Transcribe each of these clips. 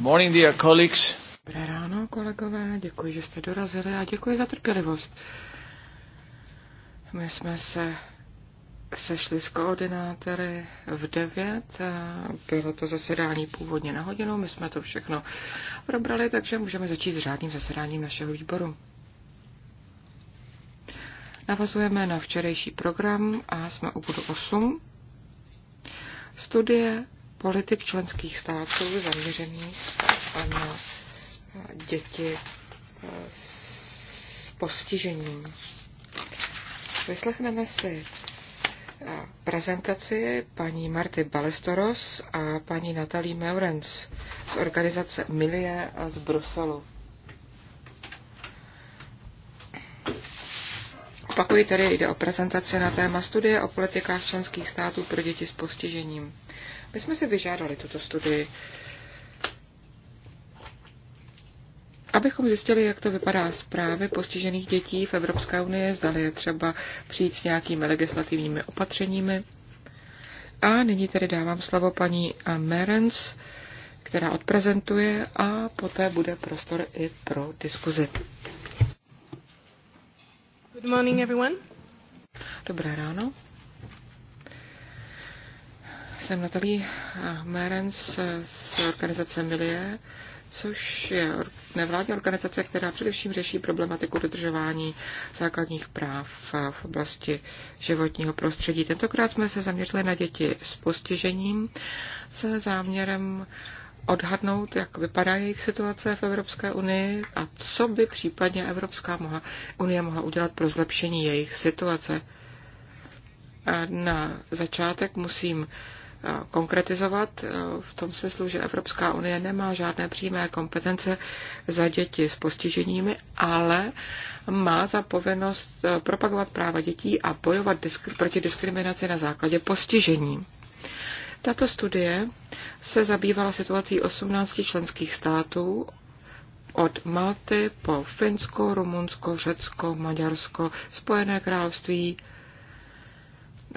Morning, dear colleagues. Dobré ráno, kolegové, děkuji, že jste dorazili a děkuji za trpělivost. My jsme se sešli s koordinátory v 9. Bylo to zasedání původně na hodinu, my jsme to všechno probrali, takže můžeme začít s řádným zasedáním našeho výboru. Navazujeme na včerejší program a jsme u bodu 8. Studie politik členských států zaměřených na děti eh, s postižením. Vyslechneme si eh, prezentaci paní Marty Balestoros a paní Natalie Meurens z organizace Milie a z Bruselu. Opakuji tedy, jde o prezentaci na téma studie o politikách členských států pro děti s postižením. My jsme si vyžádali tuto studii, abychom zjistili, jak to vypadá z právy postižených dětí v Evropské unii, zdali je třeba přijít s nějakými legislativními opatřeními. A nyní tedy dávám slovo paní Merens, která odprezentuje a poté bude prostor i pro diskuzi. Good morning, everyone. Dobré ráno. Jsem Natalí eh, Merens eh, z organizace Milie, což je nevládní organizace, která především řeší problematiku dodržování základních práv eh, v oblasti životního prostředí. Tentokrát jsme se zaměřili na děti s postižením se záměrem odhadnout, jak vypadá jejich situace v Evropské unii a co by případně Evropská mohla, unie mohla udělat pro zlepšení jejich situace. A na začátek musím Eh, konkretizovat eh, v tom smyslu, že Evropská unie nemá žádné přímé kompetence za děti s postiženími, ale má za povinnost eh, propagovat práva dětí a bojovat disk- proti diskriminaci na základě postižení. Tato studie se zabývala situací 18 členských států od Malty po Finsko, Rumunsko, Řecko, Maďarsko, Spojené království,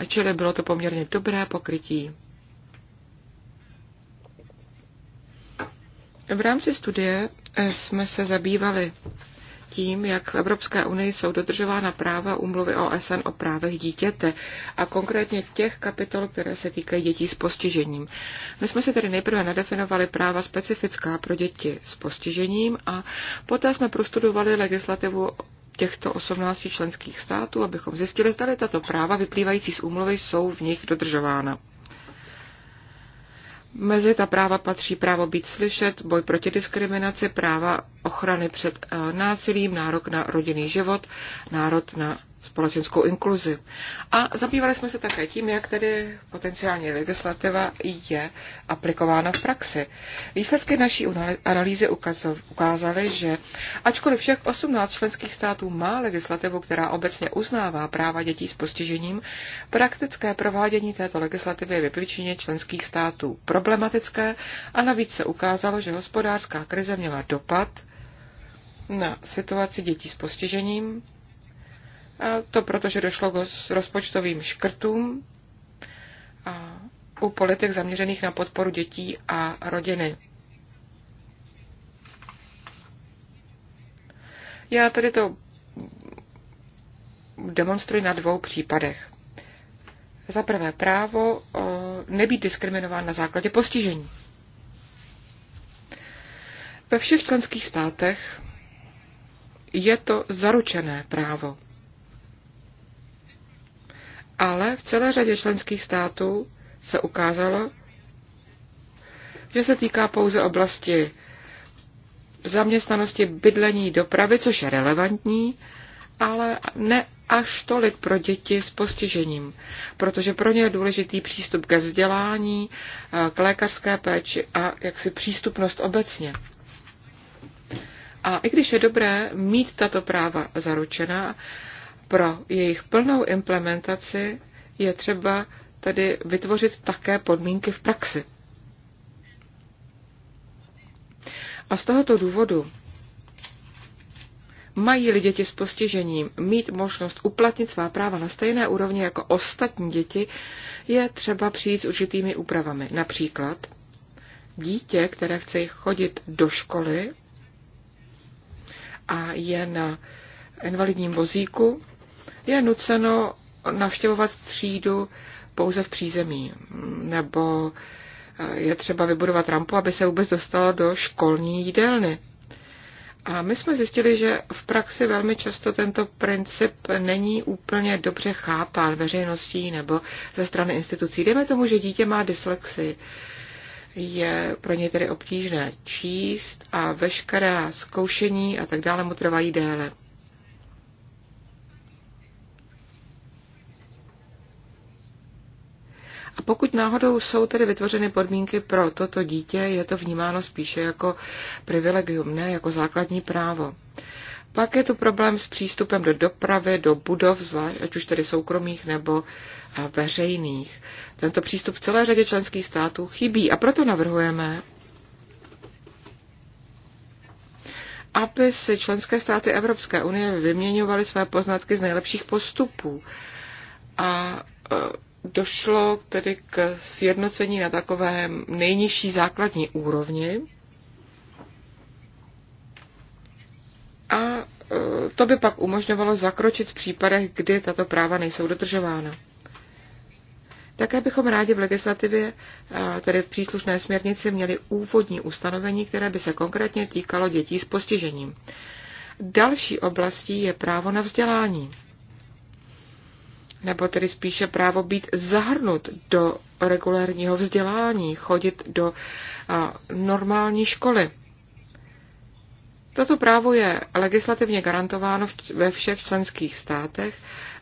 čili bylo to poměrně dobré pokrytí. V rámci studie eh, jsme se zabývali tím, jak v Evropské unii jsou dodržována práva umluvy OSN o právech dítěte a konkrétně těch kapitol, které se týkají dětí s postižením. My jsme se tedy nejprve nadefinovali práva specifická pro děti s postižením a poté jsme prostudovali legislativu těchto 18 členských států, abychom zjistili, zda tato práva vyplývající z úmluvy jsou v nich dodržována. Mezi ta práva patří právo být slyšet, boj proti diskriminaci, práva ochrany před eh, násilím, nárok na rodinný život, národ na společenskou inkluzi. A zabývali jsme se také tím, jak tedy potenciální legislativa je aplikována v praxi. Výsledky naší analýzy ukázaly, že ačkoliv všech 18 členských států má legislativu, která obecně uznává práva dětí s postižením, praktické provádění této legislativy je ve většině členských států problematické a navíc se ukázalo, že hospodářská krize měla dopad na situaci dětí s postižením, a to proto, že došlo k rozpočtovým škrtům a u politik zaměřených na podporu dětí a rodiny. Já tady to demonstruji na dvou případech. Za prvé právo e, nebýt diskriminován na základě postižení. Ve všech členských státech je to zaručené právo ale v celé řadě členských států se ukázalo, že se týká pouze oblasti zaměstnanosti, bydlení, dopravy, což je relevantní, ale ne až tolik pro děti s postižením, protože pro ně je důležitý přístup ke vzdělání, k lékařské péči a jaksi přístupnost obecně. A i když je dobré mít tato práva zaručená, pro jejich plnou implementaci je třeba tedy vytvořit také podmínky v praxi. A z tohoto důvodu mají-li děti s postižením mít možnost uplatnit svá práva na stejné úrovni jako ostatní děti, je třeba přijít s určitými úpravami. Například dítě, které chce chodit do školy a je na invalidním vozíku, je nuceno navštěvovat třídu pouze v přízemí, nebo eh, je třeba vybudovat rampu, aby se vůbec dostalo do školní jídelny. A my jsme zjistili, že v praxi velmi často tento princip není úplně dobře chápán veřejností nebo ze strany institucí. Dejme tomu, že dítě má dyslexii. Je pro něj tedy obtížné číst a veškerá zkoušení a tak dále mu trvají déle. Pokud náhodou jsou tedy vytvořeny podmínky pro toto dítě, je to vnímáno spíše jako privilegium, ne jako základní právo. Pak je tu problém s přístupem do dopravy, do budov, zvlášť, ať už tedy soukromých nebo eh, veřejných. Tento přístup v celé řadě členských států chybí a proto navrhujeme, aby si členské státy Evropské unie vyměňovaly své poznatky z nejlepších postupů. A eh, došlo tedy k sjednocení na takové nejnižší základní úrovni a e, to by pak umožňovalo zakročit v případech, kdy tato práva nejsou dodržována. Také bychom rádi v legislativě, e, tedy v příslušné směrnici, měli úvodní ustanovení, které by se konkrétně týkalo dětí s postižením. Další oblastí je právo na vzdělání nebo tedy spíše právo být zahrnut do regulérního vzdělání, chodit do a, normální školy. Toto právo je legislativně garantováno ve všech členských státech,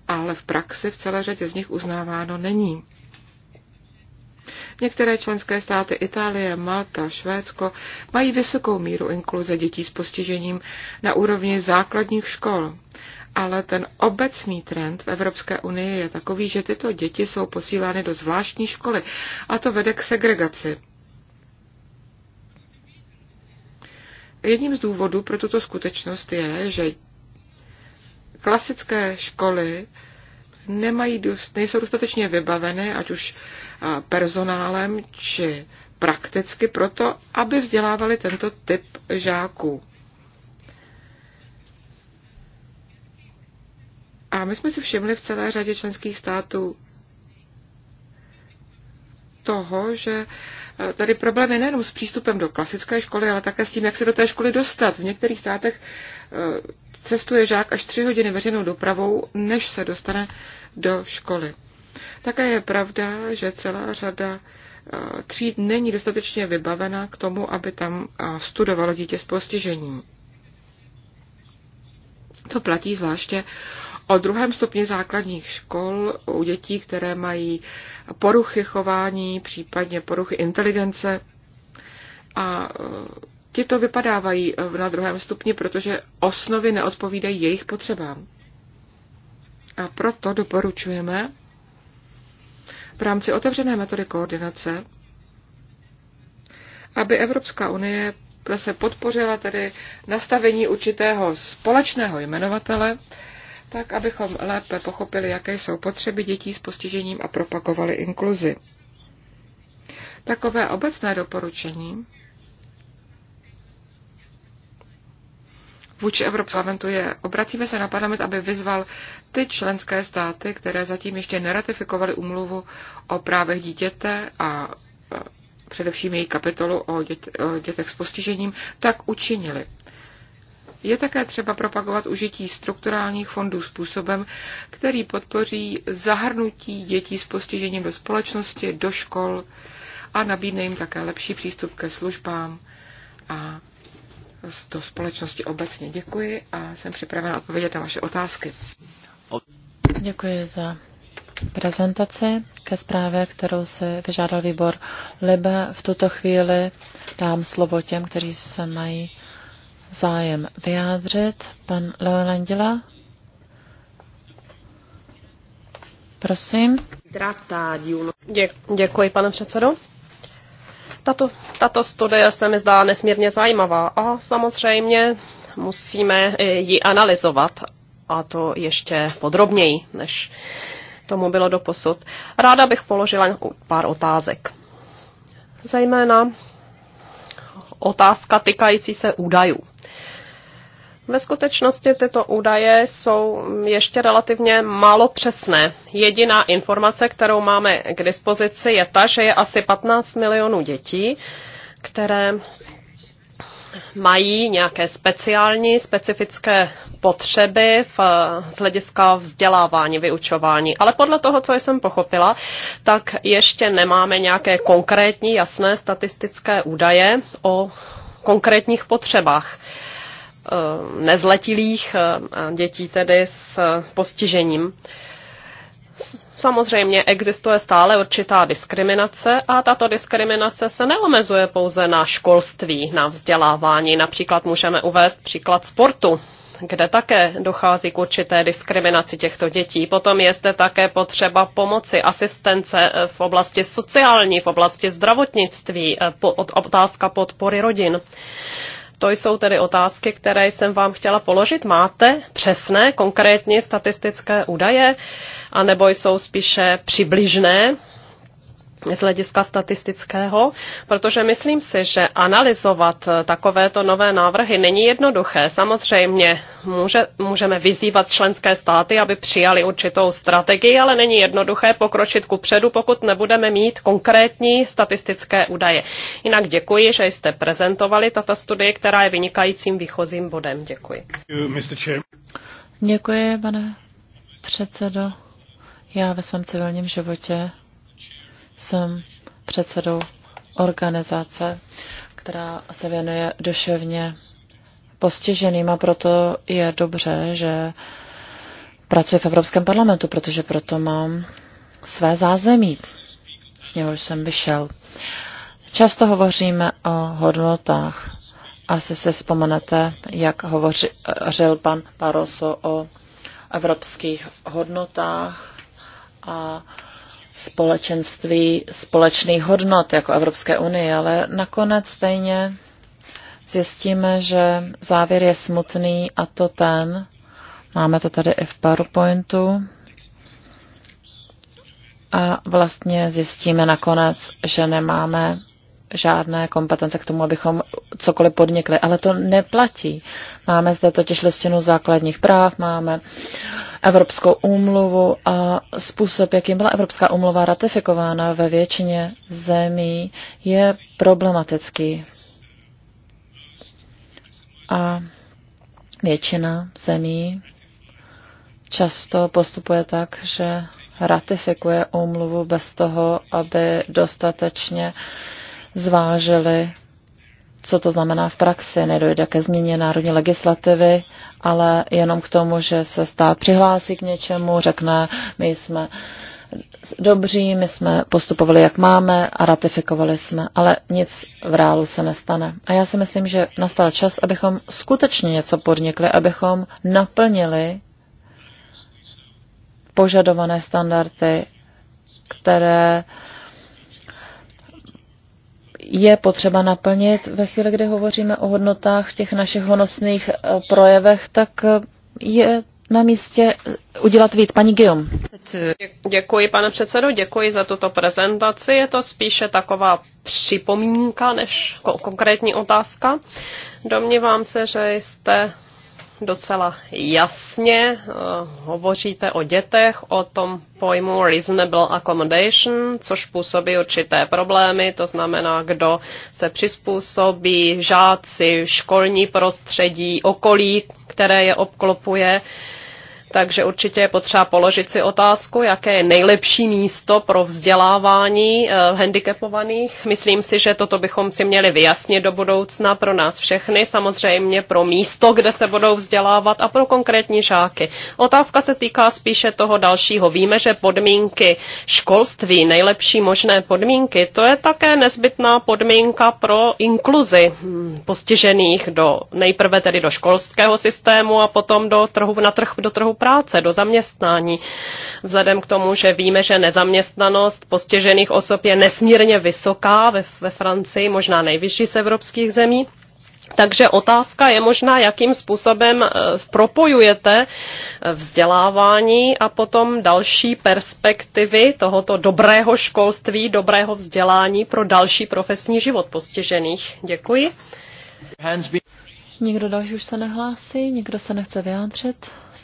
ale v praxi v celé řadě z nich uznáváno není. Některé členské státy Itálie, Malta, Švédsko mají vysokou míru inkluze dětí s postižením na úrovni základních škol ale ten obecný trend v Evropské unii je takový, že tyto děti jsou posílány do zvláštní školy a to vede k segregaci. Jedním z důvodů pro tuto skutečnost je, že klasické školy nemají dost, nejsou dostatečně vybaveny, ať už personálem či prakticky proto, aby vzdělávali tento typ žáků. A my jsme si všimli v celé řadě členských států toho, že eh, tady problém je nejenom s přístupem do klasické školy, ale také s tím, jak se do té školy dostat. V některých státech eh, cestuje žák až tři hodiny veřejnou dopravou, než se dostane do školy. Také je pravda, že celá řada eh, tříd není dostatečně vybavena k tomu, aby tam studovalo dítě s postižením. To platí zvláště o druhém stupni základních škol u dětí, které mají poruchy chování, případně poruchy inteligence. A e, ti to vypadávají e, na druhém stupni, protože osnovy neodpovídají jejich potřebám. A proto doporučujeme v rámci otevřené metody koordinace, aby Evropská unie se podpořila tedy nastavení určitého společného jmenovatele, tak abychom lépe pochopili, jaké jsou potřeby dětí s postižením a propagovali inkluzi. Takové obecné doporučení vůči Evropskému parlamentu je, obracíme se na parlament, aby vyzval ty členské státy, které zatím ještě neratifikovaly umluvu o právech dítěte a e, především její kapitolu o, dět, o dětech s postižením, tak učinili. Je také třeba propagovat užití strukturálních fondů způsobem, který podpoří zahrnutí dětí s postižením do společnosti, do škol a nabídne jim také lepší přístup ke službám a do společnosti obecně. Děkuji a jsem připravena odpovědět na vaše otázky. Děkuji za prezentaci ke zprávě, kterou se vyžádal výbor Libe. V tuto chvíli dám slovo těm, kteří se mají zájem vyjádřit. Pan Leolandila. Prosím. Dě, děkuji, pane předsedo. Tato, tato studie se mi zdá nesmírně zajímavá a samozřejmě musíme ji analyzovat a to ještě podrobněji, než tomu bylo doposud. Ráda bych položila pár otázek. Zajména otázka týkající se údajů. Ve skutečnosti tyto údaje jsou ještě relativně málo přesné. Jediná informace, kterou máme k dispozici, je ta, že je asi 15 milionů dětí, které mají nějaké speciální, specifické potřeby v, z hlediska vzdělávání, vyučování. Ale podle toho, co jsem pochopila, tak ještě nemáme nějaké konkrétní, jasné statistické údaje o konkrétních potřebách eh, nezletilých eh, dětí tedy s postižením. Samozřejmě existuje stále určitá diskriminace a tato diskriminace se neomezuje pouze na školství, na vzdělávání. Například můžeme uvést příklad sportu kde také dochází k určité diskriminaci těchto dětí. Potom je zde také potřeba pomoci, asistence eh, v oblasti sociální, v oblasti zdravotnictví, eh, otázka podpory rodin. To jsou tedy otázky, které jsem vám chtěla položit. Máte přesné, konkrétní statistické údaje, anebo jsou spíše přibližné z hlediska statistického, protože myslím si, že analyzovat eh, takovéto nové návrhy není jednoduché. Samozřejmě může, můžeme vyzývat členské státy, aby přijali určitou strategii, ale není jednoduché pokročit ku předu, pokud nebudeme mít konkrétní statistické údaje. Jinak děkuji, že jste prezentovali tato studie, která je vynikajícím výchozím bodem. Děkuji. Děkuji, pane předsedo. Já ve svém civilním životě jsem předsedou organizace, která se věnuje duševně postiženým a proto je dobře, že pracuji v Evropském parlamentu, protože proto mám své zázemí, z něhož jsem vyšel. Často hovoříme o hodnotách. Asi se vzpomenete, jak hovořil pan Paroso o evropských hodnotách a společenství společných hodnot jako Evropské unie, ale nakonec stejně zjistíme, že závěr je smutný a to ten, máme to tady i v PowerPointu, a vlastně zjistíme nakonec, že nemáme žádné kompetence k tomu, abychom cokoliv podnikli, ale to neplatí. Máme zde totiž listinu základních práv, máme Evropskou úmluvu a způsob, jakým byla Evropská úmluva ratifikována ve většině zemí, je problematický. A většina zemí často postupuje tak, že ratifikuje úmluvu bez toho, aby dostatečně uh, zvážili, co to znamená v praxi. Nedojde ke změně národní legislativy, ale jenom k tomu, že se stát přihlásí k něčemu, řekne, my jsme dobří, my jsme postupovali, jak máme a ratifikovali jsme, ale nic v reálu se nestane. A já si myslím, že nastal čas, abychom skutečně něco podnikli, abychom naplnili požadované standardy, které je potřeba naplnit. Ve chvíli, kdy hovoříme o hodnotách v těch našich honosných eh, projevech, tak eh, je na místě eh, udělat víc. Paní Gium. Děkuji, pane předsedo, děkuji za tuto prezentaci. Je to spíše taková připomínka než konkrétní otázka. Domnívám se, že jste docela jasně. Eh, hovoříte o dětech, o tom pojmu reasonable accommodation, což působí určité problémy, to znamená, kdo se přizpůsobí, žáci, školní prostředí, okolí, které je obklopuje. Uh, takže určitě je potřeba položit si otázku, jaké je nejlepší místo pro vzdělávání eh, handicapovaných. Myslím si, že toto bychom si měli vyjasnit do budoucna pro nás všechny, samozřejmě pro místo, kde se budou vzdělávat a pro konkrétní žáky. Otázka se týká spíše toho dalšího. Víme, že podmínky školství, nejlepší možné podmínky, to je také nezbytná podmínka pro inkluzi hm, postižených do nejprve tedy do školského systému a potom do trhu, na trh, do trhu práce, do zaměstnání. Vzhledem k tomu, že víme, že nezaměstnanost postižených osob je nesmírně vysoká ve, ve Francii, možná nejvyšší z evropských zemí. Takže otázka je možná, jakým způsobem eh, propojujete eh, vzdělávání a potom další perspektivy tohoto dobrého školství, dobrého vzdělání pro další profesní život postižených. Děkuji. Nikdo další už se nehlásí, nikdo se nechce vyjádřit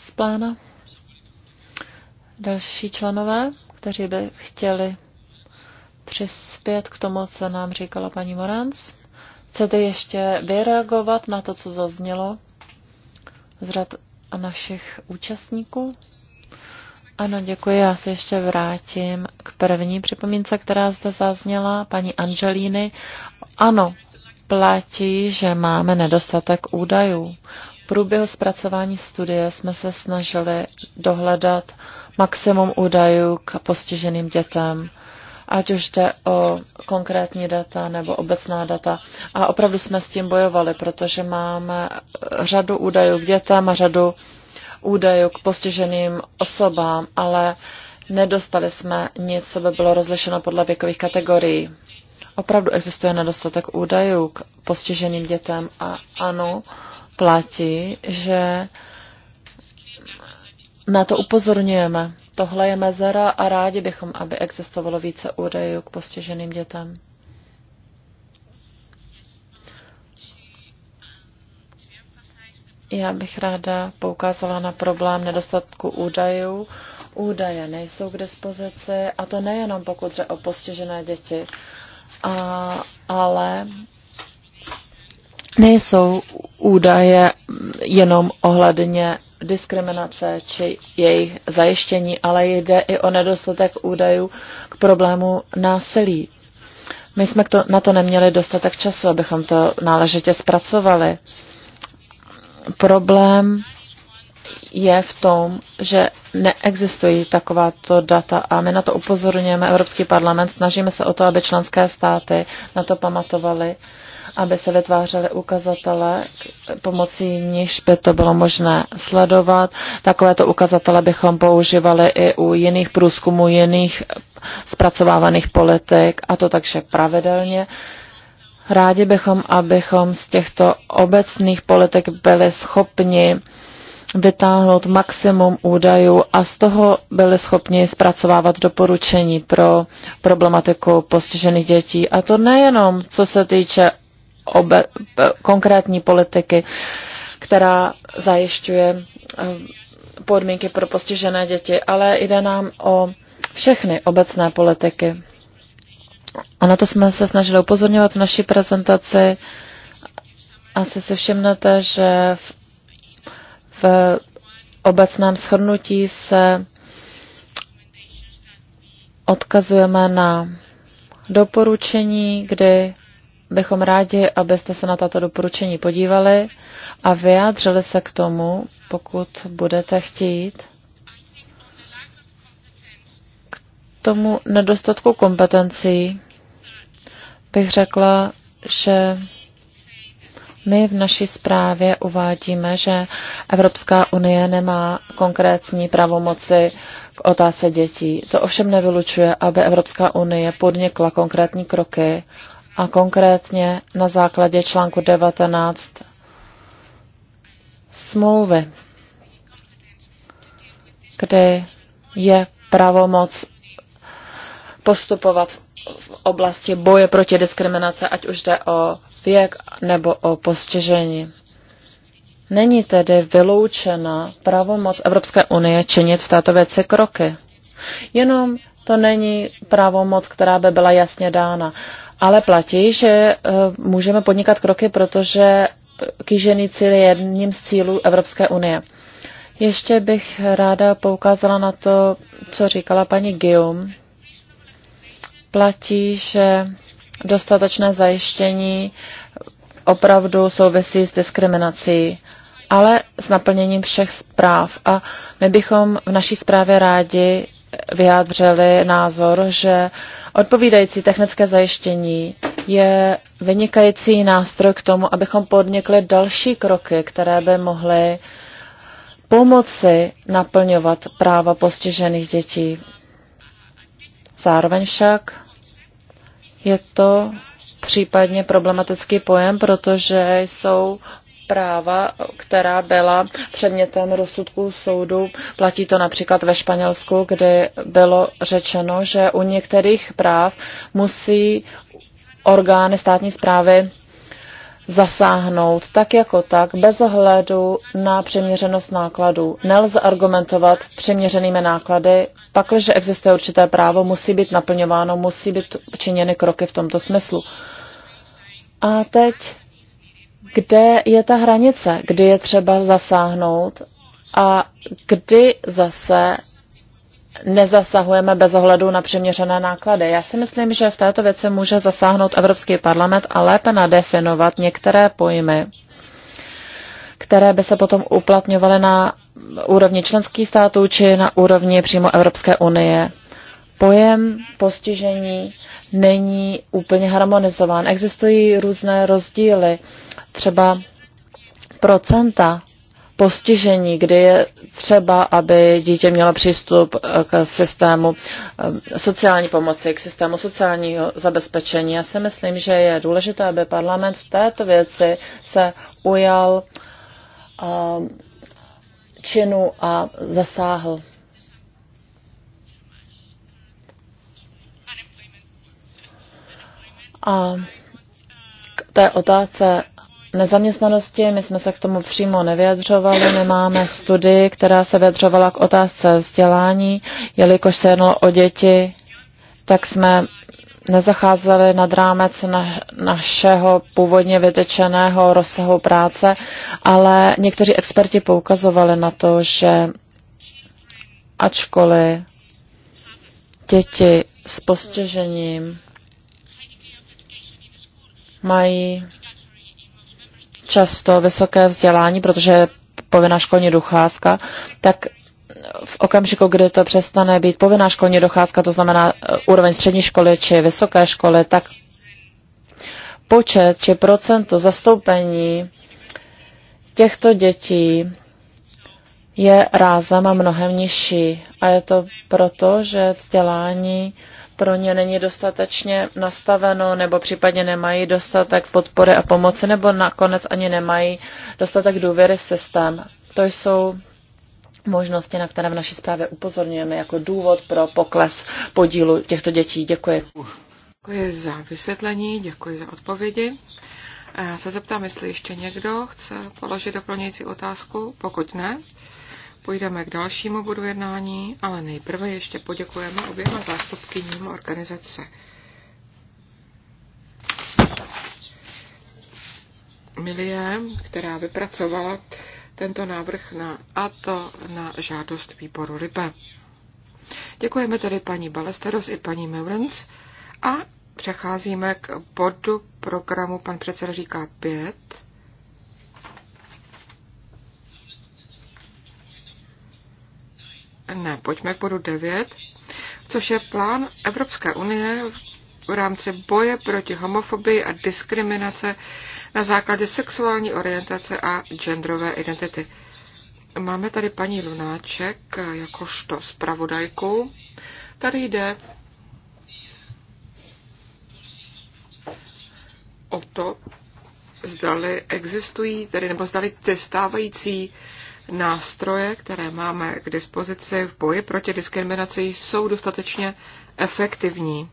z plána? Další členové, kteří by chtěli přispět k tomu, co nám říkala paní Morans? Chcete ještě vyreagovat na to, co zaznělo z řad našich účastníků? Ano, děkuji. Já se ještě vrátím k první připomínce, která zde zazněla, paní Angelíny. Ano, platí, že máme nedostatek údajů průběhu zpracování studie jsme se snažili dohledat maximum údajů k postiženým dětem, ať už jde o konkrétní data nebo obecná data. A opravdu jsme s tím bojovali, protože máme řadu údajů k dětem a řadu údajů k postiženým osobám, ale nedostali jsme nic, co by bylo rozlišeno podle věkových kategorií. Opravdu existuje nedostatek údajů k postiženým dětem a ano, platí, že na to upozorňujeme. Tohle je mezera a rádi bychom, aby existovalo více údajů k postiženým dětem. Já bych ráda poukázala na problém nedostatku údajů. Údaje nejsou k dispozici a to nejenom pokud jde o postižené děti, a, ale nejsou údaje jenom ohledně diskriminace či jejich zajištění, ale jde i o nedostatek údajů k problému násilí. My jsme to, na to neměli dostatek času, abychom to náležitě zpracovali. Problém je v tom, že neexistují takováto data a my na to upozorňujeme Evropský parlament, snažíme se o to, aby členské státy na to pamatovaly, aby se vytvářely ukazatele, pomocí níž by to bylo možné sledovat. Takovéto ukazatele bychom používali i u jiných průzkumů, jiných zpracovávaných politik a to takže pravidelně. Rádi bychom, abychom z těchto obecných politik byli schopni vytáhnout maximum údajů a z toho byli schopni zpracovávat doporučení pro problematiku postižených dětí. A to nejenom co se týče obe, konkrétní politiky, která zajišťuje eh, podmínky pro postižené děti, ale jde nám o všechny obecné politiky. A na to jsme se snažili upozorňovat v naší prezentaci. Asi si všimnete, že v v obecném shrnutí se odkazujeme na doporučení, kdy bychom rádi, abyste se na tato doporučení podívali a vyjádřili se k tomu, pokud budete chtít. K tomu nedostatku kompetencí bych řekla, že my v naší zprávě uvádíme, že Evropská unie nemá konkrétní pravomoci k otázce dětí. To ovšem nevylučuje, aby Evropská unie podnikla konkrétní kroky a konkrétně na základě článku 19 smlouvy, kdy je pravomoc postupovat v oblasti boje proti diskriminace, ať už jde o věk nebo o postižení. Není tedy vyloučena pravomoc Evropské unie činit v této věci kroky. Jenom to není pravomoc, která by byla jasně dána. Ale platí, že e, můžeme podnikat kroky, protože kýžený cíl je jedním z cílů Evropské unie. Ještě bych ráda poukázala na to, co říkala paní Guillaume. Platí, že dostatečné zajištění opravdu souvisí s diskriminací, ale s naplněním všech zpráv. A my bychom v naší zprávě rádi vyjádřili názor, že odpovídající technické zajištění je vynikající nástroj k tomu, abychom podnikli další kroky, které by mohly pomoci naplňovat práva postižených dětí. Zároveň však je to případně problematický pojem, protože jsou práva, která byla předmětem rozsudků soudu. Platí to například ve Španělsku, kde bylo řečeno, že u některých práv musí orgány státní zprávy zasáhnout tak jako tak, bez ohledu na přiměřenost nákladů. Nelze argumentovat přiměřenými náklady, pakliže existuje určité právo, musí být naplňováno, musí být činěny kroky v tomto smyslu. A teď, kde je ta hranice, kdy je třeba zasáhnout a kdy zase nezasahujeme bez ohledu na přiměřené náklady. Já si myslím, že v této věci může zasáhnout Evropský parlament a lépe nadefinovat některé pojmy, které by se potom uplatňovaly na úrovni členských států či na úrovni přímo Evropské unie. Pojem postižení není úplně harmonizován. Existují různé rozdíly, třeba procenta postižení, kdy je třeba, aby dítě mělo přístup eh, k systému eh, sociální pomoci, k systému sociálního zabezpečení. Já si myslím, že je důležité, aby parlament v této věci se ujal eh, činu a zasáhl. A k té otázce nezaměstnanosti. My jsme se k tomu přímo nevyjadřovali. My máme studii, která se vyjadřovala k otázce vzdělání. Jelikož se jednalo o děti, tak jsme nezacházeli nad rámec na, našeho původně vytečeného rozsahu práce, ale někteří experti poukazovali na to, že ačkoliv děti s postižením mají často vysoké vzdělání, protože je povinná školní docházka, tak v okamžiku, kdy to přestane být povinná školní docházka, to znamená eh, úroveň střední školy či vysoké školy, tak počet či procento zastoupení těchto dětí je rázem a mnohem nižší. A je to proto, že vzdělání pro ně není dostatečně nastaveno, nebo případně nemají dostatek podpory a pomoci, nebo nakonec ani nemají dostatek důvěry v systém. To jsou možnosti, na které v naší zprávě upozorňujeme jako důvod pro pokles podílu těchto dětí. Děkuji. Děkuji za vysvětlení, děkuji za odpovědi. Já se zeptám, jestli ještě někdo chce položit doplňující otázku. Pokud ne, Půjdeme k dalšímu bodu jednání, ale nejprve ještě poděkujeme oběma zástupkyním organizace. Milie, která vypracovala tento návrh na, a to na žádost výboru Libe. Děkujeme tedy paní Balesteros i paní Mevrens a přecházíme k bodu programu, pan předseda říká 5. Ne, pojďme k bodu 9, což je plán Evropské unie v rámci boje proti homofobii a diskriminace na základě sexuální orientace a genderové identity. Máme tady paní Lunáček jakožto zpravodajku. Tady jde o to, zdali existují, tedy nebo zdali ty stávající nástroje, které máme k dispozici v boji proti diskriminaci, jsou dostatečně efektivní.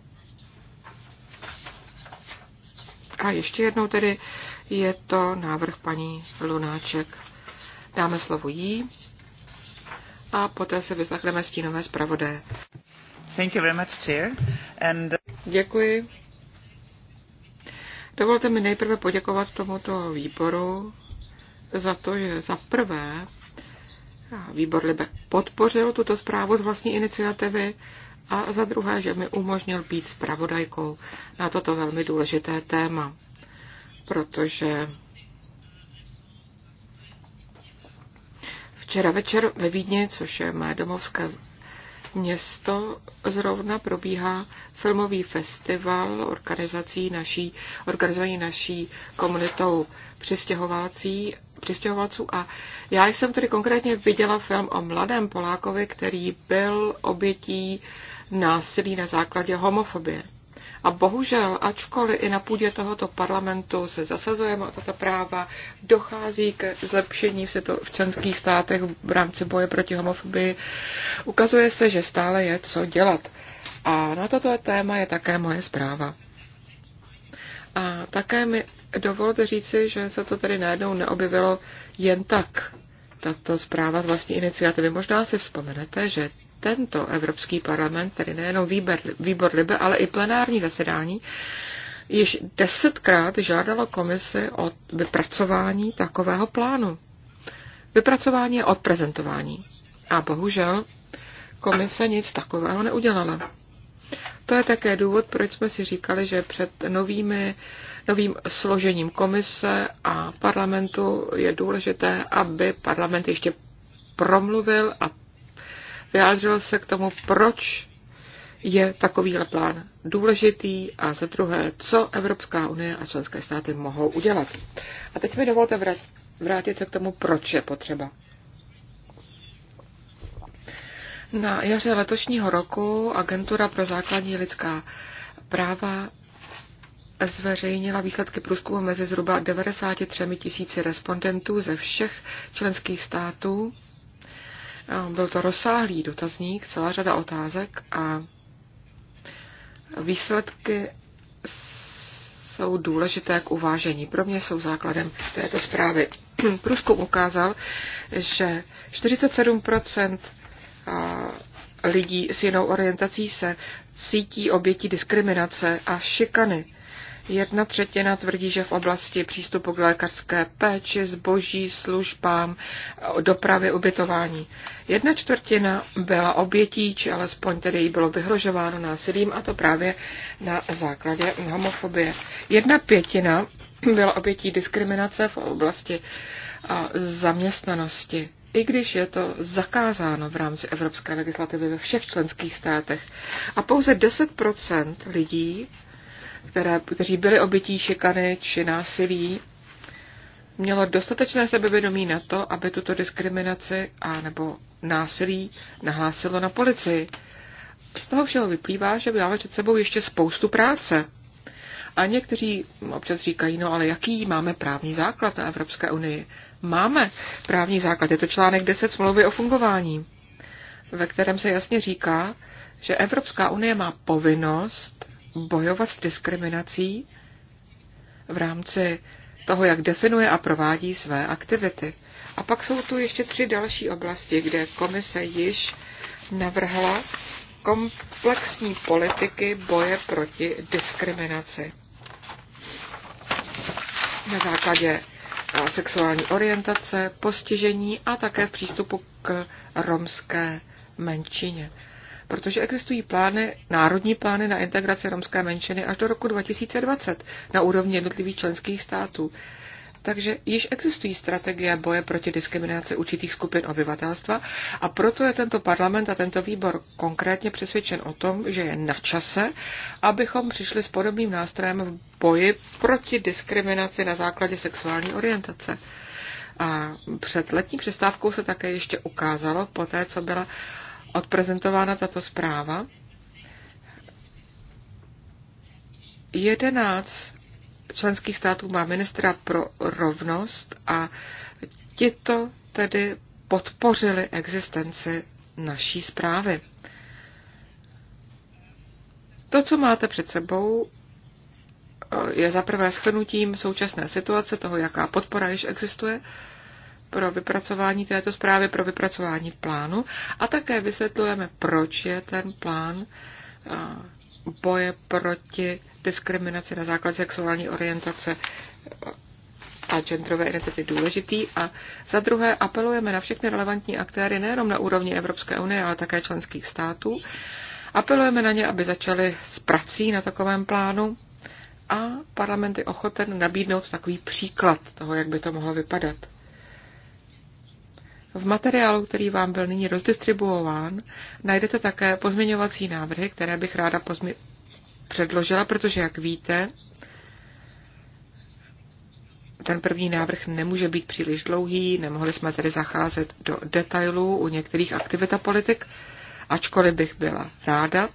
A ještě jednou tedy je to návrh paní Lunáček. Dáme slovo jí a poté se vyslechneme stínové zpravodaje. Thank you very much, chair. And... Děkuji. Dovolte mi nejprve poděkovat tomuto výboru za to, že za prvé výbor Libe podpořil tuto zprávu z vlastní iniciativy a za druhé, že mi umožnil být zpravodajkou na toto velmi důležité téma, protože včera večer ve Vídni, což je mé domovské město zrovna probíhá filmový festival organizací naší, organizovaný naší komunitou přistěhovalcí, přistěhovalců a já jsem tedy konkrétně viděla film o mladém Polákovi, který byl obětí násilí na základě homofobie. A bohužel, ačkoliv i na půdě tohoto parlamentu se zasazujeme o tato práva, dochází k zlepšení v, situ- v členských státech v rámci boje proti homofobii. Ukazuje se, že stále je co dělat. A na toto téma je také moje zpráva. A také mi dovolte říci, že se to tady najednou neobjevilo jen tak, tato zpráva z vlastní iniciativy. Možná si vzpomenete, že tento Evropský parlament, tedy nejenom výbor, výbor Libe, ale i plenární zasedání, již desetkrát žádalo komisi o vypracování takového plánu. Vypracování a odprezentování. A bohužel komise nic takového neudělala. To je také důvod, proč jsme si říkali, že před novými, novým složením komise a parlamentu je důležité, aby parlament ještě promluvil a vyjádřil se k tomu, proč je takovýhle plán důležitý a za druhé, co Evropská unie a členské státy mohou udělat. A teď mi dovolte vrátit se k tomu, proč je potřeba. Na jaře letošního roku Agentura pro základní lidská práva zveřejnila výsledky průzkumu mezi zhruba 93 tisíci respondentů ze všech členských států byl to rozsáhlý dotazník, celá řada otázek a výsledky jsou důležité k uvážení. Pro mě jsou základem této zprávy. Průzkum ukázal, že 47 lidí s jinou orientací se cítí obětí diskriminace a šikany. Jedna třetina tvrdí, že v oblasti přístupu k lékařské péči, zboží, službám, dopravy, ubytování. Jedna čtvrtina byla obětí, či alespoň tedy jí bylo vyhrožováno násilím, a to právě na základě homofobie. Jedna pětina byla obětí diskriminace v oblasti zaměstnanosti i když je to zakázáno v rámci evropské legislativy ve všech členských státech. A pouze 10% lidí které, kteří byli obytí šikany či násilí, mělo dostatečné sebevědomí na to, aby tuto diskriminaci a nebo násilí nahlásilo na policii. Z toho všeho vyplývá, že máme před sebou ještě spoustu práce. A někteří občas říkají, no ale jaký máme právní základ na Evropské unii? Máme právní základ, je to článek 10 smlouvy o fungování, ve kterém se jasně říká, že Evropská unie má povinnost bojovat s diskriminací v rámci toho, jak definuje a provádí své aktivity. A pak jsou tu ještě tři další oblasti, kde komise již navrhla komplexní politiky boje proti diskriminaci. Na základě eh, sexuální orientace, postižení a také přístupu k romské menšině protože existují plány, národní plány na integraci romské menšiny až do roku 2020 na úrovni jednotlivých členských států. Takže již existují strategie boje proti diskriminaci určitých skupin obyvatelstva a proto je tento parlament a tento výbor konkrétně přesvědčen o tom, že je na čase, abychom přišli s podobným nástrojem v boji proti diskriminaci na základě sexuální orientace. A před letní přestávkou se také ještě ukázalo, po té, co byla odprezentována tato zpráva, Jedenáct členských států má ministra pro rovnost a tito tedy podpořili existenci naší zprávy. To, co máte před sebou, je zaprvé shrnutím současné situace, toho, jaká podpora již existuje, pro vypracování této zprávy, pro vypracování plánu a také vysvětlujeme, proč je ten plán boje proti diskriminaci na základě sexuální orientace a genderové identity důležitý a za druhé apelujeme na všechny relevantní aktéry nejenom na úrovni Evropské unie, ale také členských států. Apelujeme na ně, aby začali s prací na takovém plánu a parlament je ochoten nabídnout takový příklad toho, jak by to mohlo vypadat. V materiálu, který vám byl nyní rozdistribuován, najdete také pozměňovací návrhy, které bych ráda pozmi- předložila, protože, jak víte, ten první návrh nemůže být příliš dlouhý, nemohli jsme tedy zacházet do detailů u některých aktivit a politik, ačkoliv bych byla ráda,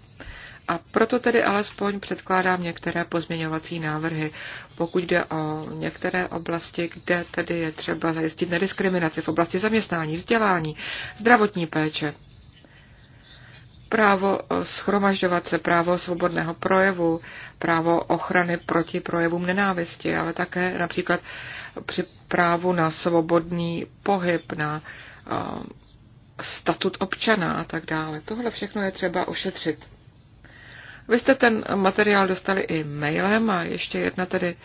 a proto tedy alespoň předkládám některé pozměňovací návrhy, pokud jde o některé oblasti, kde tedy je třeba zajistit nediskriminaci v oblasti zaměstnání, vzdělání, zdravotní péče, právo schromažďovat se, právo svobodného projevu, právo ochrany proti projevům nenávisti, ale také například při právu na svobodný pohyb, na eh, statut občana a tak dále. Tohle všechno je třeba ošetřit. Vy jste ten materiál dostali i mailem a ještě jedna tedy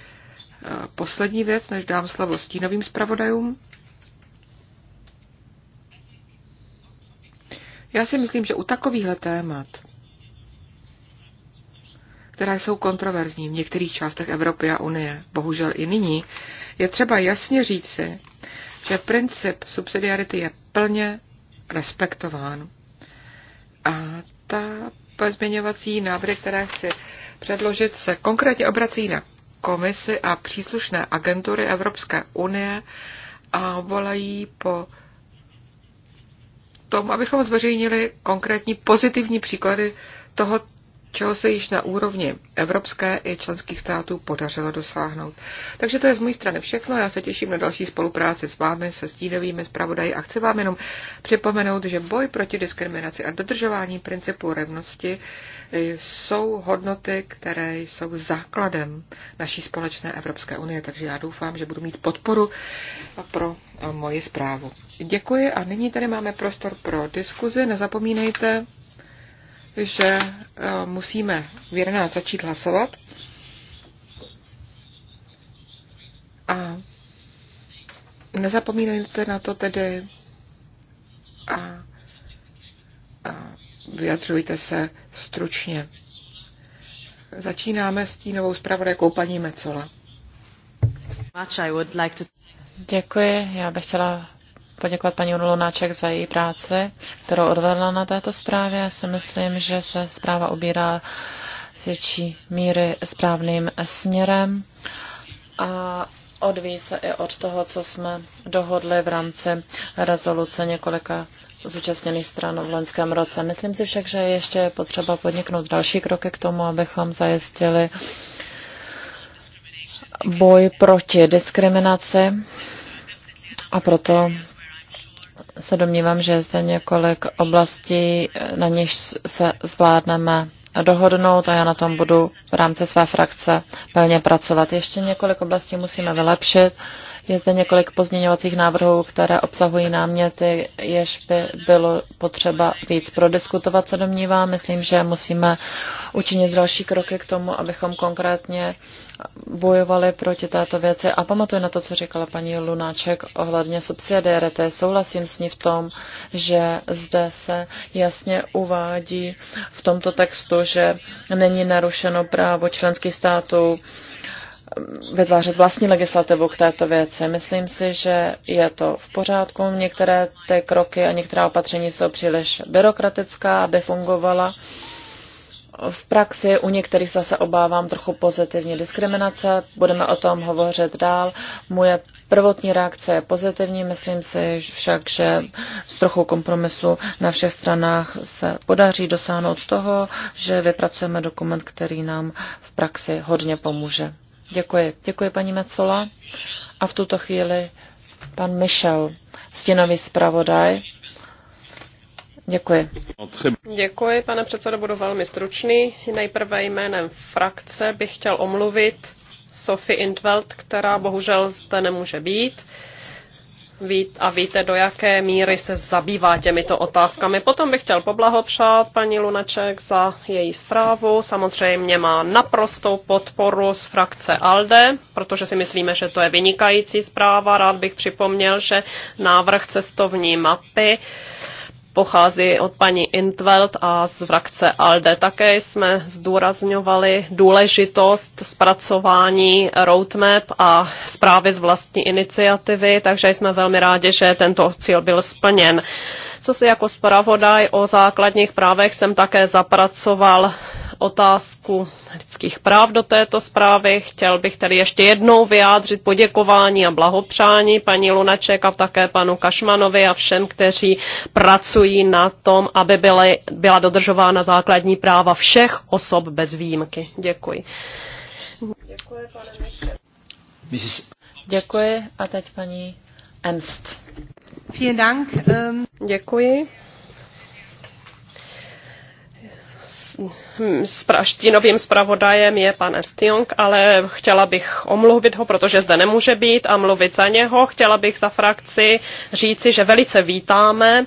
eh, poslední věc, než dám slovo stínovým zpravodajům. Já si myslím, že u takovýchhle témat, která jsou kontroverzní v některých částech Evropy a Unie, bohužel i nyní, je třeba jasně říci, že princip subsidiarity je plně respektován. A ta pozměňovací návrhy, které chci předložit, se konkrétně obrací na komisi a příslušné agentury Evropské unie a volají po tom, abychom zveřejnili konkrétní pozitivní příklady toho, čeho se již na úrovni evropské i členských států podařilo dosáhnout. Takže to je z mojí strany všechno. Já se těším na další spolupráci s vámi, se stínovými zpravodaji a chci vám jenom připomenout, že boj proti diskriminaci a dodržování principu rovnosti eh, jsou hodnoty, které jsou základem naší společné Evropské unie. Takže já doufám, že budu mít podporu pro eh, moji zprávu. Děkuji a nyní tady máme prostor pro diskuzi. Nezapomínejte, že eh, musíme v 11 začít hlasovat. A nezapomínejte na to tedy a, a vyjadřujte se stručně. Začínáme s tínovou zpravodajkou paní Mecola. Děkuji, já bych chtěla poděkovat paní Lunáček za její práci, kterou odvedla na této zprávě. Já si myslím, že se zpráva ubírá z větší míry správným směrem a odvíjí se i od toho, co jsme dohodli v rámci rezoluce několika zúčastněných stran v loňském roce. Myslím si však, že ještě je potřeba podniknout další kroky k tomu, abychom zajistili boj proti diskriminaci a proto se domnívám, že je zde několik oblastí, na něž se zvládneme dohodnout a já na tom budu v rámci své frakce plně pracovat. Ještě několik oblastí musíme vylepšit je zde několik pozměňovacích návrhů, které obsahují náměty, jež by bylo potřeba víc prodiskutovat, se domnívám. Myslím, že musíme učinit další kroky k tomu, abychom konkrétně bojovali proti této věci. A pamatuju na to, co říkala paní Lunáček ohledně subsidiarity. Souhlasím s ní v tom, že zde se jasně uvádí v tomto textu, že není narušeno právo členských států vytvářet vlastní legislativu k této věci. Myslím si, že je to v pořádku. Některé ty kroky a některá opatření jsou příliš byrokratická, aby fungovala. V praxi u některých zase obávám trochu pozitivní diskriminace, budeme o tom hovořit dál. Moje prvotní reakce je pozitivní, myslím si však, že s trochou kompromisu na všech stranách se podaří dosáhnout toho, že vypracujeme dokument, který nám v praxi hodně pomůže. Děkuji. Děkuji, paní Mecola. A v tuto chvíli pan Michel, stěnový zpravodaj. Děkuji. Děkuji, pane předsedo, budu velmi stručný. Nejprve jménem frakce bych chtěl omluvit Sophie Intveld, která bohužel zde nemůže být a víte, do jaké míry se zabývá těmito otázkami. Potom bych chtěl poblahopřát paní Lunaček za její zprávu. Samozřejmě má naprostou podporu z frakce ALDE, protože si myslíme, že to je vynikající zpráva. Rád bych připomněl, že návrh cestovní mapy pochází od paní Intveld a z vrakce ALDE. Také jsme zdůrazňovali důležitost zpracování roadmap a zprávy z vlastní iniciativy, takže jsme velmi rádi, že tento cíl byl splněn. Co si jako zpravodaj o základních právech jsem také zapracoval otázku lidských práv do této zprávy. Chtěl bych tady ještě jednou vyjádřit poděkování a blahopřání paní Lunaček a také panu Kašmanovi a všem, kteří pracují na tom, aby byly, byla dodržována základní práva všech osob bez výjimky. Děkuji. Děkuji, pane Děkuji a teď paní Ernst. Ähm, Děkuji. praštinovým zpravodajem je pan Estiong, ale chtěla bych omluvit ho, protože zde nemůže být a mluvit za něho. Chtěla bych za frakci říci, že velice vítáme,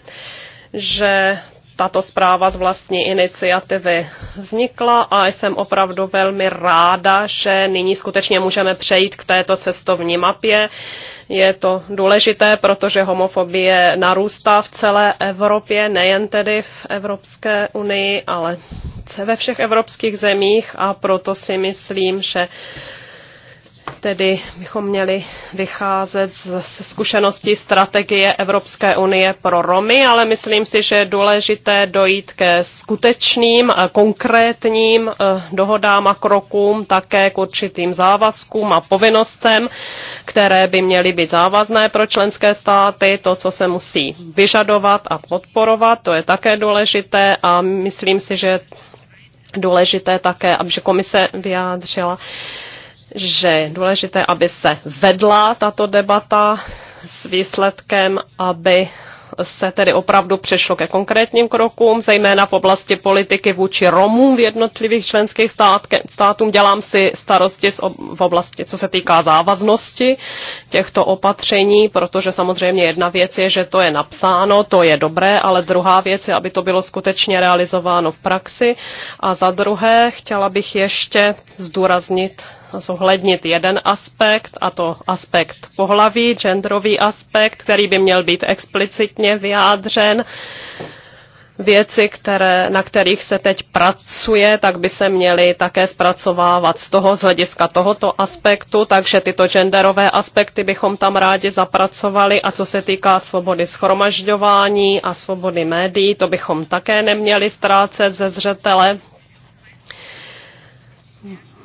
že tato zpráva z vlastní iniciativy vznikla a jsem opravdu velmi ráda, že nyní skutečně můžeme přejít k této cestovní mapě. Je to důležité, protože homofobie narůstá v celé Evropě, nejen tedy v Evropské unii, ale ve všech evropských zemích a proto si myslím, že tedy bychom měli vycházet ze zkušeností strategie Evropské unie pro Romy, ale myslím si, že je důležité dojít ke skutečným a konkrétním e, dohodám a krokům, také k určitým závazkům a povinnostem, které by měly být závazné pro členské státy, to, co se musí vyžadovat a podporovat, to je také důležité a myslím si, že důležité také, aby komise vyjádřila že je důležité, aby se vedla tato debata s výsledkem, aby se tedy opravdu přešlo ke konkrétním krokům, zejména v oblasti politiky vůči Romům v jednotlivých členských státům. Dělám si starosti v oblasti, co se týká závaznosti těchto opatření, protože samozřejmě jedna věc je, že to je napsáno, to je dobré, ale druhá věc je, aby to bylo skutečně realizováno v praxi. A za druhé, chtěla bych ještě zdůraznit zohlednit jeden aspekt, a to aspekt pohlaví, genderový aspekt, který by měl být explicitně vyjádřen. Věci, které, na kterých se teď pracuje, tak by se měly také zpracovávat z toho z hlediska tohoto aspektu, takže tyto genderové aspekty bychom tam rádi zapracovali. A co se týká svobody schromažďování a svobody médií, to bychom také neměli ztrácet ze zřetele,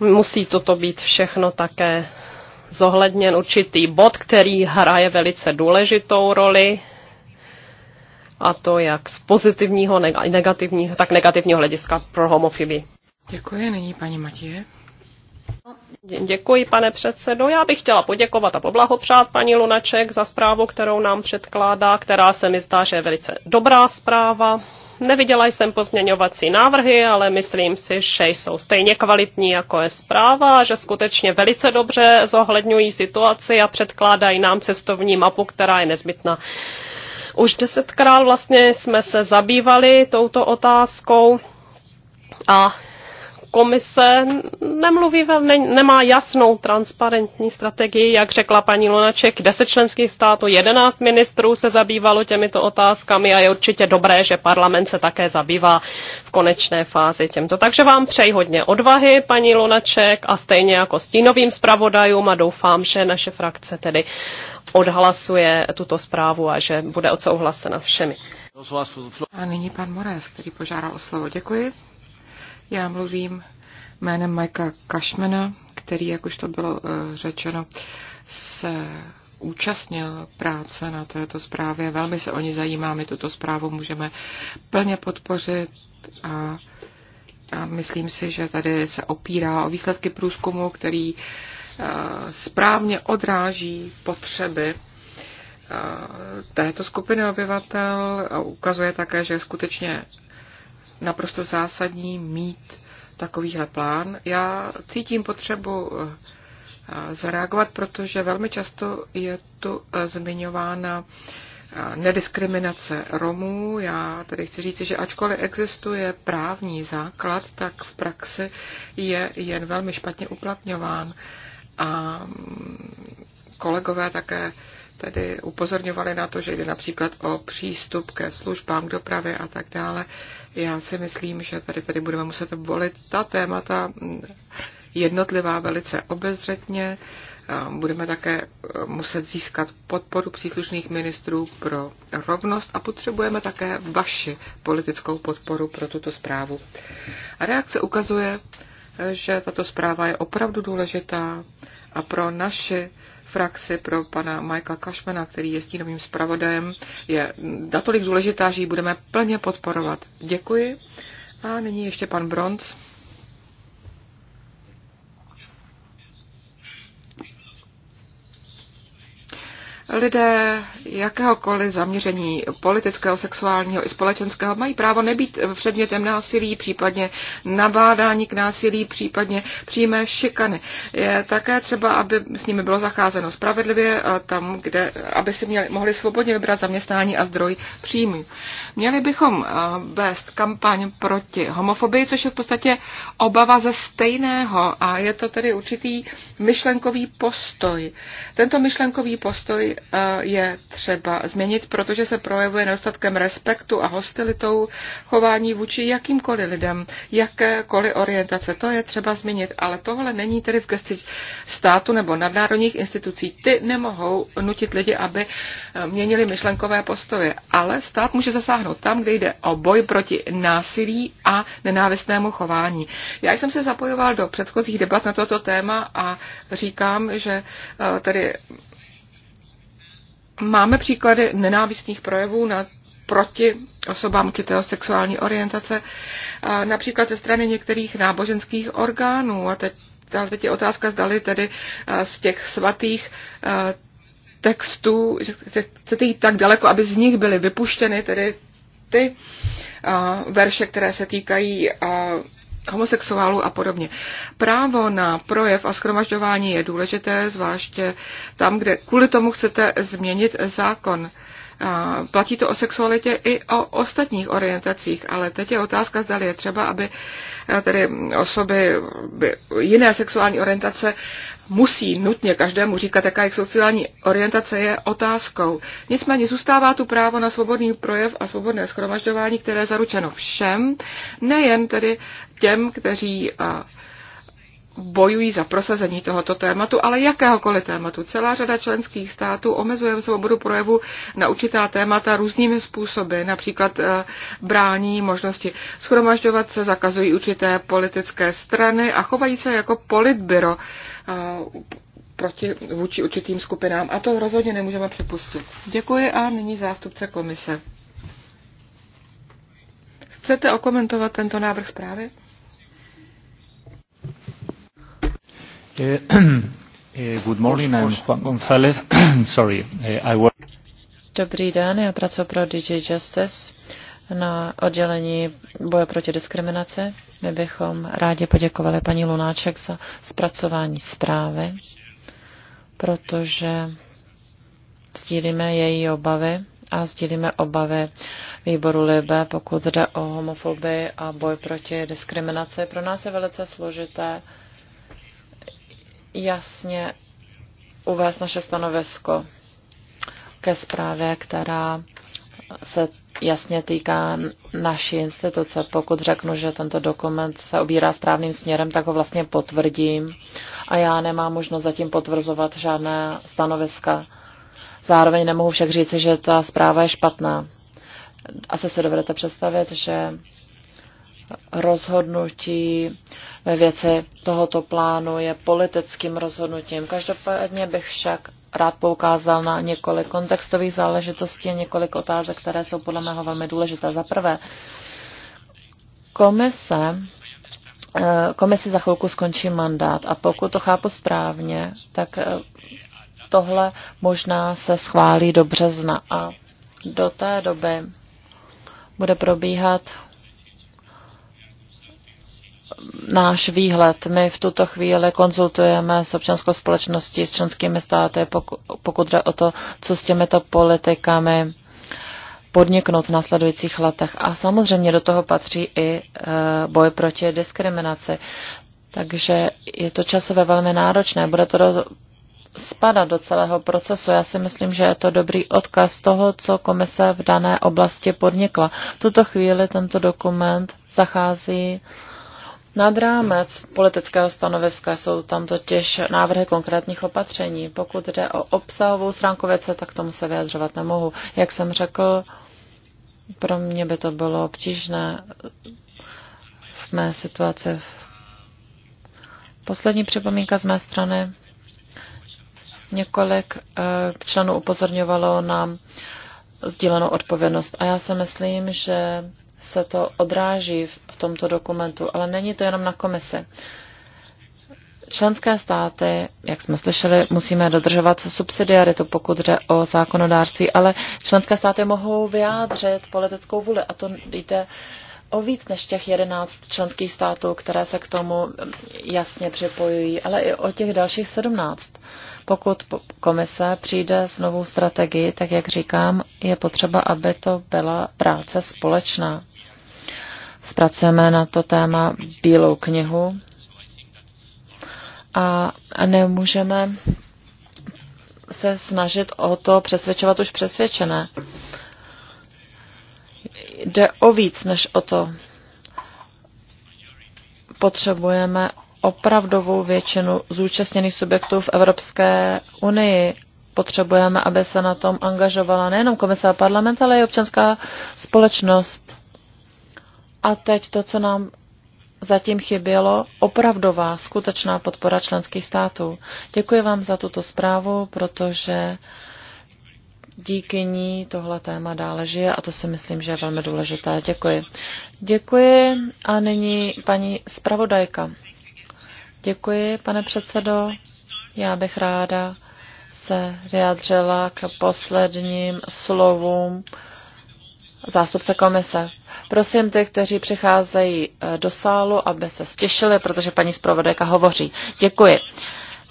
Musí toto být všechno také zohledněn určitý bod, který hraje velice důležitou roli, a to jak z pozitivního, negativního, tak negativního hlediska pro homofily. Děkuji, nyní paní Matěje. Děkuji, pane předsedo. Já bych chtěla poděkovat a poblahopřát paní Lunaček za zprávu, kterou nám předkládá, která se mi zdá, že je velice dobrá zpráva. Neviděla jsem pozměňovací návrhy, ale myslím si, že jsou stejně kvalitní jako je zpráva že skutečně velice dobře zohledňují situaci a předkládají nám cestovní mapu, která je nezbytná. Už desetkrát vlastně jsme se zabývali touto otázkou a komise nemluví, ne, nemá jasnou transparentní strategii, jak řekla paní Lunaček, deset členských států, jedenáct ministrů se zabývalo těmito otázkami a je určitě dobré, že parlament se také zabývá v konečné fázi těmto. Takže vám přeji hodně odvahy, paní Lunaček, a stejně jako stínovým zpravodajům a doufám, že naše frakce tedy odhlasuje tuto zprávu a že bude odsouhlasena všemi. A nyní pan Moraes, který požádal o slovo. Děkuji. Já mluvím jménem Majka Kašmena, který, jak už to bylo eh, řečeno, se účastnil práce na této zprávě. Velmi se o ní zajímá, my tuto zprávu můžeme plně podpořit a, a myslím si, že tady se opírá o výsledky průzkumu, který eh, správně odráží potřeby eh, této skupiny obyvatel ukazuje také, že skutečně naprosto zásadní mít takovýhle plán. Já cítím potřebu eh, zareagovat, protože velmi často je tu eh, zmiňována eh, nediskriminace Romů. Já tedy chci říci, že ačkoliv existuje právní základ, tak v praxi je jen velmi špatně uplatňován. A mm, kolegové také tedy upozorňovali na to, že jde například o přístup ke službám, k dopravě a tak dále. Já si myslím, že tady, tady budeme muset volit ta témata jednotlivá velice obezřetně. Budeme také eh, muset získat podporu příslušných ministrů pro rovnost a potřebujeme také vaši politickou podporu pro tuto zprávu. A reakce ukazuje, eh, že tato zpráva je opravdu důležitá a pro naši frakci pro pana Michaela Kašmena, který je stínovým zpravodajem, je natolik důležitá, že ji budeme plně podporovat. Děkuji. A nyní ještě pan Bronz. Lidé jakéhokoliv zaměření politického, sexuálního i společenského mají právo nebýt předmětem násilí, případně nabádání k násilí, případně přímé šikany. Je také třeba, aby s nimi bylo zacházeno spravedlivě, eh, tam, kde, aby si měli, mohli svobodně vybrat zaměstnání a zdroj příjmů. Měli bychom eh, vést kampaň proti homofobii, což je v podstatě obava ze stejného a je to tedy určitý myšlenkový postoj. Tento myšlenkový postoj Eh, je třeba změnit, protože se projevuje nedostatkem respektu a hostilitou chování vůči jakýmkoliv lidem, jakékoliv orientace. To je třeba změnit, ale tohle není tedy v gesti státu nebo nadnárodních institucí. Ty nemohou nutit lidi, aby eh, měnili myšlenkové postoje, ale stát může zasáhnout tam, kde jde o boj proti násilí a nenávistnému chování. Já jsem se zapojoval do předchozích debat na toto téma a říkám, že eh, tedy Máme příklady nenávistných projevů na proti osobám určitého sexuální orientace, například ze strany některých náboženských orgánů. A teď, a teď je otázka, zdali tedy z těch svatých textů, že chcete jít tak daleko, aby z nich byly vypuštěny tedy ty verše, které se týkají homosexuálů a podobně. Právo na projev a schromažďování je důležité, zvláště tam, kde kvůli tomu chcete změnit zákon. Platí to o sexualitě i o ostatních orientacích, ale teď je otázka, zda je třeba, aby eh, tedy osoby jiné sexuální orientace musí nutně každému říkat, jaká jejich sociální orientace je otázkou. Nicméně zůstává tu právo na svobodný projev a svobodné schromažďování, které je zaručeno všem, nejen tedy těm, kteří eh, bojují za prosazení tohoto tématu, ale jakéhokoliv tématu. Celá řada členských států omezuje svobodu projevu na určitá témata různými způsoby, například eh, brání možnosti schromažďovat se, zakazují určité politické strany a chovají se jako politbyro eh, proti, vůči určitým skupinám. A to rozhodně nemůžeme připustit. Děkuji a nyní zástupce komise. Chcete okomentovat tento návrh zprávy? Eh, eh, eh, Dobrý den, já pracuji pro DJ Justice na oddělení boje proti diskriminaci. My bychom rádi poděkovali paní Lunáček za zpracování zprávy, protože sdílíme její obavy a sdílíme obavy výboru Libe, pokud jde o homofobii a boj proti diskriminaci. Pro nás je velice složité jasně uvést naše stanovisko ke zprávě, která se jasně týká naší instituce. Pokud řeknu, že tento dokument se obírá správným směrem, tak ho vlastně potvrdím a já nemám možnost zatím potvrzovat žádné stanoviska. Zároveň nemohu však říci, že ta zpráva je špatná. Asi se dovedete představit, že rozhodnutí ve věci tohoto plánu je politickým rozhodnutím. Každopádně bych však rád poukázal na několik kontextových záležitostí a několik otázek, které jsou podle mého velmi důležité. Za prvé, komise, eh, komise za chvilku skončí mandát a pokud to chápu správně, tak eh, tohle možná se schválí do března a do té doby bude probíhat náš výhled. My v tuto chvíli konzultujeme s občanskou společností, s členskými státy, pokud jde o to, co s těmito politikami podniknout v následujících letech. A samozřejmě do toho patří i e, boj proti diskriminaci. Takže je to časově velmi náročné. Bude to do, spadat do celého procesu. Já si myslím, že je to dobrý odkaz toho, co komise v dané oblasti podnikla. V tuto chvíli tento dokument zachází uh, nad rámec politického stanoviska jsou tam totiž návrhy konkrétních opatření. Pokud jde o obsahovou stránku věce, tak tomu se vyjadřovat nemohu. Jak jsem řekl, pro mě by to bylo obtížné v mé situaci. Poslední připomínka z mé strany. Několik eh, členů upozorňovalo na sdílenou odpovědnost a já si myslím, že se to odráží v tomto dokumentu, ale není to jenom na komisi. Členské státy, jak jsme slyšeli, musíme dodržovat subsidiaritu, pokud jde o zákonodárství, ale členské státy mohou vyjádřit politickou vůli a to jde o víc než těch 11 členských států, které se k tomu jasně připojují, ale i o těch dalších 17. Pokud komise přijde s novou strategií, tak jak říkám, je potřeba, aby to byla práce společná zpracujeme na to téma Bílou knihu a nemůžeme se snažit o to přesvědčovat už přesvědčené. Jde o víc než o to. Potřebujeme opravdovou většinu zúčastněných subjektů v Evropské unii. Potřebujeme, aby se na tom angažovala nejenom komise a parlament, ale i občanská společnost. A teď to, co nám zatím chybělo, opravdová, skutečná podpora členských států. Děkuji vám za tuto zprávu, protože díky ní tohle téma dále žije a to si myslím, že je velmi důležité. Děkuji. Děkuji a nyní paní zpravodajka. Děkuji, pane předsedo. Já bych ráda se vyjádřila k posledním slovům zástupce komise. Prosím ty, kteří přicházejí eh, do sálu, aby se stěšili, protože paní zpravodajka hovoří. Děkuji.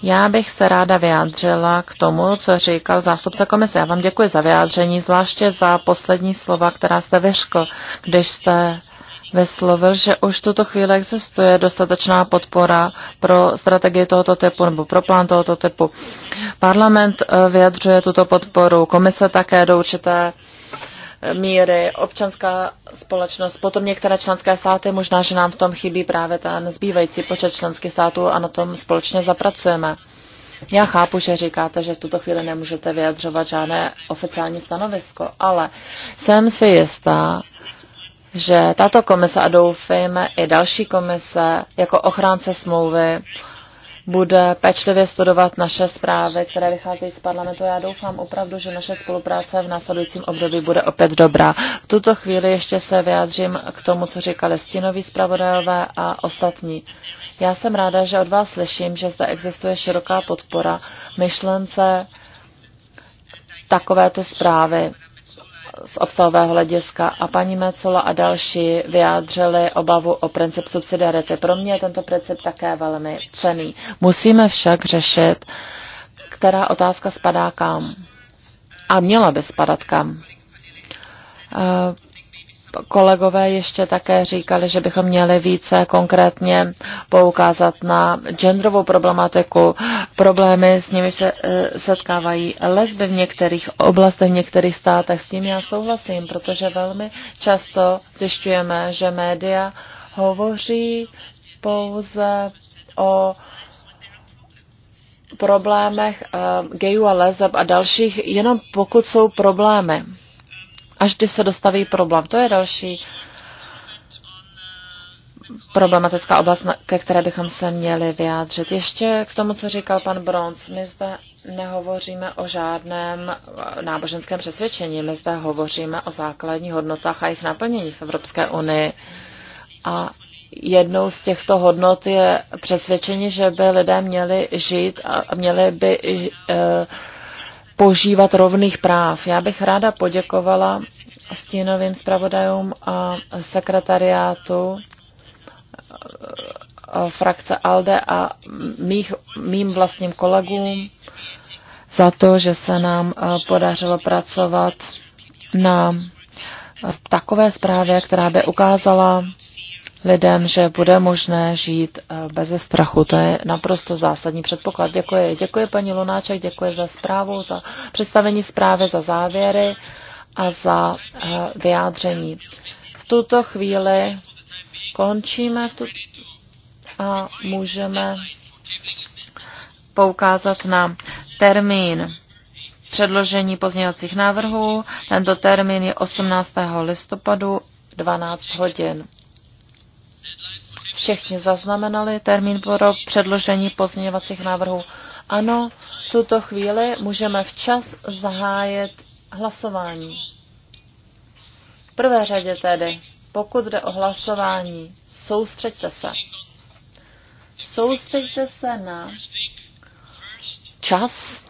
Já bych se ráda vyjádřila k tomu, co říkal zástupce komise. Já vám děkuji za vyjádření, zvláště za poslední slova, která jste vyřkl, když jste vyslovil, že už v tuto chvíli existuje dostatečná podpora pro strategii tohoto typu nebo pro plán tohoto typu. Parlament eh, vyjadřuje tuto podporu, komise také do určité míry občanská společnost, potom některé členské státy, možná, že nám v tom chybí právě ten zbývající počet členských států a na tom společně zapracujeme. Já chápu, že říkáte, že v tuto chvíli nemůžete vyjadřovat žádné oficiální stanovisko, ale jsem si jistá, že tato komise a doufejme i další komise jako ochránce smlouvy bude pečlivě studovat naše zprávy, které vycházejí z parlamentu. Já doufám opravdu, že naše spolupráce v následujícím období bude opět dobrá. V tuto chvíli ještě se vyjádřím k tomu, co říkali stinoví zpravodajové a ostatní. Já jsem ráda, že od vás slyším, že zde existuje široká podpora myšlence takovéto zprávy z obsahového hlediska a paní Mecola a další vyjádřili obavu o princip subsidiarity. Pro mě je tento princip také velmi cený. Musíme však řešit, která otázka spadá kam. A měla by spadat kam. Eh, kolegové ještě také říkali, že bychom měli více konkrétně poukázat na genderovou problematiku, problémy, s nimi se eh, setkávají lesby v některých oblastech, v některých státech. S tím já souhlasím, protože velmi často zjišťujeme, že média hovoří pouze o problémech eh, gayů a leseb a dalších, jenom pokud jsou problémy až když se dostaví problém. To je další problematická oblast, ke které bychom se měli vyjádřit. Ještě k tomu, co říkal pan Bronc, my zde nehovoříme o žádném náboženském přesvědčení, my zde hovoříme o základních hodnotách a jejich naplnění v Evropské unii. A jednou z těchto hodnot je přesvědčení, že by lidé měli žít a měli by uh, požívat rovných práv. Já bych ráda poděkovala stínovým zpravodajům a sekretariátu frakce ALDE a mých, mým vlastním kolegům za to, že se nám podařilo pracovat na takové zprávě, která by ukázala lidem, že bude možné žít eh, bez strachu. To je naprosto zásadní předpoklad. Děkuji. Děkuji paní Lunáček, děkuji za zprávu, za představení zprávy, za závěry a za eh, vyjádření. V tuto chvíli končíme v tu... a můžeme poukázat na termín předložení pozměňovacích návrhů. Tento termín je 18. listopadu 12 hodin. Všichni zaznamenali termín pro předložení pozměňovacích návrhů. Ano, v tuto chvíli můžeme včas zahájit hlasování. V prvé řadě tedy, pokud jde o hlasování, soustřeďte se. Soustřeďte se na čas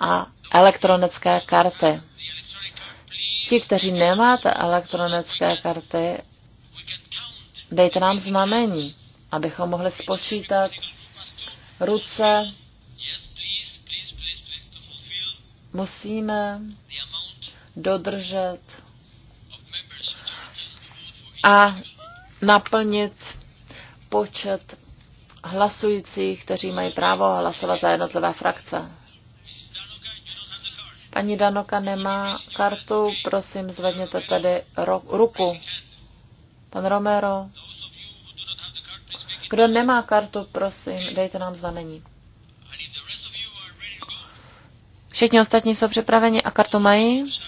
a elektronické karty. Ti, kteří nemáte elektronické karty, Dejte nám znamení, abychom mohli spočítat ruce. Musíme dodržet a naplnit počet hlasujících, kteří mají právo hlasovat za jednotlivé frakce. Paní Danoka nemá kartu, prosím, zvedněte tedy ruku. Pan Romero. Kdo nemá kartu, prosím, dejte nám znamení. Všichni ostatní jsou připraveni a kartu mají.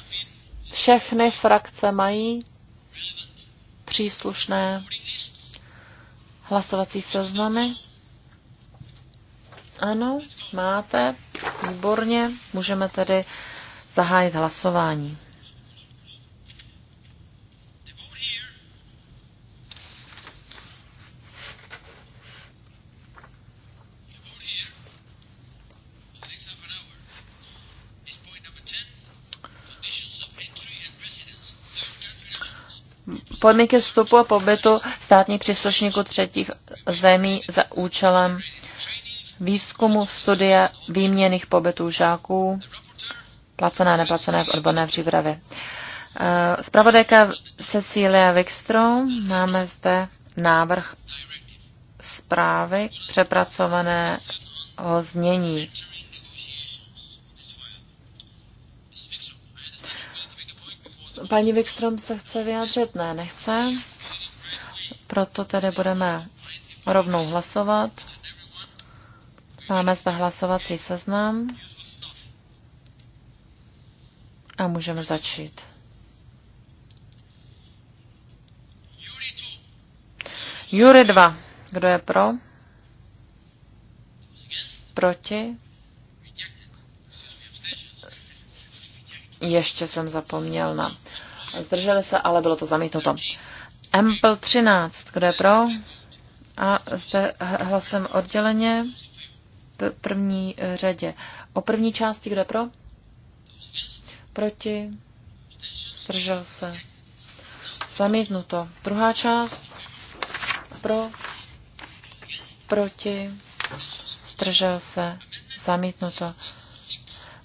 Všechny frakce mají příslušné hlasovací seznamy. Ano, máte. Výborně. Můžeme tedy zahájit hlasování. podmínky vstupu a pobytu státních příslušníků třetích zemí za účelem výzkumu, studia, výměných pobytů žáků, placené a neplacené v odborné přípravě. Eh, zpravodajka Cecília Wikström, máme zde návrh zprávy přepracovaného znění. Paní Wikström se chce vyjádřit? Ne, nechce. Proto tedy budeme rovnou hlasovat. Máme zde hlasovací seznam a můžeme začít. Jury 2. Kdo je pro? Proti? Ještě jsem zapomněl na zdrželi se, ale bylo to zamítnuto. Ample 13, kdo je pro? A zde hlasem odděleně první eh, řadě. O první části, kdo je pro? Proti? Zdržel se. Zamítnuto. Druhá část. Pro? Proti? Zdržel se. Zamítnuto.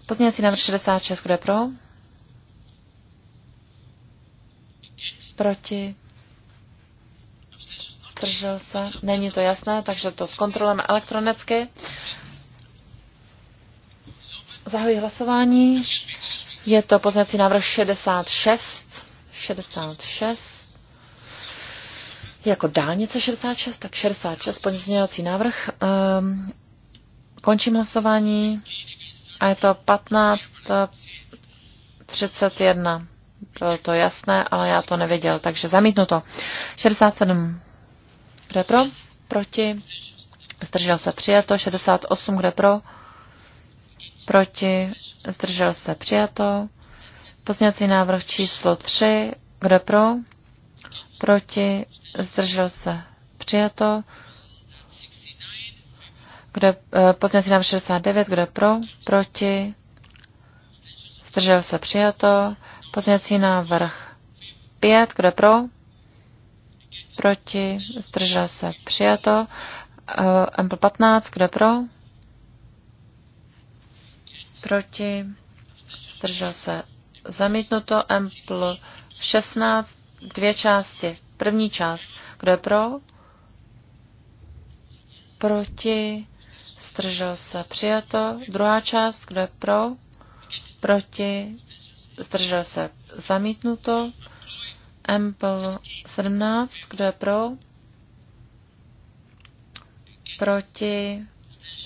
Pozměňovací návrh 66, kdo je pro? proti, zdržel se, není to jasné, takže to zkontrolujeme elektronicky. Zahajuji hlasování. Je to poznací návrh 66. 66. Jako dálnice 66, tak 66 pozměňovací návrh. Um, končím hlasování a je to 15.31. Bylo to jasné, ale já to nevěděl, takže zamítnu to. 67. Kde pro? Proti. Zdržel se přijato. 68. Kde pro? Proti. Zdržel se přijato. Pozněcí návrh číslo 3. Kde pro? Proti. Zdržel se přijato. Kde, eh, pozněcí návrh 69. Kde pro? Proti. Zdržel se přijato. Pozměňovací návrh 5, kdo pro? Proti, zdržel se, přijato. Ample eh, 15, kdo pro? Proti, zdržel se, zamítnuto. Ample 16, dvě části. První část, kdo je pro? Proti, zdržel se, přijato. Druhá část, kdo je pro? Proti, zdržel se zamítnuto. Ample 17, kdo je pro? Proti,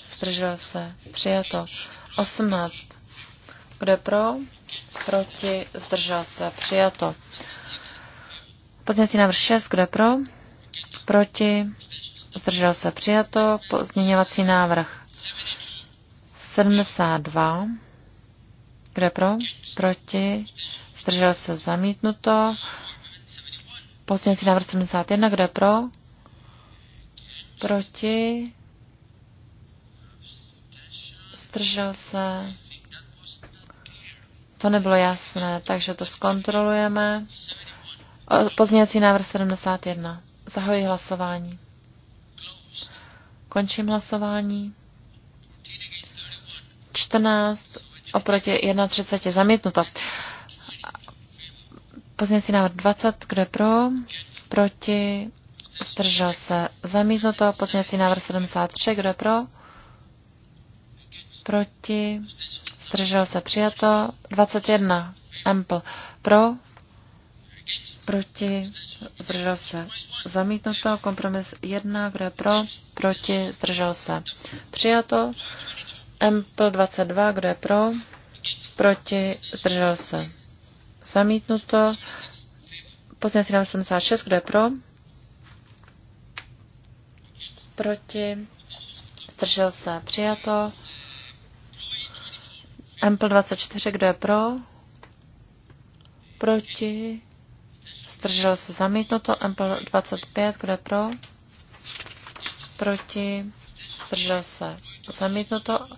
zdržel se, přijato. 18, kdo je pro? Proti, zdržel se, přijato. Pozměňovací návrh 6, kdo je pro? Proti, zdržel se, přijato. Pozměňovací návrh 72, kdo je pro? Proti? Zdržel se zamítnuto. Pozměňovací návrh 71. Kdo je pro? Proti? Zdržel se. To nebylo jasné, takže to zkontrolujeme. Pozměňovací návrh 71. Zahoji hlasování. Končím hlasování. 14 oproti 31 zamítnuto. Pozměňující návrh 20, kdo je pro, proti, zdržel se zamítnuto. Pozměňující návrh 73, kdo je pro, proti, zdržel se přijato. 21, Ample, pro, proti, zdržel se zamítnuto. Kompromis 1, kdo je pro, proti, zdržel se přijato. Ample 22, kdo je pro? Proti? Zdržel se. Zamítnuto. Pozměňovací 76, kdo je pro? Proti? Zdržel se. Přijato. Ample 24, kdo je pro? Proti? Zdržel se. Zamítnuto. Ample 25, kdo je pro? Proti? Zdržel se Zamítnuto.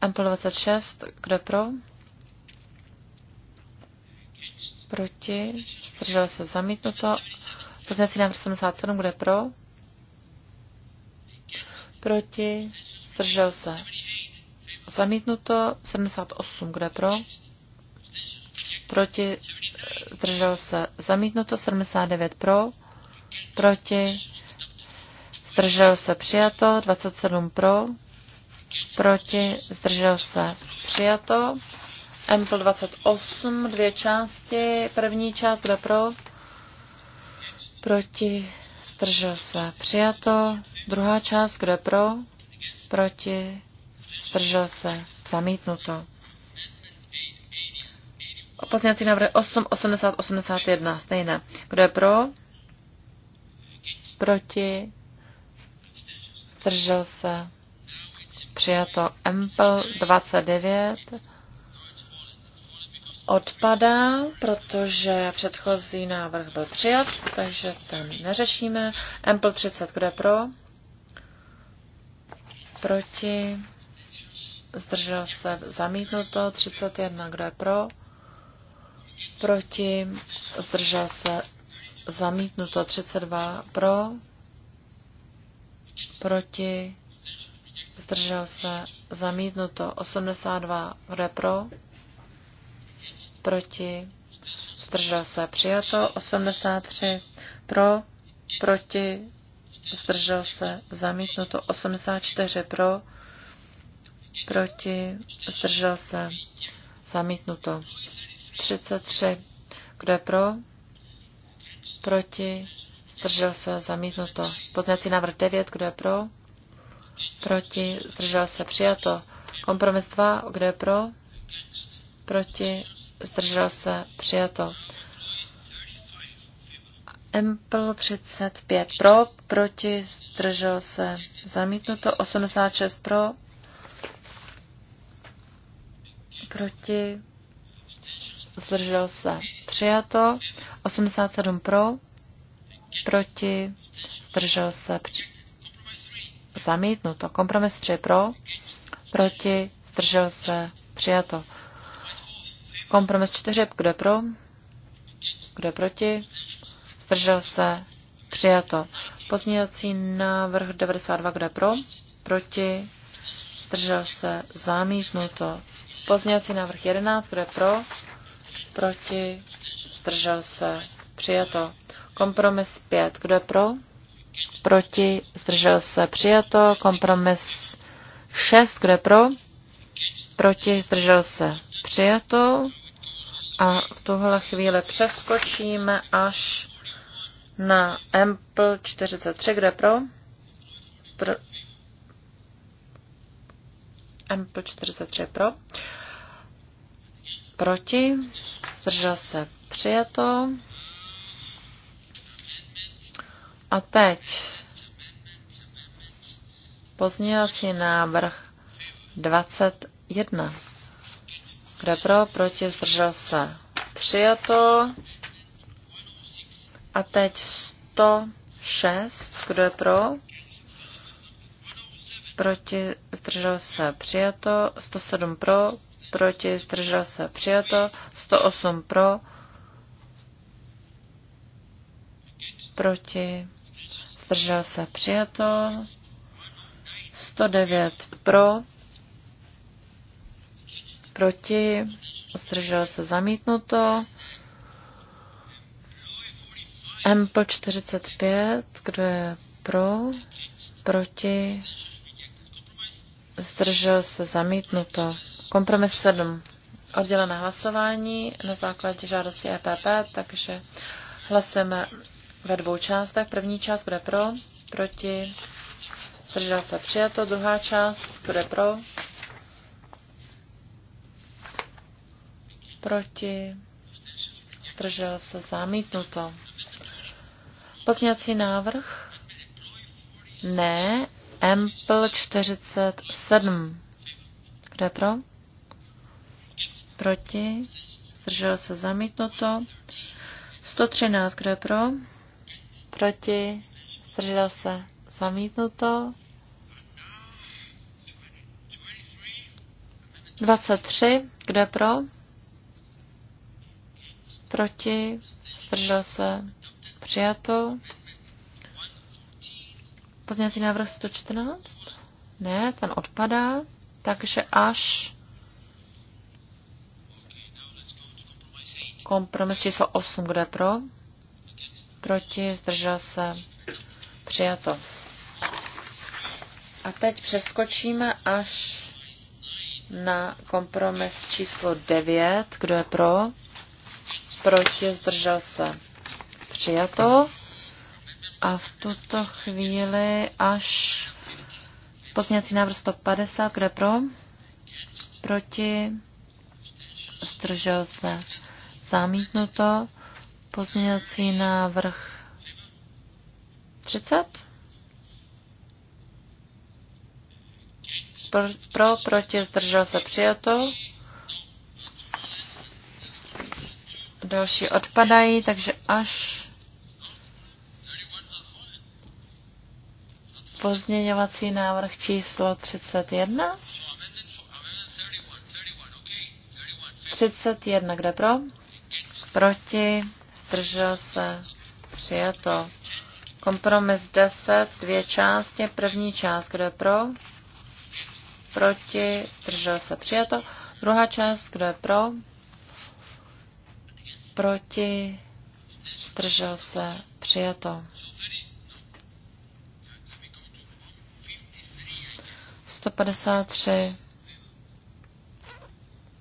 Ampel 26. Kdo pro? Proti. Zdržel se. Zamítnuto. Pozměnací návrh 77. Kdo pro? Proti. Zdržel se. Zamítnuto. 78. Kdo pro? Proti. Zdržel se. Zamítnuto. 79 pro. Proti. Zdržel se. Přijato. 27 pro proti, zdržel se, přijato. Ample 28, dvě části, první část, kdo pro, proti, zdržel se, přijato. Druhá část, kdo pro, proti, zdržel se, zamítnuto. Pozněcí návrh 8, 80, 81, stejné. Kdo je pro? Proti? Zdržel se přijato Ample 29 odpadá, protože předchozí návrh byl přijat, takže ten neřešíme. Ample 30, kdo je pro? Proti? Zdržel se zamítnuto. 31, kdo je pro? Proti? Zdržel se zamítnuto. 32 pro? Proti? zdržel se, zamítnuto 82, pro, proti, zdržel se, přijato 83, pro, proti, zdržel se, zamítnuto 84, pro, proti, zdržel se, zamítnuto 33, kdo je pro, proti, zdržel se, zamítnuto. Poznací návrh 9, kdo je pro? proti, zdržel se, přijato. Kompromis 2, kdo je pro, proti, zdržel se, přijato. Empl 35 pro, proti, zdržel se, zamítnuto, 86 pro, proti, zdržel se, přijato, 87 pro, proti, zdržel se, při, zamítnuto. Kompromis 3 pro, proti, zdržel se, přijato. Kompromis 4, kdo je pro, kdo je proti, zdržel se, přijato. Pozměňovací návrh 92, kdo je pro, proti, zdržel se, zamítnuto. Pozměňovací návrh 11, kdo je pro, proti, zdržel se, přijato. Kompromis 5, kdo je pro, proti, zdržel se, přijato. Kompromis 6, kde pro, proti, zdržel se, přijato. A v tuhle chvíli přeskočíme až na Ample 43, kde pro, pro Ample 43 pro, proti, zdržel se, přijato. A teď pozměňovací návrh 21. Kde pro, proti, zdržel se. Přijato. A teď 106. Kdo je pro? Proti, zdržel se. Přijato. 107 pro, proti, zdržel se. Přijato. 108 pro, proti, zdržel se přijato, 109 pro, proti, zdržel se zamítnuto, mp 45, kdo je pro, proti, zdržel se zamítnuto. Kompromis 7. Oddělené hlasování na základě žádosti EPP, takže hlasujeme ve dvou částech. První část bude pro, proti, zdržel se přijato. Druhá část bude pro, proti, zdržel se zamítnuto. Pozměňovací návrh? Ne. Ample 47. Kde pro? Proti? Zdržel se zamítnuto. 113. Kde pro? proti, zdržel se, zamítnuto. 23, kdo je pro? Proti, zdržel se, přijato. Pozněcí návrh 114? Ne, ten odpadá. Takže až kompromis číslo 8, kdo je pro? proti, zdržel se, přijato. A teď přeskočíme až na kompromis číslo 9. Kdo je pro? Proti, zdržel se, přijato. A v tuto chvíli až pozněcí návrh 150. Kdo je pro? Proti, zdržel se, zamítnuto. Pozměňovací návrh 30? Pro, proti, zdržel se, přijato. Další odpadají, takže až pozměňovací návrh číslo 31. 31, kde pro? Proti zdržel se, přijato. Kompromis 10, dvě části, první část, kdo je pro, proti, zdržel se, přijato. Druhá část, kdo je pro, proti, zdržel se, přijato. 153.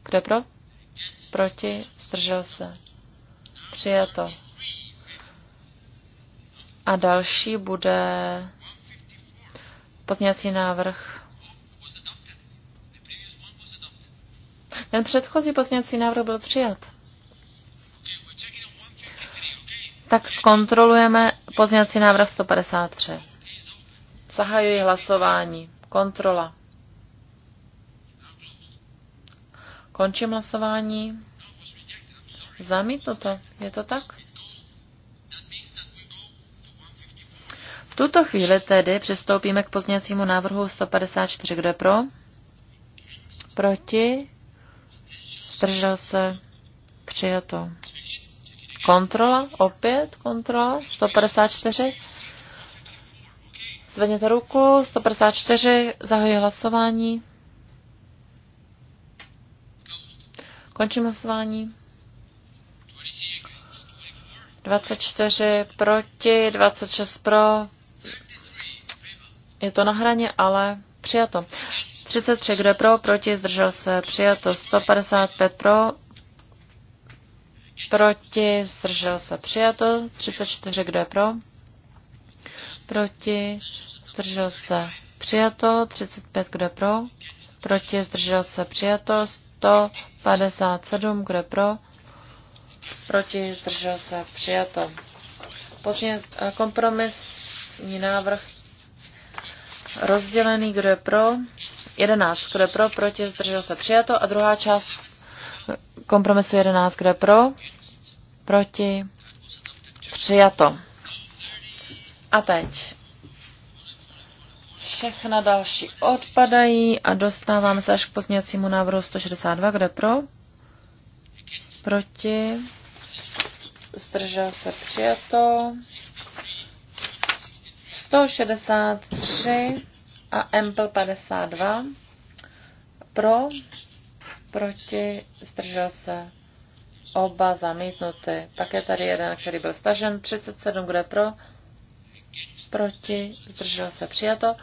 Kdo je pro? Proti, zdržel se, přijato. A další bude pozněcí návrh. Ten předchozí pozněcí návrh byl přijat. Tak zkontrolujeme pozněcí návrh 153. Zahajuji hlasování. Kontrola. Končím hlasování. Zamítnuto. Je to tak? V tuto chvíli tedy přistoupíme k pozněcímu návrhu 154. Kdo je pro? Proti? Zdržel se? Přijato. Kontrola? Opět kontrola? 154? Zvedněte ruku. 154. Zahoji hlasování. Končím hlasování. 24 proti, 26 pro. Je to na hraně, ale přijato. 33, kdo je pro, proti, zdržel se, přijato. 155 pro, proti, zdržel se, přijato. 34, kdo je pro, proti, zdržel se, přijato. 35, kdo je pro, proti, zdržel se, přijato. 157, kdo je pro, proti, zdržel se, přijato. Později eh, kompromisní návrh rozdělený, kdo je pro, 11, kdo je pro, proti, zdržel se, přijato. A druhá část kompromisu 11, kdo je pro, proti, přijato. A teď všechna další odpadají a dostáváme se až k pozdějacímu návrhu 162, kde pro? proti, zdržel se přijato, 163 a Ample 52, pro, proti, zdržel se oba zamítnuty. Pak je tady jeden, který byl stažen, 37, kde pro, proti, zdržel se přijato,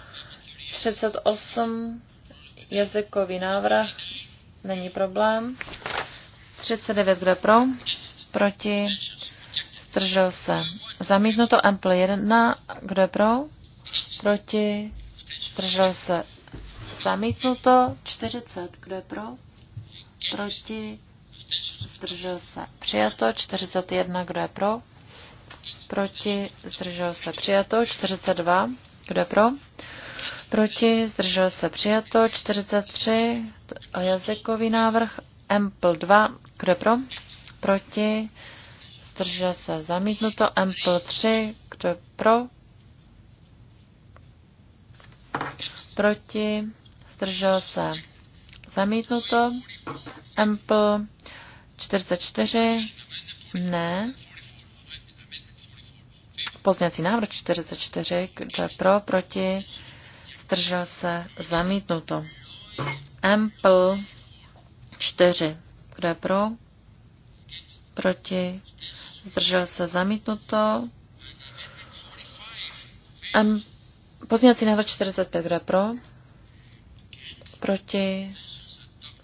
38, jazykový návrh, není problém. 39, kdo je pro? Proti? Zdržel se. Zamítnuto Ample 1, kdo je pro? Proti? Zdržel se. Zamítnuto 40, kdo je pro? Proti? Zdržel se. Přijato 41, kdo je pro? Proti? Zdržel se. Přijato 42, kdo je pro? Proti? Zdržel se. Přijato 43, jazykový návrh Ample 2, kdo pro? Proti. Zdržel se zamítnuto. Ample 3, kdo pro? Proti. Zdržel se zamítnuto. Ample 44, ne. Pozněcí návrh 44, kdo pro, proti, zdržel se, zamítnuto. Ample 4. Kdo je pro? Proti? Zdržel se zamítnuto. Um, pozněcí návrh 45. Kdo je pro? Proti?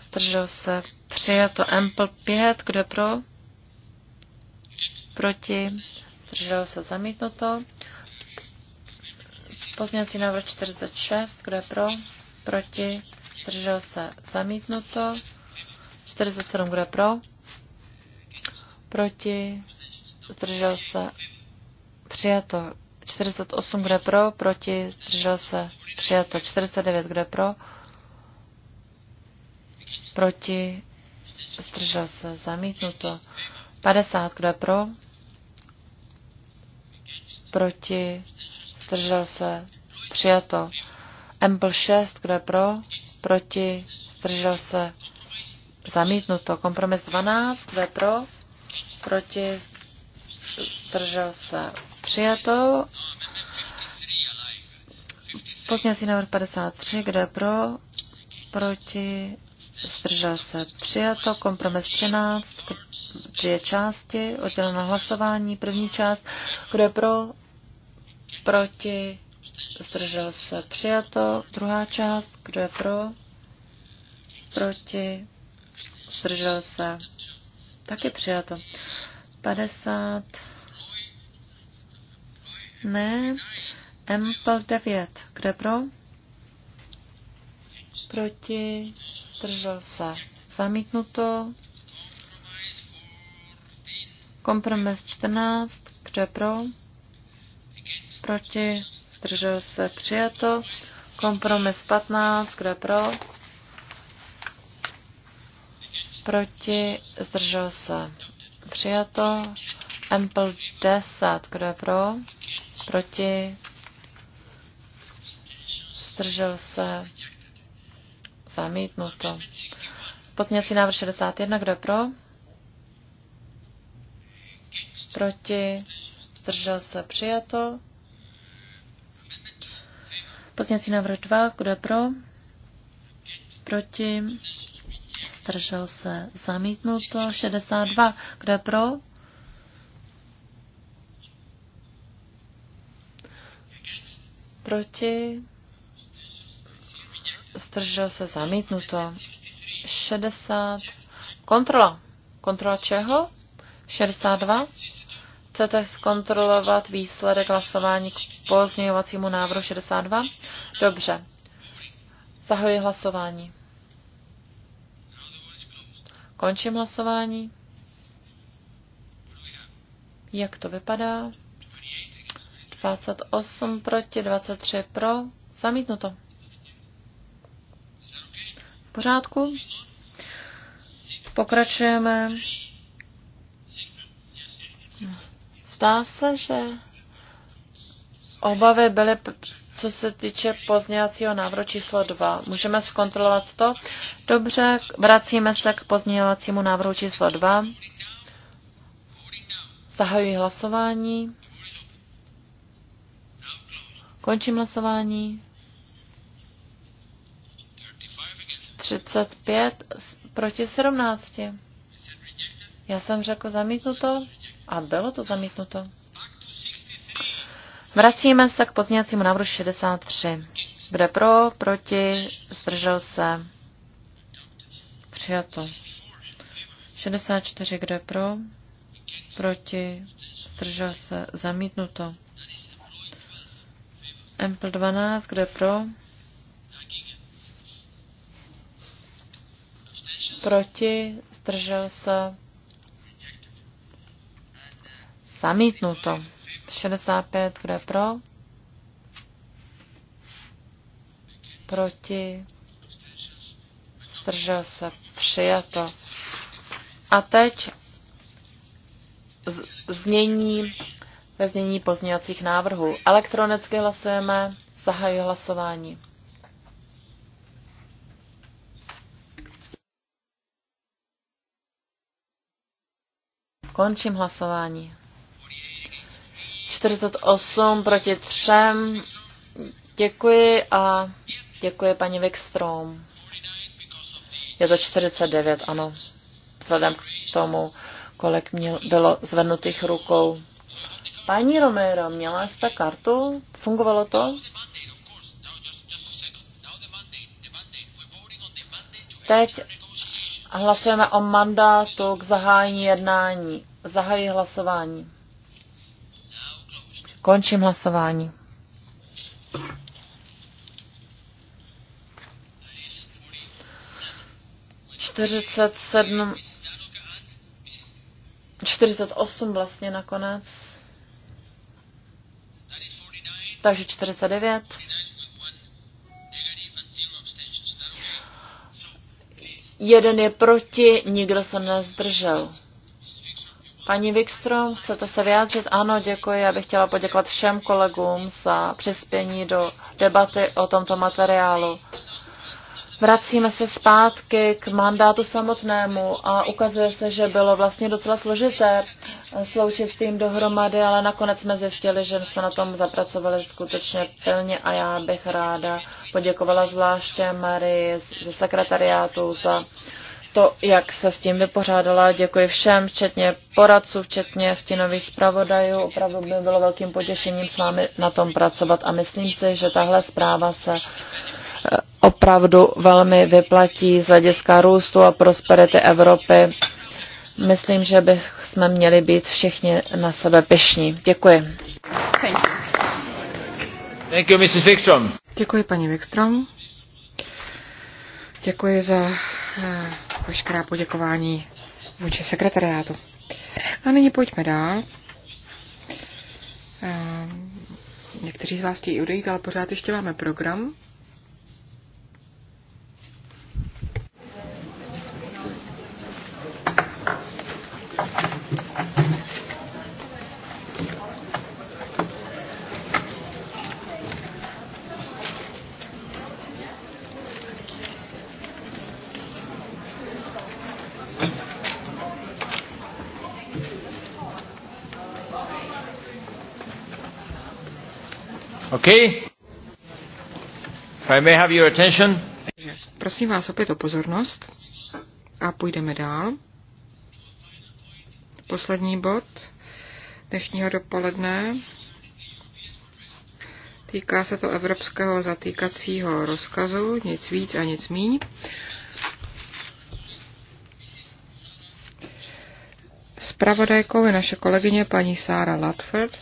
Zdržel se. Přijato Ample 5. Kdo je pro? Proti? Zdržel se zamítnuto. Pozněcí návrh 46. Kdo je pro? Proti? Zdržel se zamítnuto. 47, kdo je pro? Proti? Zdržel se? Přijato. 48, kdo je pro? Proti? Zdržel se? Přijato. 49, kdo je pro? Proti? Zdržel se? Zamítnuto. 50, kdo je pro? Proti? Zdržel se? Přijato. Ample 6, kdo je pro? Proti? Zdržel se? Zamítnuto. Kompromis 12. Kdo je pro? Proti? Držel se. Přijato. Pozněcí návrh 53. Kdo je pro? Proti? Zdržel se. Přijato. Kompromis 13. Dvě části. Odděleno hlasování. První část. Kdo je pro? Proti? Zdržel se. Přijato. Druhá část. Kdo je pro? Proti? zdržel se, taky přijato. 50, ne, Ample 9, kde pro? Proti, zdržel se, zamítnuto. Kompromis 14, kde pro? Proti, zdržel se, přijato. Kompromis 15, kde pro? proti, zdržel se. Přijato. Ample 10, kdo je pro, proti, zdržel se. Zamítnuto. Pozměňovací návrh 61, kdo je pro? Proti? Zdržel se přijato. Pozměňovací návrh 2, kdo je pro? Proti? zdržel se, zamítnuto. 62, kdo je pro? Proti? Zdržel se, zamítnuto. 60, kontrola. Kontrola čeho? 62. Chcete zkontrolovat výsledek hlasování k pozměňovacímu návrhu 62? Dobře. Zahajuji hlasování. Končím hlasování. Jak to vypadá? 28 proti, 23 pro. Zamítnuto. V pořádku. Pokračujeme. Zdá se, že obavy byly co se týče pozměňovacího návrhu číslo 2. Můžeme zkontrolovat to? Dobře, vracíme se k pozměňovacímu návrhu číslo 2. Zahajuji hlasování. Končím hlasování. 35 proti 17. Já jsem řekl zamítnuto a bylo to zamítnuto. Vracíme se k pozměňovacímu návrhu 63. Bude pro, proti, zdržel se. Přijato. 64, kde pro, proti, zdržel se, zamítnuto. Ample 12, kde pro, proti, zdržel se, zamítnuto. 65, kdo je pro? Proti? Zdržel se. Přijato. A teď znění ve znění pozměňovacích návrhů. Elektronicky hlasujeme, zahajuji hlasování. Končím hlasování. 48 proti 3. Děkuji a děkuji paní Wikstrom. Je to 49, ano. Vzhledem k tomu, kolik měl, bylo zvednutých rukou. Paní Romero, měla jste kartu? Fungovalo to? Teď hlasujeme o mandátu k zahájení jednání. Zahájí hlasování. Končím hlasování. Čtyřicet sedm, čtyřicet osm vlastně nakonec. Takže 49. Jeden je proti, nikdo se nezdržel. Paní Wikström, chcete se vyjádřit? Ano, děkuji. Já bych chtěla poděkovat všem kolegům za přispění do debaty o tomto materiálu. Vracíme se zpátky k mandátu samotnému a ukazuje se, že bylo vlastně docela složité sloučit tým dohromady, ale nakonec jsme zjistili, že jsme na tom zapracovali skutečně plně a já bych ráda poděkovala zvláště Marii ze sekretariátu za to, jak se s tím vypořádala. Děkuji všem, včetně poradců, včetně stinových zpravodajů. Opravdu by bylo velkým potěšením s vámi na tom pracovat a myslím si, že tahle zpráva se eh, opravdu velmi vyplatí z hlediska růstu a prosperity Evropy. Myslím, že bychom měli být všichni na sebe pišní. Děkuji. Thank you. Mrs. Wikström. Děkuji, paní Wikström. Děkuji za eh, veškerá poděkování vůči sekretariátu. A nyní pojďme dál. Ehm, někteří z vás chtějí odejít, ale pořád ještě máme program. Okay? If I may have your attention. Prosím vás opět o pozornost a půjdeme dál. Poslední bod dnešního dopoledne. Týká se to evropského zatýkacího rozkazu, nic víc a nic míň. Spravodajkou je naše kolegyně paní Sára Latford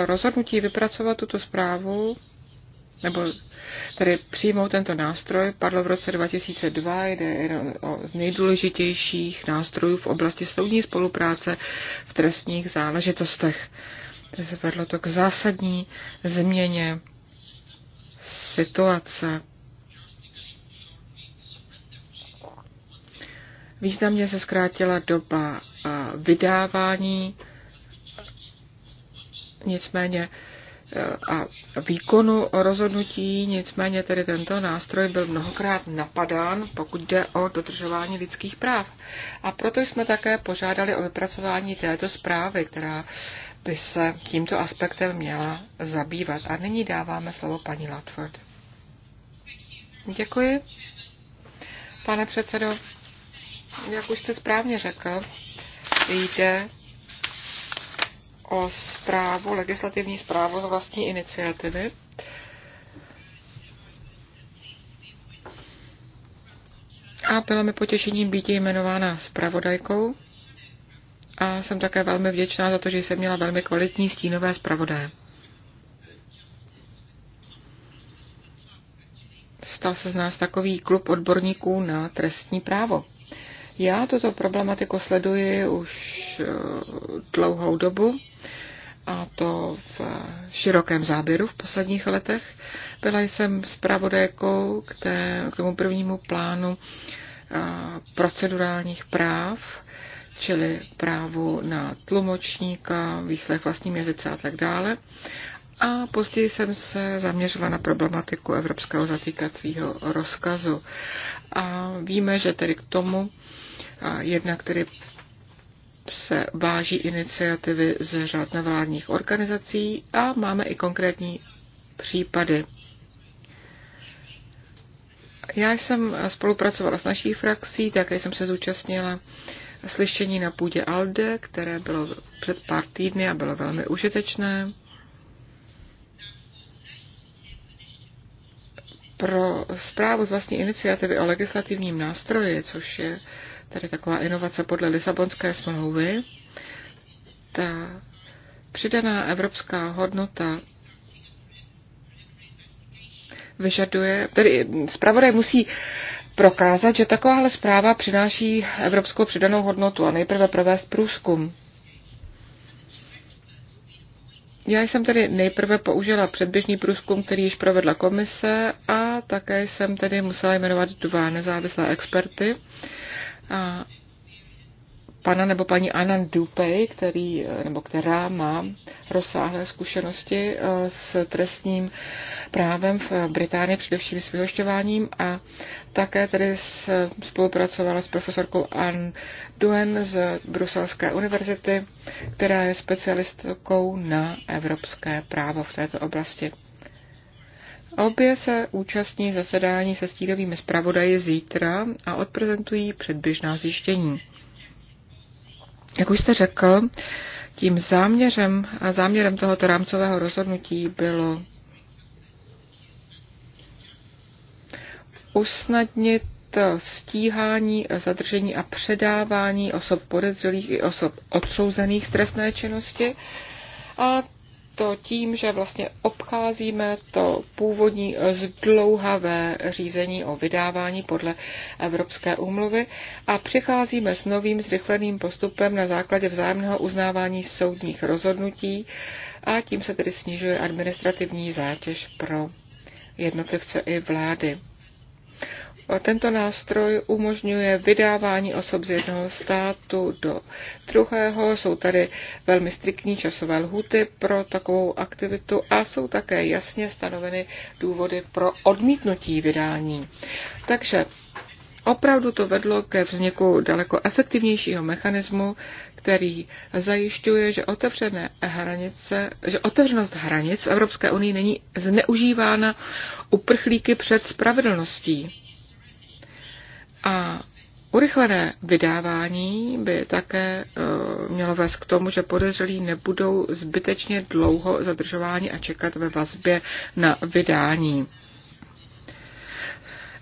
to rozhodnutí vypracovat tuto zprávu, nebo tedy přijmout tento nástroj, padlo v roce 2002, jde o z nejdůležitějších nástrojů v oblasti soudní spolupráce v trestních záležitostech. Zvedlo to k zásadní změně situace. Významně se zkrátila doba vydávání nicméně eh, a výkonu rozhodnutí, nicméně tedy tento nástroj byl mnohokrát napadán, pokud jde o dodržování lidských práv. A proto jsme také požádali o vypracování této zprávy, která by se tímto aspektem měla zabývat. A nyní dáváme slovo paní Latford. Děkuji. Pane předsedo, jak už jste správně řekl, jde o zprávu, legislativní zprávu z vlastní iniciativy. A bylo mi potěšením být jmenována zpravodajkou. A jsem také velmi vděčná za to, že jsem měla velmi kvalitní stínové zpravodaje. Stal se z nás takový klub odborníků na trestní právo. Já tuto problematiku sleduji už eh, dlouhou dobu a to v širokém záběru v posledních letech. Byla jsem zpravodajkou k, té, k tomu prvnímu plánu eh, procedurálních práv, čili právu na tlumočníka, výslech vlastním jazyce a tak dále. A později jsem se zaměřila na problematiku evropského zatýkacího rozkazu. A víme, že tedy k tomu Jednak který se váží iniciativy z řad nevládních organizací a máme i konkrétní případy. Já jsem spolupracovala s naší frakcí, také jsem se zúčastnila slyšení na půdě ALDE, které bylo před pár týdny a bylo velmi užitečné. Pro zprávu z vlastní iniciativy o legislativním nástroji, což je uh, tady taková inovace podle Lisabonské smlouvy, ta přidaná evropská hodnota vyžaduje, tedy zpravodaj musí prokázat, že takováhle zpráva přináší evropskou přidanou hodnotu a nejprve provést průzkum. Já jsem tedy nejprve použila předběžný průzkum, který již provedla komise a také jsem tedy musela jmenovat dva nezávislé experty, pana nebo paní Anan Dupej, který, nebo která má rozsáhlé zkušenosti eh, s trestním právem v Británii, především s vyhošťováním a také tedy spolupracovala s profesorkou Ann Duen z Bruselské univerzity, která je specialistkou na evropské právo v této oblasti. Obě se účastní zasedání se stínovými zpravodaji zítra a odprezentují předběžná zjištění. Jak už jste řekl, tím záměrem a záměrem tohoto rámcového rozhodnutí bylo usnadnit stíhání, zadržení a předávání osob podezřelých i osob odsouzených z trestné činnosti a to tím, že vlastně obcházíme to původní zdlouhavé řízení o vydávání podle Evropské úmluvy a přicházíme s novým zrychleným postupem na základě vzájemného uznávání soudních rozhodnutí a tím se tedy snižuje administrativní zátěž pro jednotlivce i vlády. Tento nástroj umožňuje vydávání osob z jednoho státu do druhého. Jsou tady velmi striktní časové lhuty pro takovou aktivitu a jsou také jasně stanoveny důvody pro odmítnutí vydání. Takže opravdu to vedlo ke vzniku daleko efektivnějšího mechanismu, který zajišťuje, že, otevřené hranice, že otevřenost hranic v Evropské unii není zneužívána uprchlíky před spravedlností. A urychlené vydávání by také eh, mělo vést k tomu, že podezřelí nebudou zbytečně dlouho zadržováni a čekat ve vazbě na vydání.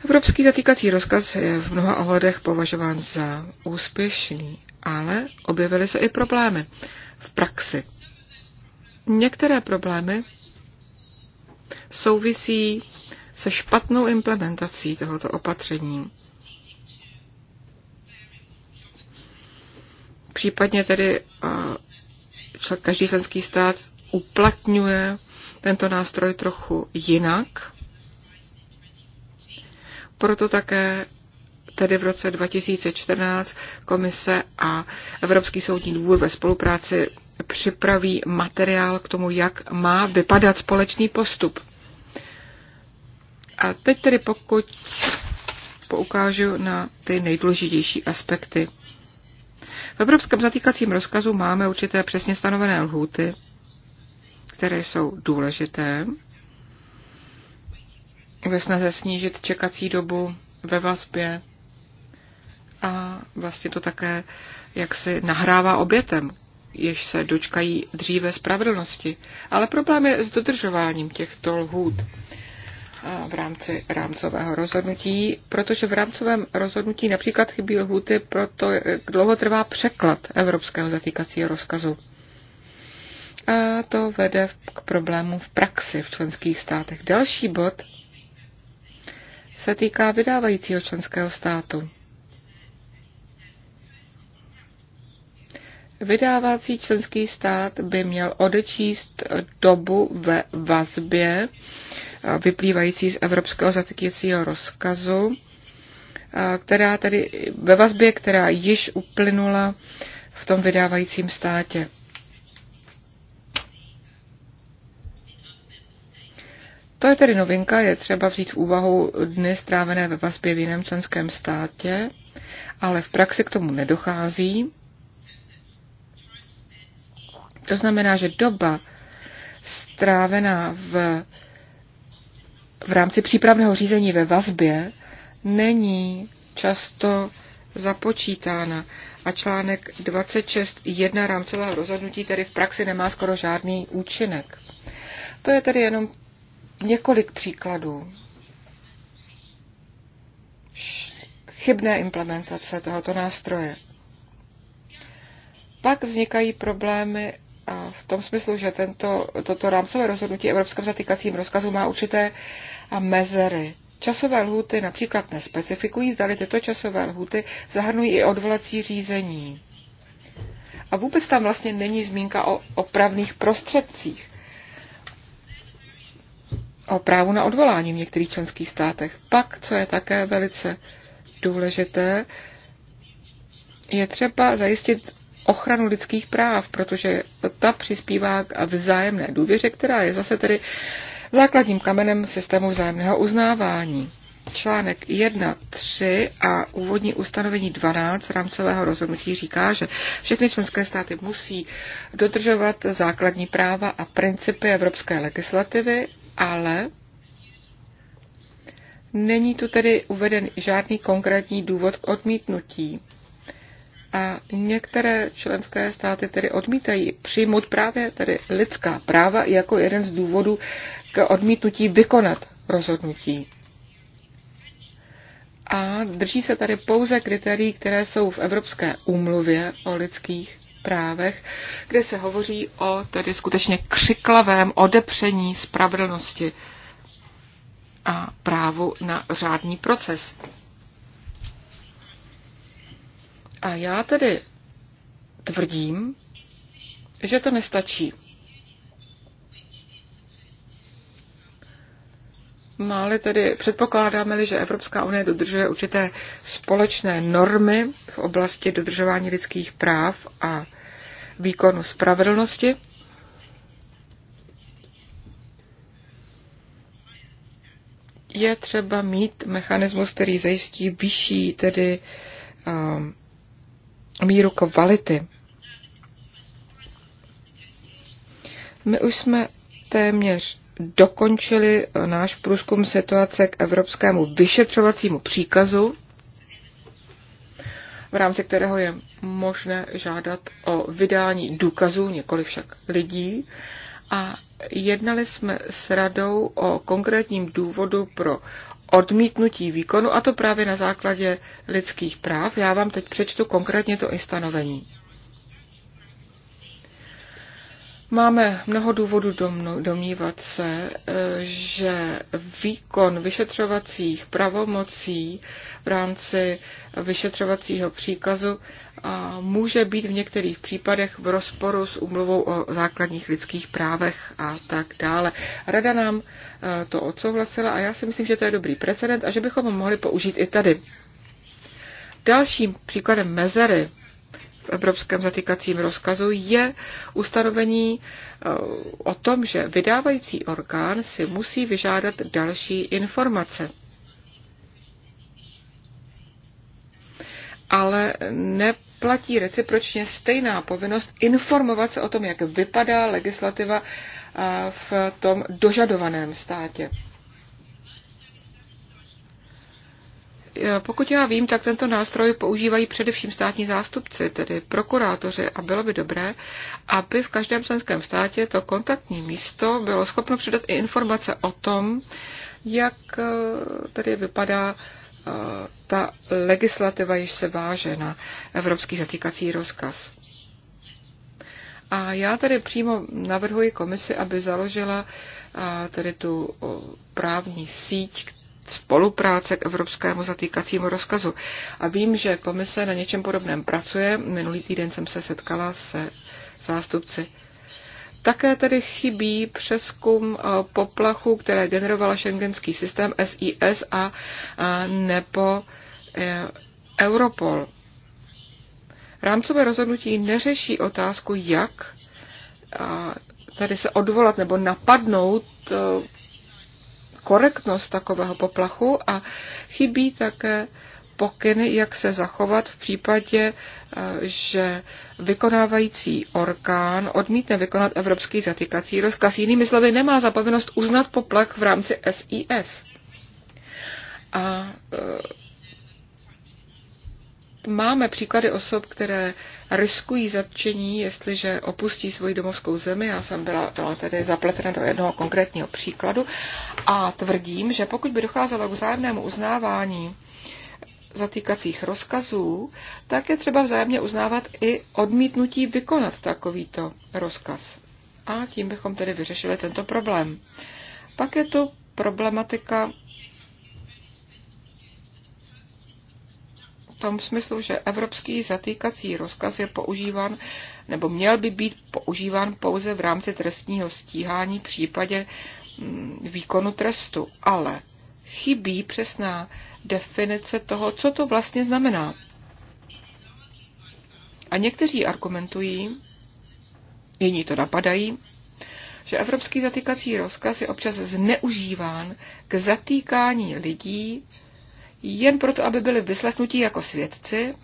Evropský zatýkací rozkaz je v mnoha ohledech považován za úspěšný, ale objevily se i problémy v praxi. Některé problémy souvisí se špatnou implementací tohoto opatření. Případně tedy každý členský stát uplatňuje tento nástroj trochu jinak. Proto také tedy v roce 2014 komise a Evropský soudní dvůr ve spolupráci připraví materiál k tomu, jak má vypadat společný postup. A teď tedy pokud poukážu na ty nejdůležitější aspekty v evropském zatýkacím rozkazu máme určité přesně stanovené lhůty, které jsou důležité ve snaze snížit čekací dobu ve vazbě a vlastně to také jak si nahrává obětem, jež se dočkají dříve spravedlnosti. Ale problém je s dodržováním těchto lhůt v rámci rámcového rozhodnutí, protože v rámcovém rozhodnutí například chybí lhuty pro to, jak dlouho trvá překlad evropského zatýkacího rozkazu. A to vede k problému v praxi v členských státech. Další bod se týká vydávajícího členského státu. Vydávací členský stát by měl odečíst dobu ve vazbě vyplývající z evropského zatýkacího rozkazu, která tedy ve vazbě, která již uplynula v tom vydávajícím státě. To je tedy novinka, je třeba vzít v úvahu dny strávené ve vazbě v jiném členském státě, ale v praxi k tomu nedochází. To znamená, že doba strávená v v rámci přípravného řízení ve vazbě není často započítána a článek 26 jedna rámcového rozhodnutí tedy v praxi nemá skoro žádný účinek. To je tedy jenom několik příkladů chybné implementace tohoto nástroje. Pak vznikají problémy v tom smyslu, že tento, toto rámcové rozhodnutí Evropského zatýkacím rozkazu má určité mezery. Časové lhuty například nespecifikují, zdali tyto časové lhuty zahrnují i odvolací řízení. A vůbec tam vlastně není zmínka o opravných prostředcích, o právu na odvolání v některých členských státech. Pak, co je také velice důležité, je třeba zajistit ochranu lidských práv, protože ta přispívá k vzájemné důvěře, která je zase tedy základním kamenem systému vzájemného uznávání. Článek 1, 3 a úvodní ustanovení 12 rámcového rozhodnutí říká, že všechny členské státy musí dodržovat základní práva a principy evropské legislativy, ale není tu tedy uveden žádný konkrétní důvod k odmítnutí. A některé členské státy tedy odmítají přijmout právě tedy lidská práva jako jeden z důvodů k odmítnutí vykonat rozhodnutí. A drží se tady pouze kritérií, které jsou v Evropské úmluvě o lidských právech, kde se hovoří o tedy skutečně křiklavém odepření spravedlnosti a právu na řádný proces. A já tedy tvrdím, že to nestačí. Máli tedy, předpokládáme-li, že Evropská unie dodržuje určité společné normy v oblasti dodržování lidských práv a výkonu spravedlnosti, je třeba mít mechanismus, který zajistí vyšší tedy um, míru kvality. My už jsme téměř dokončili náš průzkum situace k evropskému vyšetřovacímu příkazu, v rámci kterého je možné žádat o vydání důkazů, několik však lidí. A jednali jsme s radou o konkrétním důvodu pro odmítnutí výkonu, a to právě na základě lidských práv. Já vám teď přečtu konkrétně to i stanovení. Máme mnoho důvodů domnívat se, eh, že výkon vyšetřovacích pravomocí v rámci vyšetřovacího příkazu může být v některých případech v rozporu s umluvou o základních lidských právech a tak dále. Rada nám eh, to odsouhlasila a já si myslím, že to je dobrý precedent a že bychom ho mohli použít i tady. Dalším příkladem mezery v evropském zatýkacím rozkazu je ustanovení eh, o tom, že vydávající orgán si musí vyžádat další informace. Ale neplatí recipročně stejná povinnost informovat se o tom, jak vypadá legislativa eh, v tom dožadovaném státě. Pokud já vím, tak tento nástroj používají především státní zástupci, tedy prokurátoři, a bylo by dobré, aby v každém členském státě to kontaktní místo bylo schopno předat i informace o tom, jak eh, tedy vypadá eh, ta legislativa, již se váže na evropský zatýkací rozkaz. A já tady přímo navrhuji komisi, aby založila eh, tedy tu právní síť, spolupráce k evropskému zatýkacímu rozkazu. A vím, že komise na něčem podobném pracuje. Minulý týden jsem se setkala se zástupci. Také tedy chybí přeskum eh, poplachu, které generovala šengenský systém SIS a, nebo eh, Europol. Rámcové rozhodnutí neřeší otázku, jak eh, tady se odvolat nebo napadnout korektnost takového poplachu a chybí také pokyny, jak se zachovat v případě, eh, že vykonávající orgán odmítne vykonat evropský zatýkací rozkaz. Jinými slovy, nemá zapovinnost uznat poplach v rámci SIS. A eh, máme příklady osob, které riskují zatčení, jestliže opustí svoji domovskou zemi. Já jsem byla, byla tedy zapletena do jednoho konkrétního příkladu a tvrdím, že pokud by docházelo k vzájemnému uznávání zatýkacích rozkazů, tak je třeba vzájemně uznávat i odmítnutí vykonat takovýto rozkaz. A tím bychom tedy vyřešili tento problém. Pak je tu problematika tom smyslu, že evropský zatýkací rozkaz je používán nebo měl by být používán pouze v rámci trestního stíhání v případě mm, výkonu trestu, ale chybí přesná definice toho, co to vlastně znamená. A někteří argumentují, jiní to napadají, že evropský zatýkací rozkaz je občas zneužíván k zatýkání lidí jen proto, aby byli vyslechnutí jako svědci,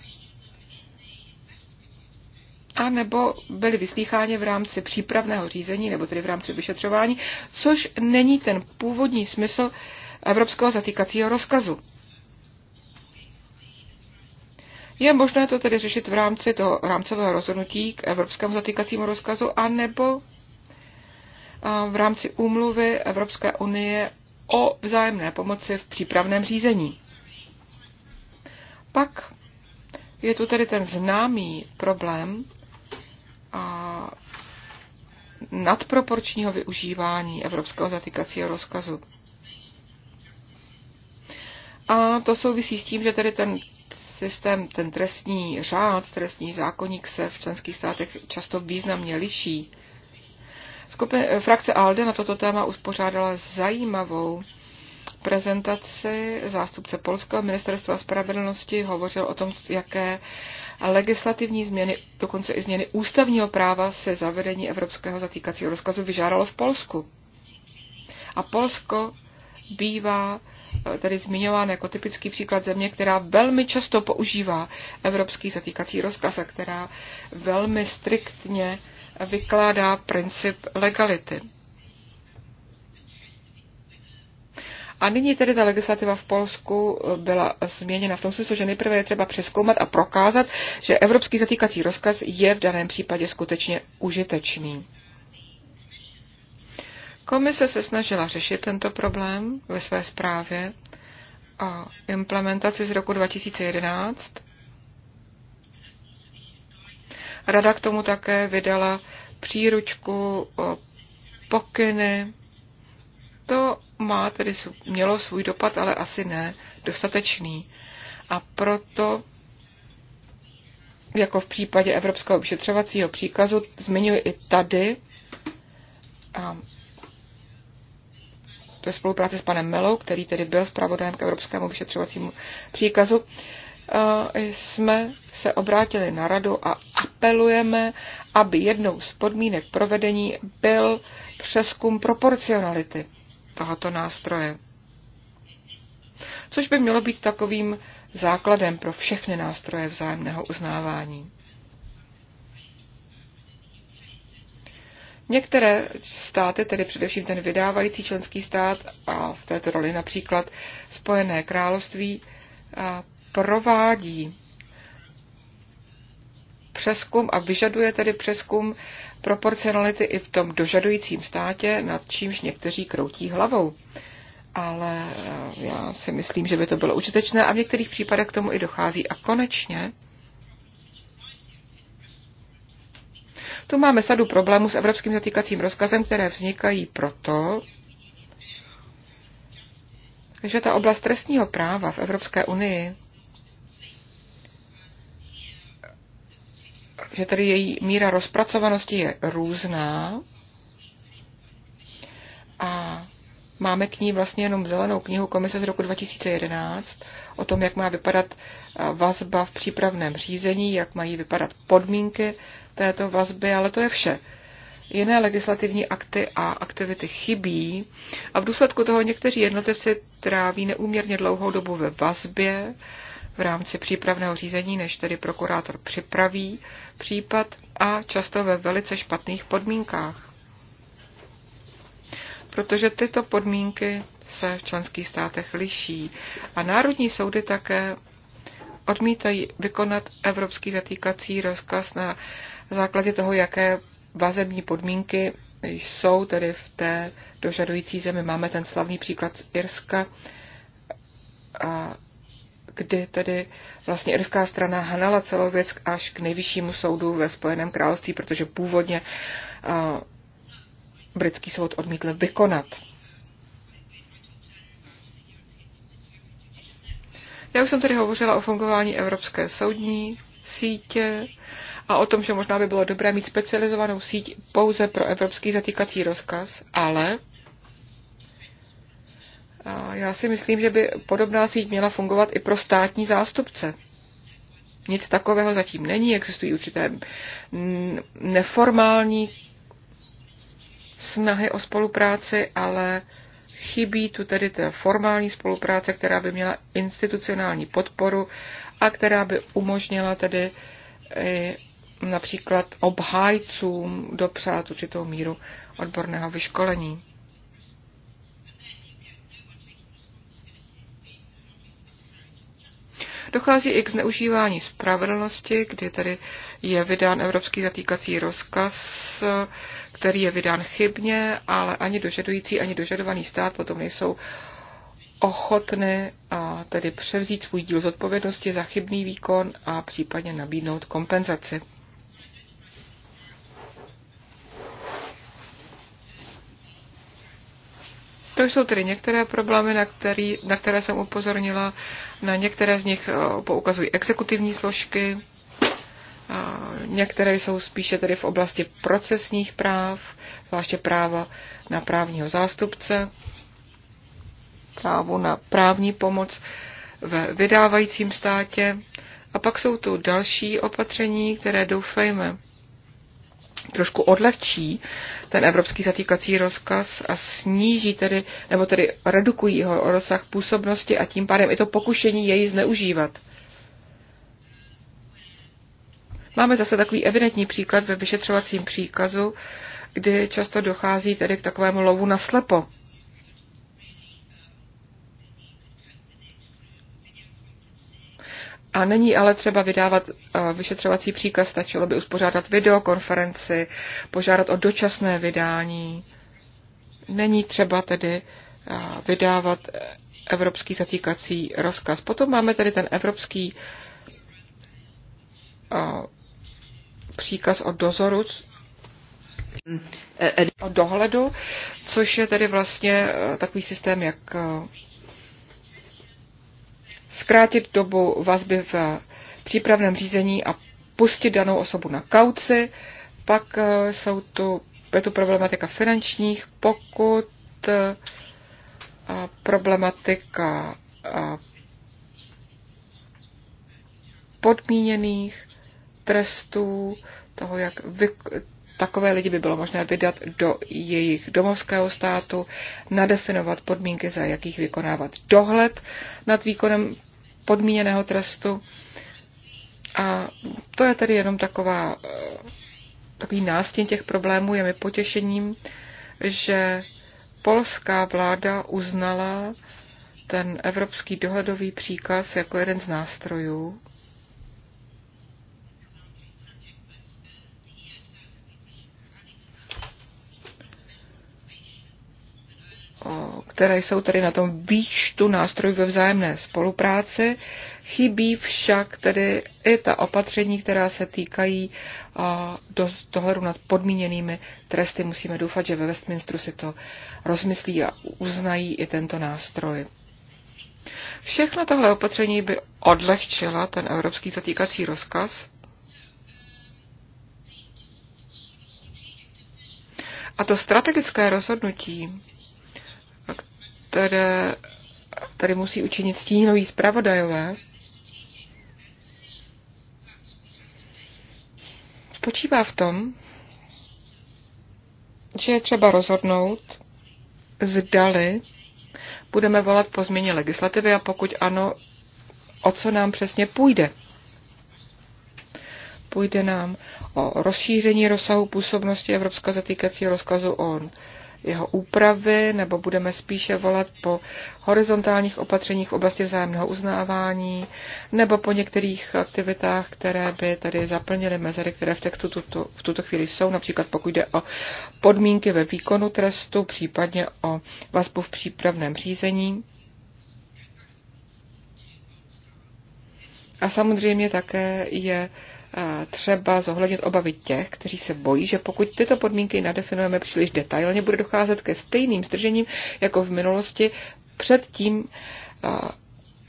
a nebo byli vyslýcháni v rámci přípravného řízení, nebo tedy v rámci vyšetřování, což není ten původní smysl evropského zatýkacího rozkazu. Je možné to tedy řešit v rámci toho rámcového rozhodnutí k evropskému zatýkacímu rozkazu, anebo v rámci úmluvy Evropské unie o vzájemné pomoci v přípravném řízení. Pak je tu tedy ten známý problém a nadproporčního využívání evropského zatýkacího rozkazu. A to souvisí s tím, že tedy ten systém, ten trestní řád, trestní zákonník se v členských státech často významně liší. Skupi, frakce ALDE na toto téma uspořádala zajímavou prezentaci zástupce Polského ministerstva spravedlnosti hovořil o tom, jaké legislativní změny, dokonce i změny ústavního práva se zavedení evropského zatýkacího rozkazu vyžádalo v Polsku. A Polsko bývá eh, tady zmiňován jako typický příklad země, která velmi často používá evropský zatýkací rozkaz a která velmi striktně vykládá princip legality. A nyní tedy ta legislativa v Polsku eh, byla změněna v tom smyslu, že nejprve je třeba přeskoumat a prokázat, že evropský zatýkací rozkaz je v daném případě skutečně užitečný. Komise se snažila řešit tento problém ve své zprávě o implementaci z roku 2011. Rada k tomu také vydala příručku o pokyny to má tedy, mělo svůj dopad, ale asi ne dostatečný. A proto, jako v případě Evropského vyšetřovacího příkazu, zmiňuji i tady, a ve spolupráci s panem Melou, který tedy byl zpravodajem k Evropskému vyšetřovacímu příkazu, jsme se obrátili na radu a apelujeme, aby jednou z podmínek provedení byl přeskum proporcionality tohoto nástroje. Což by mělo být takovým základem pro všechny nástroje vzájemného uznávání. Některé státy, tedy především ten vydávající členský stát a v této roli například Spojené království, provádí přeskum a vyžaduje tedy přeskum proporcionality i v tom dožadujícím státě, nad čímž někteří kroutí hlavou. Ale eh, já si myslím, že by to bylo užitečné a v některých případech k tomu i dochází. A konečně tu máme sadu problémů s evropským zatýkacím rozkazem, které vznikají proto, že ta oblast trestního práva v Evropské unii že tedy její míra rozpracovanosti je různá a máme k ní vlastně jenom zelenou knihu komise z roku 2011 o tom, jak má vypadat eh, vazba v přípravném řízení, jak mají vypadat podmínky této vazby, ale to je vše. Jiné legislativní akty a aktivity chybí a v důsledku toho někteří jednotlivci tráví neúměrně dlouhou dobu ve vazbě v rámci přípravného řízení, než tedy prokurátor připraví případ a často ve velice špatných podmínkách. Protože tyto podmínky se v členských státech liší a národní soudy také odmítají vykonat evropský zatýkací rozkaz na základě toho, jaké vazební podmínky jsou tedy v té dožadující zemi. Máme ten slavný příklad z Irska, a kdy tedy vlastně irská strana hnala celou věc až k nejvyššímu soudu ve Spojeném království, protože původně britský soud odmítl vykonat. Já už jsem tedy hovořila o fungování Evropské soudní sítě a o tom, že možná by bylo dobré mít specializovanou síť pouze pro evropský zatýkací rozkaz, ale já si myslím, že by podobná síť měla fungovat i pro státní zástupce. Nic takového zatím není, existují určité neformální snahy o spolupráci, ale chybí tu tedy ta formální spolupráce, která by měla institucionální podporu a která by umožnila tedy například obhájcům dopřát určitou míru odborného vyškolení. Dochází i k zneužívání spravedlnosti, kdy tady je vydán evropský zatýkací rozkaz, který je vydán chybně, ale ani dožadující, ani dožadovaný stát potom nejsou ochotny a tedy převzít svůj díl zodpovědnosti za chybný výkon a případně nabídnout kompenzaci. To jsou tedy některé problémy, na, který, na které jsem upozornila. Na některé z nich eh, poukazují exekutivní složky, některé jsou spíše tedy v oblasti procesních práv, zvláště práva na právního zástupce, právo na právní pomoc ve vydávajícím státě. A pak jsou tu další opatření, které doufejme trošku odlehčí ten evropský zatýkací rozkaz a sníží tedy, nebo tedy redukují o rozsah působnosti a tím pádem i to pokušení jej zneužívat. Máme zase takový evidentní příklad ve vyšetřovacím příkazu, kdy často dochází tedy k takovému lovu na slepo. A není ale třeba vydávat eh, vyšetřovací příkaz, stačilo by uspořádat videokonferenci, požádat o dočasné vydání. Není třeba tedy eh, vydávat eh, evropský zatýkací rozkaz. Potom máme tedy ten evropský příkaz o dozoru, o dohledu, což je tedy vlastně takový systém, jak zkrátit dobu vazby v přípravném řízení a pustit danou osobu na kauci. Pak eh, jsou tu, je tu problematika finančních pokud, eh, problematika podmíněných trestů, toho, jak vy, takové lidi by bylo možné vydat do jejich domovského státu, nadefinovat podmínky, za jakých vykonávat dohled nad výkonem podmíněného trestu. A to je tedy jenom taková, eh, takový nástěn těch problémů. Je mi potěšením, že polská vláda uznala ten evropský dohledový příkaz jako jeden z nástrojů které jsou tedy na tom výčtu nástrojů ve vzájemné spolupráci. Chybí však tedy i ta opatření, která se týkají do dohledu nad podmíněnými tresty. Musíme doufat, že ve Westminsteru si to rozmyslí a uznají i tento nástroj. Všechno tohle opatření by odlehčila ten evropský zatýkací rozkaz. A to strategické rozhodnutí které tady musí učinit stínoví zpravodajové, spočívá v tom, že je třeba rozhodnout, zdali budeme volat po změně legislativy a pokud ano, o co nám přesně půjde. Půjde nám o rozšíření rozsahu působnosti Evropského zatýkacího rozkazu o jeho úpravy, nebo budeme spíše volat po horizontálních opatřeních v oblasti vzájemného uznávání, nebo po některých aktivitách, které by tady zaplnily mezery, které v textu tuto, v tuto chvíli jsou, například pokud jde o podmínky ve výkonu trestu, případně o vazbu v přípravném řízení. A samozřejmě také je třeba zohlednit obavy těch, kteří se bojí, že pokud tyto podmínky nadefinujeme příliš detailně, bude docházet ke stejným zdržením jako v minulosti předtím,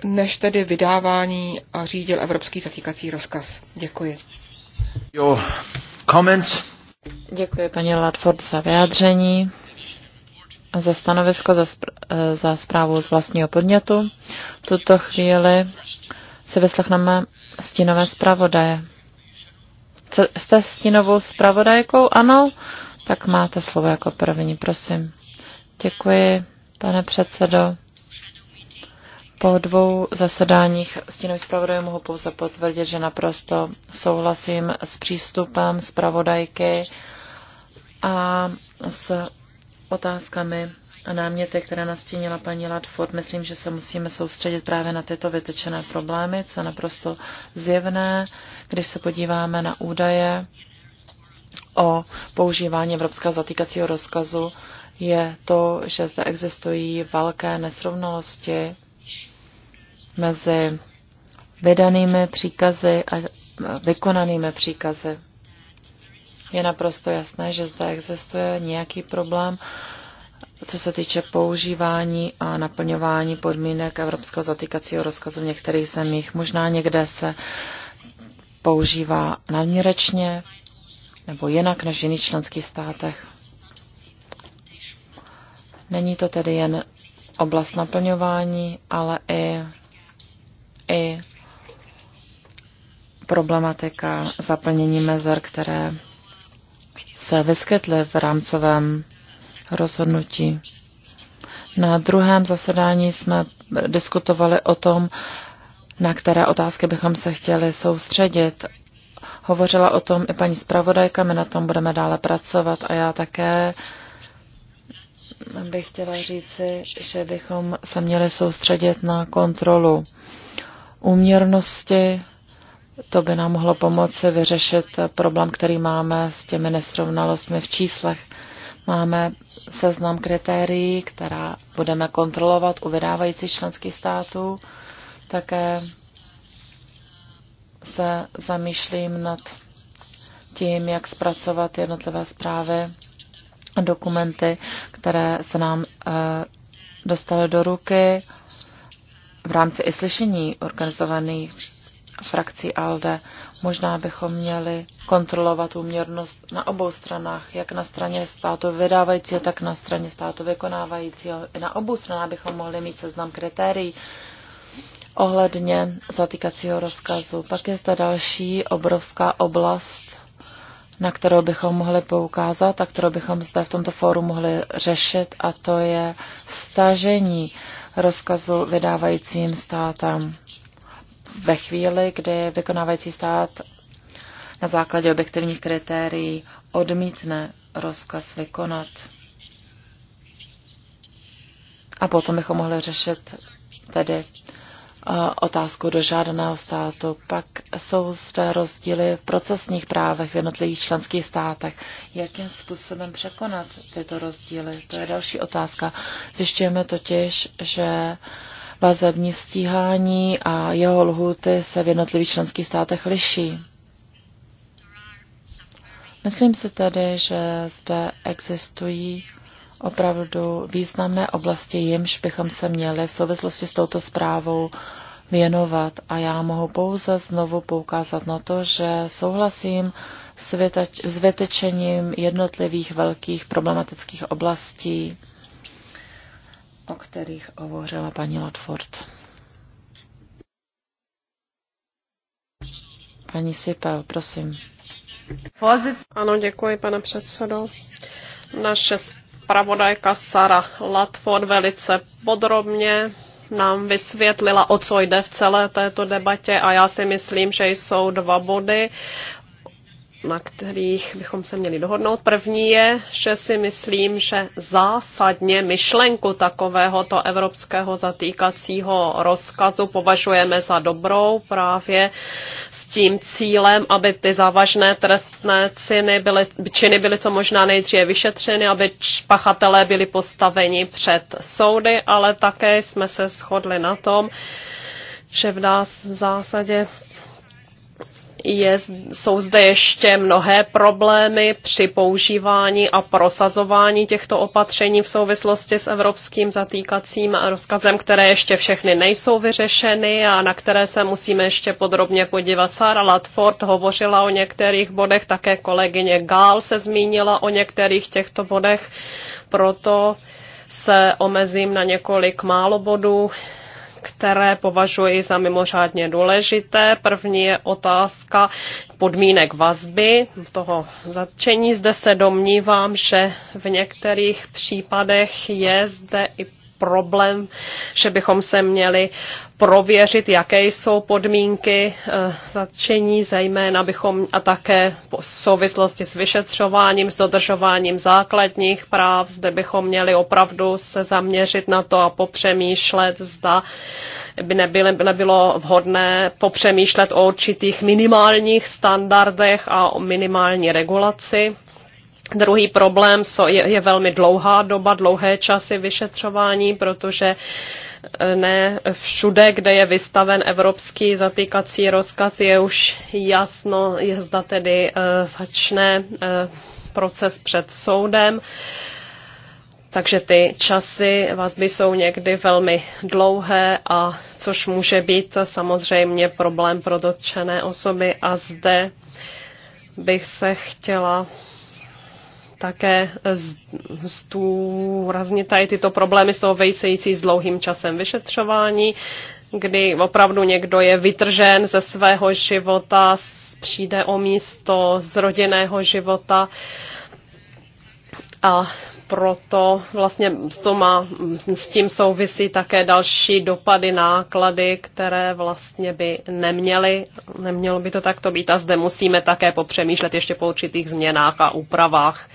než tedy vydávání a řídil Evropský zatýkací rozkaz. Děkuji. Your comments. Děkuji paní Latford za vyjádření, za stanovisko, za, spr- e, za zprávu z vlastního podnětu. V tuto chvíli si vyslechneme stínové zpravodaje. Jste stínovou zpravodajkou? Ano? Tak máte slovo jako první, prosím. Děkuji, pane předsedo. Po dvou zasedáních stínových zpravodajů mohu pouze potvrdit, že naprosto souhlasím s přístupem zpravodajky a s otázkami a náměty, které nastínila paní Ladford, myslím, že se musíme soustředit právě na tyto vytečené problémy, co je naprosto zjevné, když se podíváme na údaje o používání evropského zatýkacího rozkazu, je to, že zde existují velké nesrovnalosti mezi vydanými příkazy a vykonanými příkazy. Je naprosto jasné, že zde existuje nějaký problém co se týče používání a naplňování podmínek evropského zatýkacího rozkazu v některých zemích. Možná někde se používá nadměrečně nebo jinak než v jiných členských státech. Není to tedy jen oblast naplňování, ale i, i problematika zaplnění mezer, které se vyskytly v rámcovém rozhodnutí. Na druhém zasedání jsme diskutovali o tom, na které otázky bychom se chtěli soustředit. Hovořila o tom i paní zpravodajka, my na tom budeme dále pracovat a já také bych chtěla říci, že bychom se měli soustředit na kontrolu úměrnosti. To by nám mohlo pomoci vyřešit problém, který máme s těmi nesrovnalostmi v číslech. Máme seznam kritérií, která budeme kontrolovat u vydávajících členských států. Také se zamýšlím nad tím, jak zpracovat jednotlivé zprávy a dokumenty, které se nám eh, dostaly do ruky v rámci i slyšení organizovaných frakcí ALDE. Možná bychom měli kontrolovat úměrnost na obou stranách, jak na straně státu vydávajícího, tak na straně státu vykonávajícího. I na obou stranách bychom mohli mít seznam kritérií ohledně zatýkacího rozkazu. Pak je zde další obrovská oblast, na kterou bychom mohli poukázat a kterou bychom zde v tomto fóru mohli řešit, a to je stažení rozkazu vydávajícím státem ve chvíli, kdy vykonávající stát na základě objektivních kritérií odmítne rozkaz vykonat. A potom bychom mohli řešit tedy otázku dožádaného státu. Pak jsou zde rozdíly v procesních právech v jednotlivých členských státech. Jakým způsobem překonat tyto rozdíly? To je další otázka. Zjišťujeme totiž, že uh, vazební stíhání a jeho lhuty se v jednotlivých členských státech liší. Myslím si tedy, že zde existují opravdu významné oblasti, jimž bychom se měli v souvislosti s touto zprávou věnovat. A já mohu pouze znovu poukázat na to, že souhlasím s vytečením jednotlivých velkých problematických oblastí o kterých hovořila paní Latford. Paní Sipel, prosím. Ano, děkuji, pane předsedo. Naše zpravodajka Sara Latford velice podrobně nám vysvětlila, o co jde v celé této debatě a já si myslím, že jsou dva body, na kterých bychom se měli dohodnout. První je, že si myslím, že zásadně myšlenku takovéhoto evropského zatýkacího rozkazu považujeme za dobrou právě s tím cílem, aby ty závažné trestné činy byly, činy byly co možná nejdříve vyšetřeny, aby pachatelé byli postaveni před soudy, ale také jsme se shodli na tom, že v nás v zásadě je, jsou zde ještě mnohé problémy při používání a prosazování těchto opatření v souvislosti s evropským zatýkacím rozkazem, které ještě všechny nejsou vyřešeny a na které se musíme ještě podrobně podívat. Sara Latford hovořila o některých bodech, také kolegyně Gál se zmínila o některých těchto bodech, proto se omezím na několik málo bodů, které považuji za mimořádně důležité. První je otázka podmínek vazby, toho zatčení. Zde se domnívám, že v některých případech je zde i problém, že bychom se měli prověřit, jaké jsou podmínky eh, zatčení, zejména bychom a také v souvislosti s vyšetřováním, s dodržováním základních práv, zde bychom měli opravdu se zaměřit na to a popřemýšlet, zda by nebylo, by nebylo vhodné popřemýšlet o určitých minimálních standardech a o minimální regulaci Druhý problém je velmi dlouhá doba, dlouhé časy vyšetřování, protože eh, ne všude, kde je vystaven evropský zatýkací rozkaz, je už jasno, je zda tedy eh, začne eh, proces před soudem. Takže ty časy vazby jsou někdy velmi dlouhé, a což může být samozřejmě problém pro dotčené osoby. A zde bych se chtěla také zdůrazně tady tyto problémy jsou vejsející s dlouhým časem vyšetřování, kdy opravdu někdo je vytržen ze svého života, přijde o místo z rodinného života a proto vlastně to má, s tím souvisí také další dopady, náklady, které vlastně by neměly, nemělo by to takto být a zde musíme také popřemýšlet ještě po určitých změnách a úpravách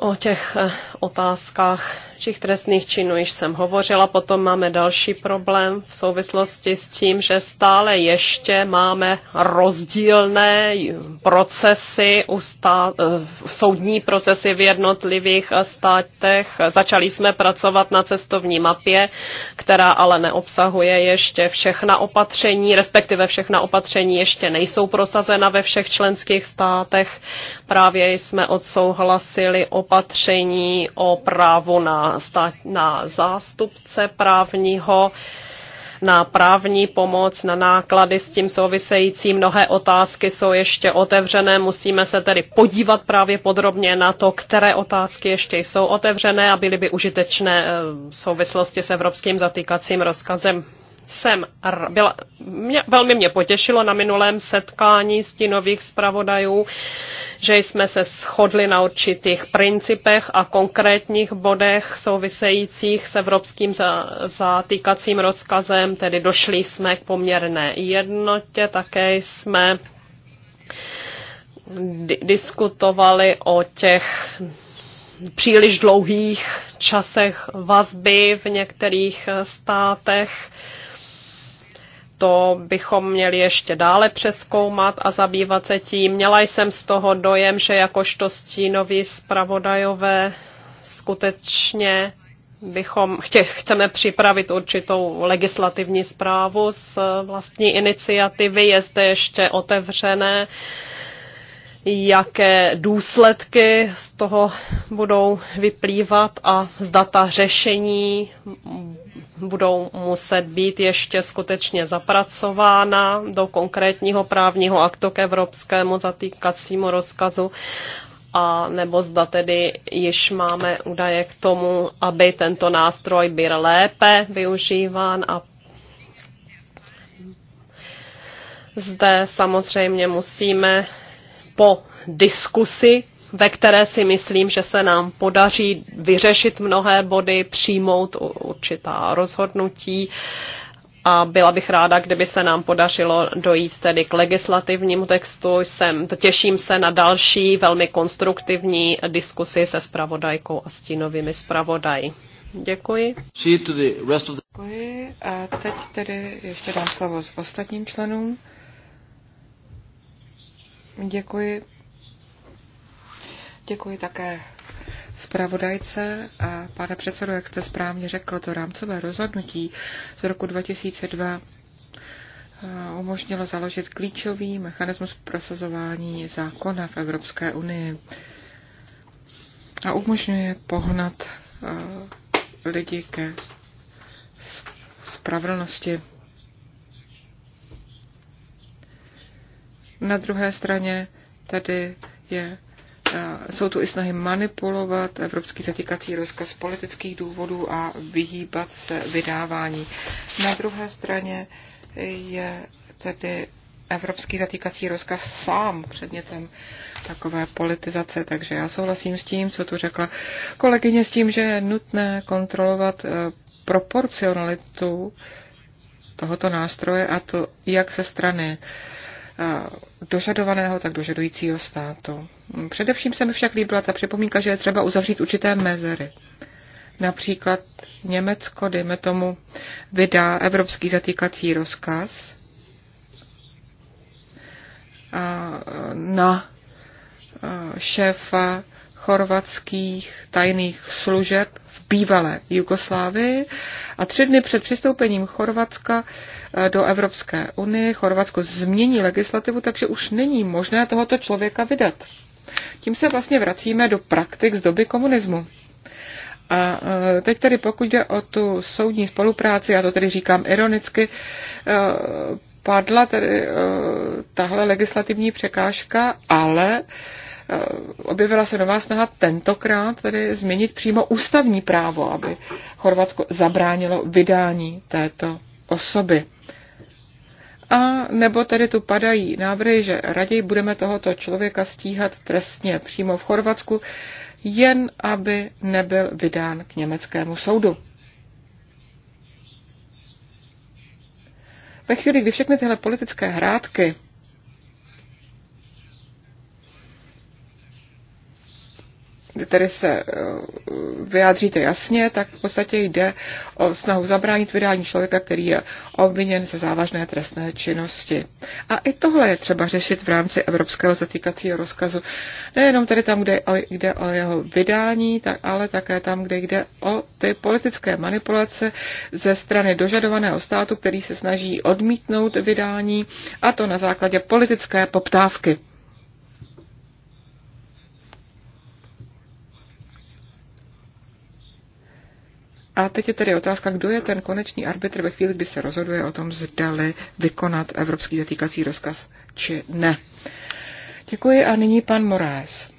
O těch eh, otázkách těch trestných činů již jsem hovořila. Potom máme další problém v souvislosti s tím, že stále ještě máme rozdílné procesy, eh, soudní procesy v jednotlivých eh, státech. Začali jsme pracovat na cestovní mapě, která ale neobsahuje ještě všechna opatření, respektive všechna opatření ještě nejsou prosazena ve všech členských státech. Právě jsme odsouhlasili o opatření o právu na, stát, na zástupce právního, na právní pomoc, na náklady s tím související. Mnohé otázky jsou ještě otevřené, musíme se tedy podívat právě podrobně na to, které otázky ještě jsou otevřené a byly by užitečné eh, v souvislosti s evropským zatýkacím rozkazem jsem byla, mě, velmi mě potěšilo na minulém setkání stínových zpravodajů, že jsme se shodli na určitých principech a konkrétních bodech souvisejících s evropským zatýkacím rozkazem, tedy došli jsme k poměrné jednotě, také jsme diskutovali o těch příliš dlouhých časech vazby v některých státech to bychom měli ještě dále přeskoumat a zabývat se tím. Měla jsem z toho dojem, že jakožto stínoví zpravodajové skutečně bychom chtě, chceme připravit určitou legislativní zprávu z vlastní iniciativy. Je zde ještě otevřené jaké důsledky z toho budou vyplývat a zda ta řešení budou muset být ještě skutečně zapracována do konkrétního právního aktu k evropskému zatýkacímu rozkazu a nebo zda tedy již máme údaje k tomu, aby tento nástroj byl lépe využíván a zde samozřejmě musíme po diskusi, ve které si myslím, že se nám podaří vyřešit mnohé body, přijmout určitá rozhodnutí a byla bych ráda, kdyby se nám podařilo dojít tedy k legislativnímu textu. Jsem, těším se na další velmi konstruktivní diskusi se spravodajkou a stínovými spravodaji. Děkuji. Děkuji. A teď tedy ještě dám slovo s ostatním členům. Děkuji. Děkuji také zpravodajce a pane předsedo, jak jste správně řekl, to rámcové rozhodnutí z roku 2002 eh, umožnilo založit klíčový mechanismus prosazování zákona v Evropské unii a umožňuje pohnat eh, lidi ke spravedlnosti. Na druhé straně tady je, eh, jsou tu i snahy manipulovat evropský zatýkací rozkaz z politických důvodů a vyhýbat se vydávání. Na druhé straně je tedy evropský zatýkací rozkaz sám předmětem takové politizace, takže já souhlasím s tím, co tu řekla kolegyně, s tím, že je nutné kontrolovat eh, proporcionalitu tohoto nástroje a to jak ze strany dožadovaného, tak dožadujícího státu. Především se mi však líbila ta připomínka, že je třeba uzavřít určité mezery. Například Německo, dejme tomu, vydá evropský zatýkací rozkaz na šéfa chorvatských tajných služeb v bývalé Jugoslávii a tři dny před přistoupením Chorvatska eh, do Evropské unie Chorvatsko změní legislativu, takže už není možné tohoto člověka vydat. Tím se vlastně vracíme do praktik z doby komunismu. A eh, teď tedy pokud jde o tu soudní spolupráci, já to tedy říkám ironicky, eh, padla tedy tahle legislativní překážka, ale Eh, objevila se nová snaha tentokrát tedy změnit přímo ústavní právo, aby Chorvatsko zabránilo vydání této osoby. A nebo tedy tu padají návrhy, že raději budeme tohoto člověka stíhat trestně přímo v Chorvatsku, jen aby nebyl vydán k německému soudu. Ve chvíli, kdy všechny tyhle politické hrátky tedy se eh, vyjádříte jasně, tak v podstatě jde o snahu zabránit vydání člověka, který je obviněn ze závažné trestné činnosti. A i tohle je třeba řešit v rámci evropského zatýkacího rozkazu. Nejenom tedy tam, kde jde o jeho vydání, tak, ale také tam, kde jde o ty politické manipulace ze strany dožadovaného státu, který se snaží odmítnout vydání, a to na základě politické poptávky. A teď je tedy otázka, kdo je ten konečný arbitr ve chvíli, kdy se rozhoduje o tom, zdali vykonat evropský zatýkací rozkaz či ne. Děkuji a nyní pan Moráz.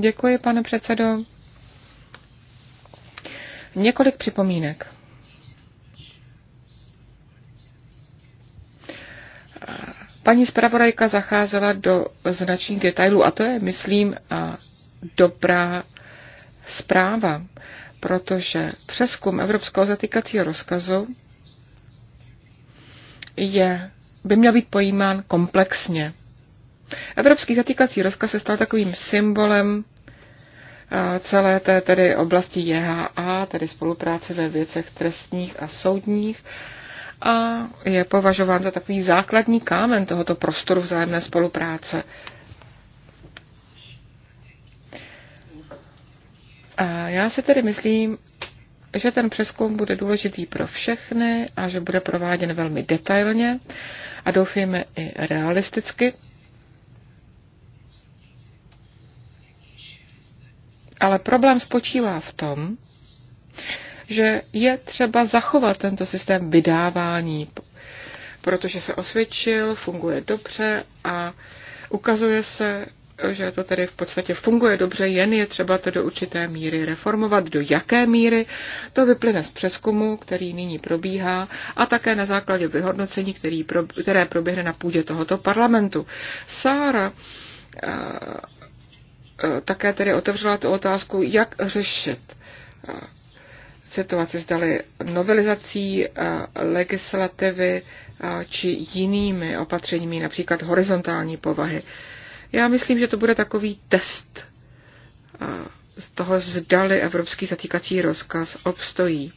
Děkuji, pane předsedo. Několik připomínek. Paní zpravodajka zacházela do značných detailů a to je, myslím, dobrá zpráva protože přeskum evropského zatýkacího rozkazu je, by měl být pojímán komplexně. Evropský zatýkací rozkaz se stal takovým symbolem celé té tedy oblasti JHA, tedy spolupráce ve věcech trestních a soudních, a je považován za takový základní kámen tohoto prostoru vzájemné spolupráce. A já si tedy myslím, že ten přeskum bude důležitý pro všechny a že bude prováděn velmi detailně a doufejme i realisticky. Ale problém spočívá v tom, že je třeba zachovat tento systém vydávání, protože se osvědčil, funguje dobře a ukazuje se, že to tedy v podstatě funguje dobře, jen je třeba to do určité míry reformovat. Do jaké míry? To vyplyne z přeskumu, který nyní probíhá a také na základě vyhodnocení, který pro, které proběhne na půdě tohoto parlamentu. Sára eh, eh, také tedy otevřela tu otázku, jak řešit eh, situaci, zdali novelizací legislativy či jinými opatřeními, například horizontální povahy. Já myslím, že to bude takový test z toho, zdali evropský zatýkací rozkaz obstojí.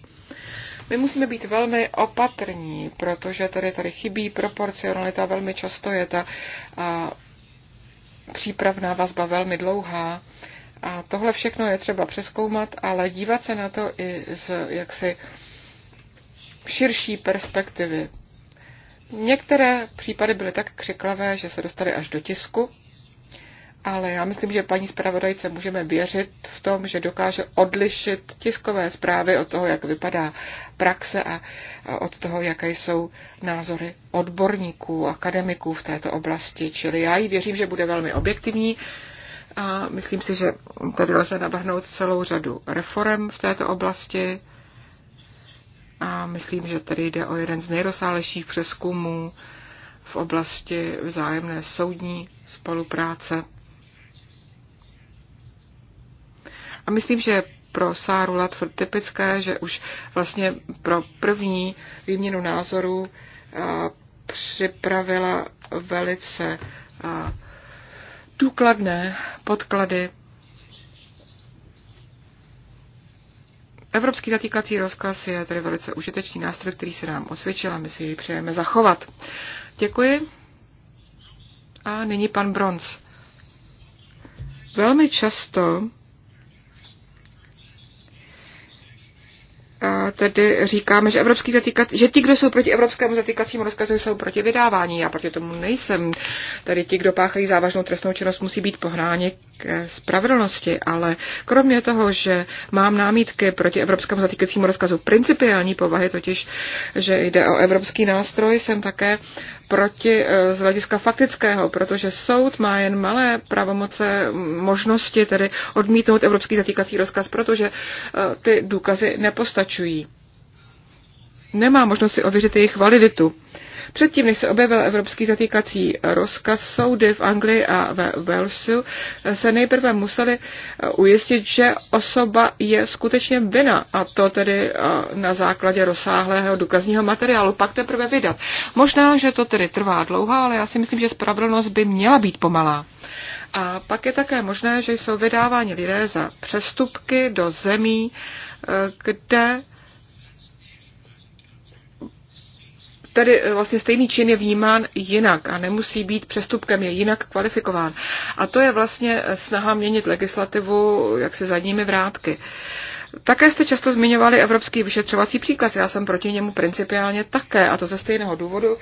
My musíme být velmi opatrní, protože tady, tady chybí proporcionalita, velmi často je ta a, přípravná vazba velmi dlouhá. A tohle všechno je třeba přeskoumat, ale dívat se na to i z jaksi širší perspektivy. Některé případy byly tak křiklavé, že se dostaly až do tisku ale já myslím, že paní zpravodajce můžeme věřit v tom, že dokáže odlišit tiskové zprávy od toho, jak vypadá praxe a od toho, jaké jsou názory odborníků, akademiků v této oblasti. Čili já jí věřím, že bude velmi objektivní a myslím si, že tady lze navrhnout celou řadu reform v této oblasti a myslím, že tady jde o jeden z nejrozsálejších přeskumů v oblasti vzájemné soudní spolupráce. A myslím, že pro Sáru Latford typické, že už vlastně pro první výměnu názorů připravila velice důkladné podklady. Evropský zatýkací rozkaz je tedy velice užitečný nástroj, který se nám osvědčil a my si ji přejeme zachovat. Děkuji. A nyní pan Bronz. Velmi často tedy říkáme, že, evropský zatýkat, že ti, kdo jsou proti evropskému zatýkacímu rozkazu, jsou proti vydávání. Já proti tomu nejsem. Tady ti, kdo páchají závažnou trestnou činnost, musí být pohnáni k spravedlnosti. Ale kromě toho, že mám námítky proti evropskému zatýkacímu rozkazu principiální povahy, totiž, že jde o evropský nástroj, jsem také proti eh, z hlediska faktického, protože soud má jen malé pravomoce možnosti tedy odmítnout evropský zatýkací rozkaz, protože eh, ty důkazy nepostačují. Nemá možnost si ověřit jejich validitu. Předtím, než se objevil evropský zatýkací rozkaz, soudy v Anglii a ve Walesu se nejprve museli eh, ujistit, že osoba je skutečně vina, a to tedy eh, na základě rozsáhlého důkazního materiálu, pak teprve vydat. Možná, že to tedy trvá dlouho, ale já si myslím, že spravedlnost by měla být pomalá. A pak je také možné, že jsou vydáváni lidé za přestupky do zemí, eh, kde Tedy eh, vlastně stejný čin je vnímán jinak a nemusí být přestupkem, je jinak kvalifikován. A to je vlastně eh, snaha měnit legislativu jak se zadními vrátky. Také jste často zmiňovali evropský vyšetřovací příkaz. Já jsem proti němu principiálně také, a to ze stejného důvodu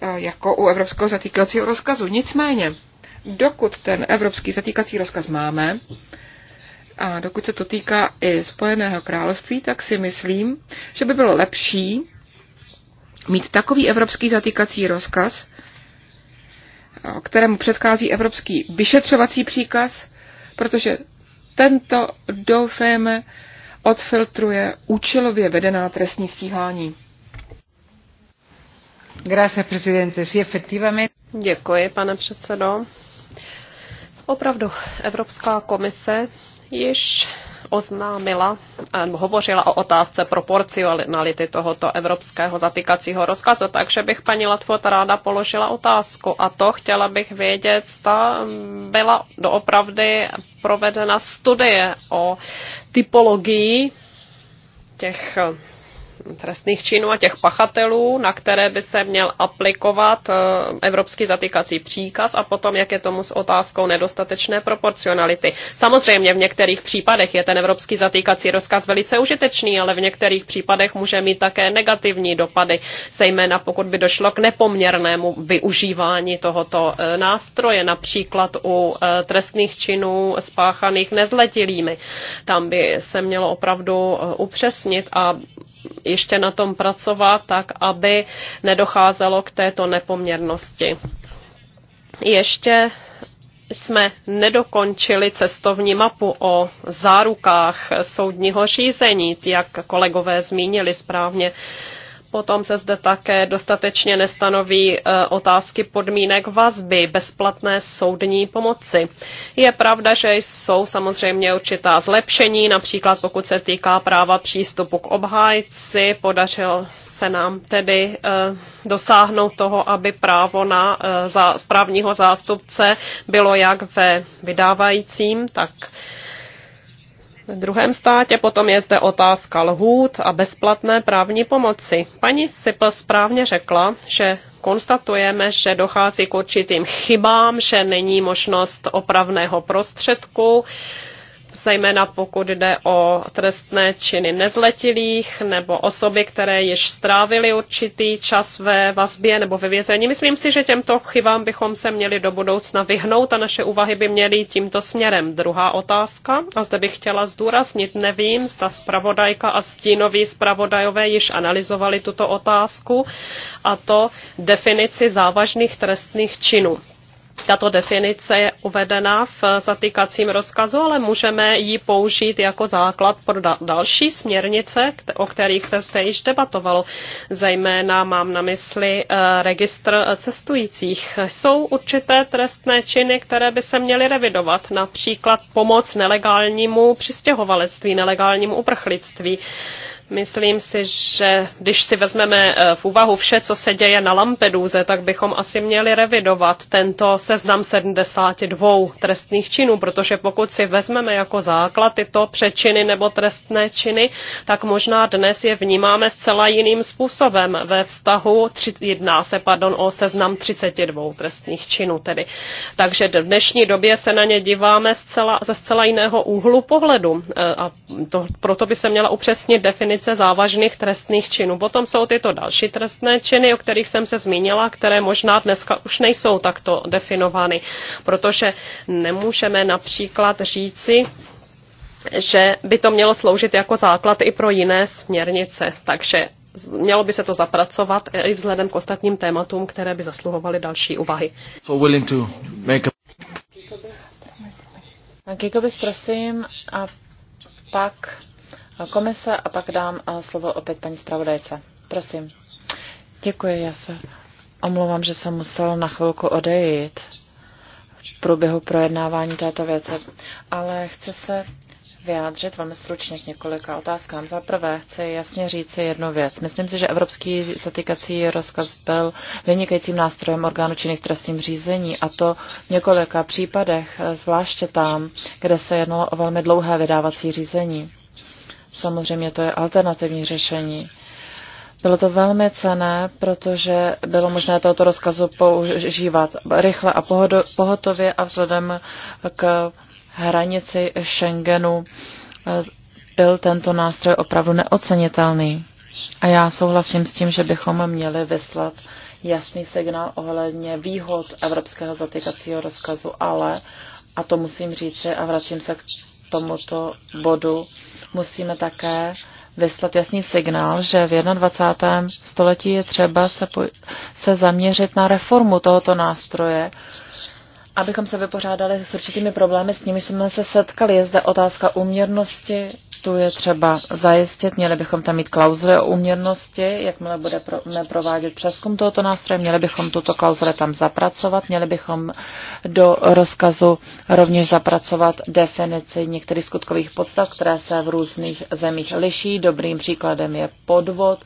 eh, jako u evropského zatýkacího rozkazu. Nicméně, dokud ten evropský zatýkací rozkaz máme, a dokud se to týká i Spojeného království, tak si myslím, že by bylo lepší mít takový evropský zatýkací rozkaz, kterému předchází evropský vyšetřovací příkaz, protože tento, doufejme, odfiltruje účelově vedená trestní stíhání. presidente. Děkuji, pane předsedo. Opravdu, Evropská komise již oznámila, hovořila o otázce proporcionality tohoto evropského zatýkacího rozkazu, takže bych paní Latvota ráda položila otázku a to chtěla bych vědět, zda byla doopravdy provedena studie o typologii těch trestných činů a těch pachatelů, na které by se měl aplikovat eh, evropský zatýkací příkaz a potom, jak je tomu s otázkou nedostatečné proporcionality. Samozřejmě v některých případech je ten evropský zatýkací rozkaz velice užitečný, ale v některých případech může mít také negativní dopady, zejména pokud by došlo k nepoměrnému využívání tohoto eh, nástroje, například u eh, trestných činů spáchaných nezletilými. Tam by se mělo opravdu upřesnit a ještě na tom pracovat, tak aby nedocházelo k této nepoměrnosti. Ještě jsme nedokončili cestovní mapu o zárukách soudního řízení, jak kolegové zmínili správně. Potom se zde také dostatečně nestanoví e, otázky podmínek vazby, bezplatné soudní pomoci. Je pravda, že jsou samozřejmě určitá zlepšení, například pokud se týká práva přístupu k obhájci, podařilo se nám tedy e, dosáhnout toho, aby právo na e, správního zástupce bylo jak ve vydávajícím, tak v druhém státě. Potom je zde otázka lhůt a bezplatné právní pomoci. Paní Sipl správně řekla, že konstatujeme, že dochází k určitým chybám, že není možnost opravného prostředku, zejména pokud jde o trestné činy nezletilých nebo osoby, které již strávili určitý čas ve vazbě nebo ve vězení. Myslím si, že těmto chybám bychom se měli do budoucna vyhnout a naše úvahy by měly tímto směrem. Druhá otázka, a zde bych chtěla zdůraznit, nevím, zda zpravodajka a stínoví zpravodajové již analyzovali tuto otázku, a to definici závažných trestných činů. Tato definice je uvedena v zatýkacím rozkazu, ale můžeme ji použít jako základ pro další směrnice, o kterých se zde již debatovalo. Zejména mám na mysli eh, registr cestujících. Jsou určité trestné činy, které by se měly revidovat, například pomoc nelegálnímu přistěhovalectví, nelegálnímu uprchlictví. Myslím si, že když si vezmeme eh, v úvahu vše, co se děje na Lampeduze, tak bychom asi měli revidovat tento seznam 72 trestných činů, protože pokud si vezmeme jako základ tyto přečiny nebo trestné činy, tak možná dnes je vnímáme zcela jiným způsobem. Ve vztahu tři, jedná se pardon, o seznam 32 trestných činů. Tedy. Takže v dnešní době se na ně díváme zcela, ze zcela jiného úhlu pohledu eh, a to, proto by se měla upřesnit definice velice závažných trestných činů. Potom jsou tyto další trestné činy, o kterých jsem se zmínila, které možná dneska už nejsou takto definovány, protože nemůžeme například říci, že by to mělo sloužit jako základ i pro jiné směrnice. Takže mělo by se to zapracovat i vzhledem k ostatním tématům, které by zasluhovaly další úvahy. Gigobis, prosím, a pak komise a pak dám eh, slovo opět paní zpravodajce. Prosím. Děkuji, já se omlouvám, že jsem musela na chvilku odejít v průběhu projednávání této věci, ale chci se vyjádřit velmi stručně k několika otázkám. Za prvé chci jasně si jednu věc. Myslím si, že evropský zatýkací rozkaz byl vynikajícím nástrojem orgánu činných trestním řízení a to v několika případech, eh, zvláště tam, kde se jednalo o velmi dlouhé vydávací řízení. Samozřejmě to je alternativní řešení. Bylo to velmi cené, protože bylo možné tohoto rozkazu používat rychle a pohotově a vzhledem k hranici Schengenu eh, byl tento nástroj opravdu neocenitelný. A já souhlasím s tím, že bychom měli vyslat jasný signál ohledně výhod evropského zatýkacího rozkazu, ale, a to musím říct, a vracím se k tomuto bodu musíme také vyslat jasný signál, že v 21. století je třeba se, poj- se zaměřit na reformu tohoto nástroje, abychom se vypořádali s určitými problémy, s nimi jsme se setkali. Je zde otázka uměrnosti rozpočtu je třeba zajistit. Měli bychom tam mít klauzule o uměrnosti, jakmile budeme provádět přeskum tohoto nástroje, měli bychom tuto klauzule tam zapracovat, měli bychom do rozkazu rovněž zapracovat definici některých skutkových podstat, které se v různých zemích liší. Dobrým příkladem je podvod,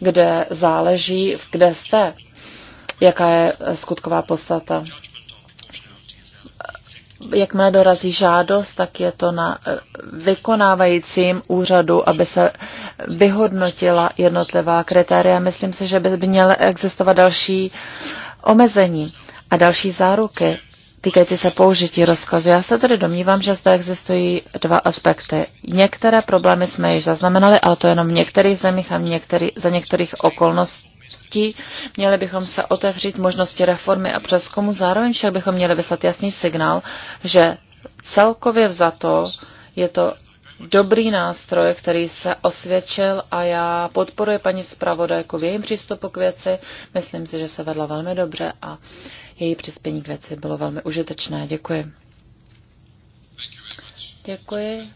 kde záleží, kde jste, jaká je skutková podstata. Jakmile dorazí žádost, tak je to na eh, vykonávajícím úřadu, aby se vyhodnotila jednotlivá kritéria. Myslím si, že by měly existovat další omezení a další záruky týkající se použití rozkazu. Já se tedy domnívám, že zde existují dva aspekty. Některé problémy jsme již zaznamenali, ale to jenom v některých zemích a některý, za některých okolností možností. Měli bychom se otevřít možnosti reformy a přeskumu, zároveň však bychom měli vyslat jasný signál, že celkově vzato je to dobrý nástroj, který se osvědčil a já podporuji paní zpravodajku v jejím přístupu k věci. Myslím si, že se vedla velmi dobře a její přispění k věci bylo velmi užitečné. Děkuji. Děkuji.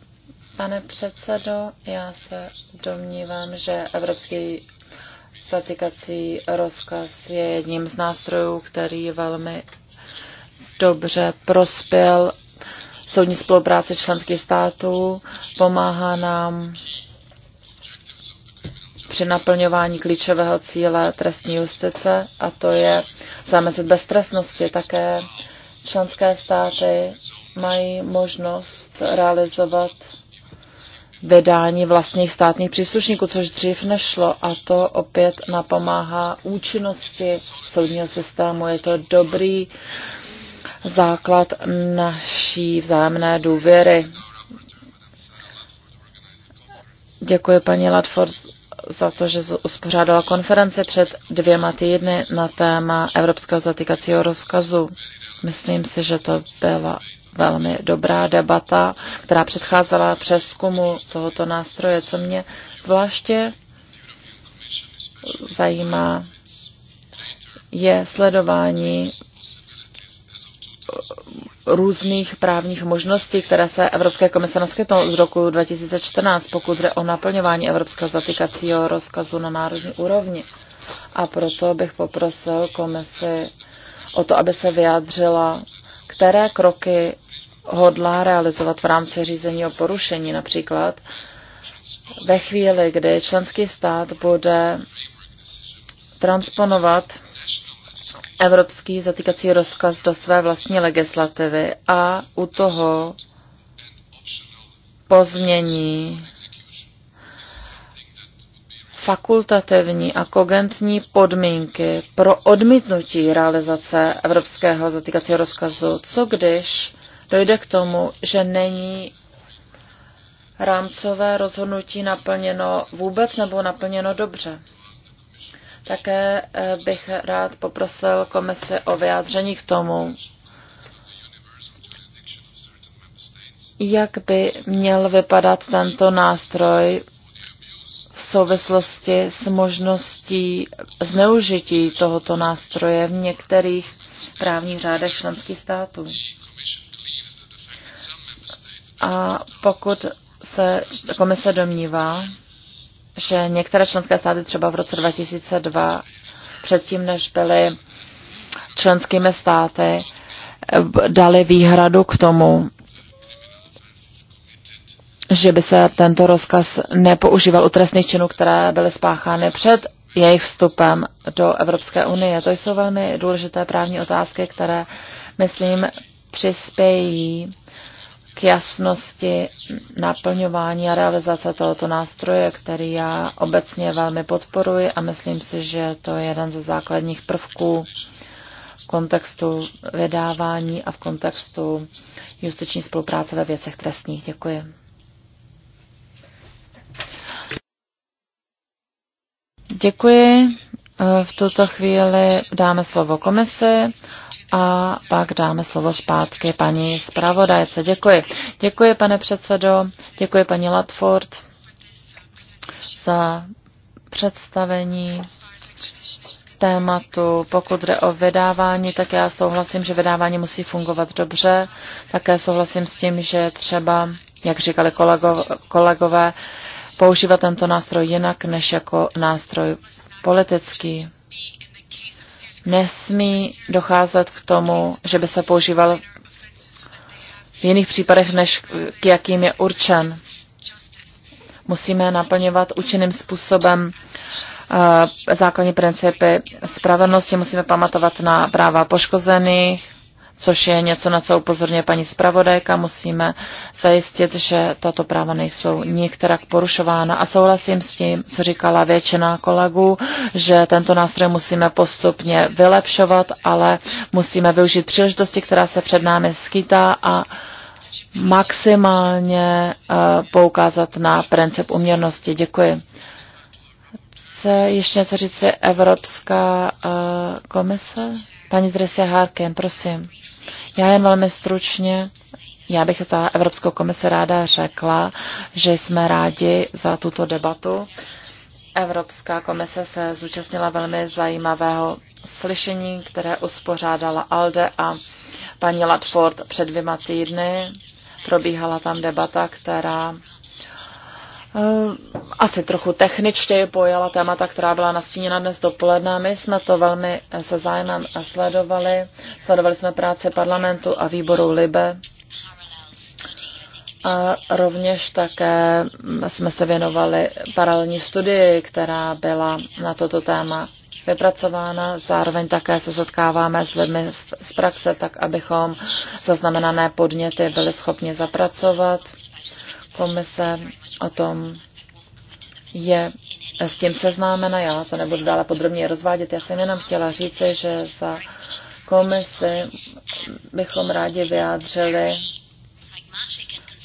Pane předsedo, já se domnívám, že Evropský Zatýkací rozkaz je jedním z nástrojů, který velmi dobře prospěl soudní spolupráci členských států, pomáhá nám při naplňování klíčového cíle trestní justice, a to je zamezit beztrestnosti. Také členské státy mají možnost realizovat vedání vlastních státních příslušníků, což dřív nešlo a to opět napomáhá účinnosti soudního systému. Je to dobrý základ naší vzájemné důvěry. Děkuji paní Ladford za to, že uspořádala konferenci před dvěma týdny na téma Evropského zatýkacího rozkazu. Myslím si, že to byla velmi dobrá debata, která předcházela přeskumu tohoto nástroje, co mě zvláště zajímá, je sledování různých právních možností, které se Evropské komise naskytnou z roku 2014, pokud jde o naplňování evropského zatýkacího rozkazu na národní úrovni. A proto bych poprosil komisi o to, aby se vyjádřila, které kroky hodlá realizovat v rámci řízení o porušení například, ve chvíli, kdy členský stát bude transponovat evropský zatýkací rozkaz do své vlastní legislativy a u toho pozmění fakultativní a kogentní podmínky pro odmítnutí realizace evropského zatýkacího rozkazu. Co když dojde k tomu, že není rámcové rozhodnutí naplněno vůbec nebo naplněno dobře. Také eh, bych rád poprosil komisi o vyjádření k tomu, jak by měl vypadat tento nástroj v souvislosti s možností zneužití tohoto nástroje v některých právních řádech členských států. A pokud se komise domnívá, že některé členské státy třeba v roce 2002, předtím než byly členskými státy, eh, dali výhradu k tomu, že by se tento rozkaz nepoužíval u trestných činů, které byly spáchány před jejich vstupem do Evropské unie. To jsou velmi důležité právní otázky, které, myslím, přispějí k jasnosti naplňování a realizace tohoto nástroje, který já obecně velmi podporuji a myslím si, že to je jeden ze základních prvků v kontextu vydávání a v kontextu justiční spolupráce ve věcech trestních. Děkuji. Děkuji. V tuto chvíli dáme slovo komisi a pak dáme slovo zpátky paní zpravodajce. Děkuji. Děkuji, pane předsedo, děkuji paní Latford za představení tématu. Pokud jde o vydávání, tak já souhlasím, že vydávání musí fungovat dobře. Také souhlasím s tím, že třeba, jak říkali kolego, kolegové, používat tento nástroj jinak než jako nástroj politický nesmí docházet k tomu, že by se používal v jiných případech, než k jakým je určen. Musíme naplňovat účinným způsobem eh, základní principy spravedlnosti, musíme pamatovat na práva poškozených, což je něco, na co upozorňuje paní zpravodajka. Musíme zajistit, že tato práva nejsou nikterak porušována. A souhlasím s tím, co říkala většina kolegů, že tento nástroj musíme postupně vylepšovat, ale musíme využít příležitosti, která se před námi skýtá a maximálně eh, poukázat na princip uměrnosti. Děkuji chce ještě něco říct Evropská eh, komise? Paní Dresia Harkin, prosím. Já jen velmi stručně já bych za Evropskou komisi ráda řekla, že jsme rádi za tuto debatu. Evropská komise se zúčastnila velmi zajímavého slyšení, které uspořádala ALDE a paní Latford před dvěma týdny. Probíhala tam debata, která Eh, asi trochu techničtěji pojala témata, která byla nastíněna dnes dopoledne. My jsme to velmi se zájmem sledovali. Sledovali jsme práci parlamentu a výboru LIBE. A rovněž také jsme se věnovali paralelní studii, která byla na toto téma vypracována. Zároveň také se setkáváme s lidmi z praxe, tak abychom zaznamenané podněty byli schopni zapracovat komise o tom je s tím seznámena. Já se nebudu dále podrobně rozvádět. Já jsem jenom chtěla říci, že za komisi bychom rádi vyjádřili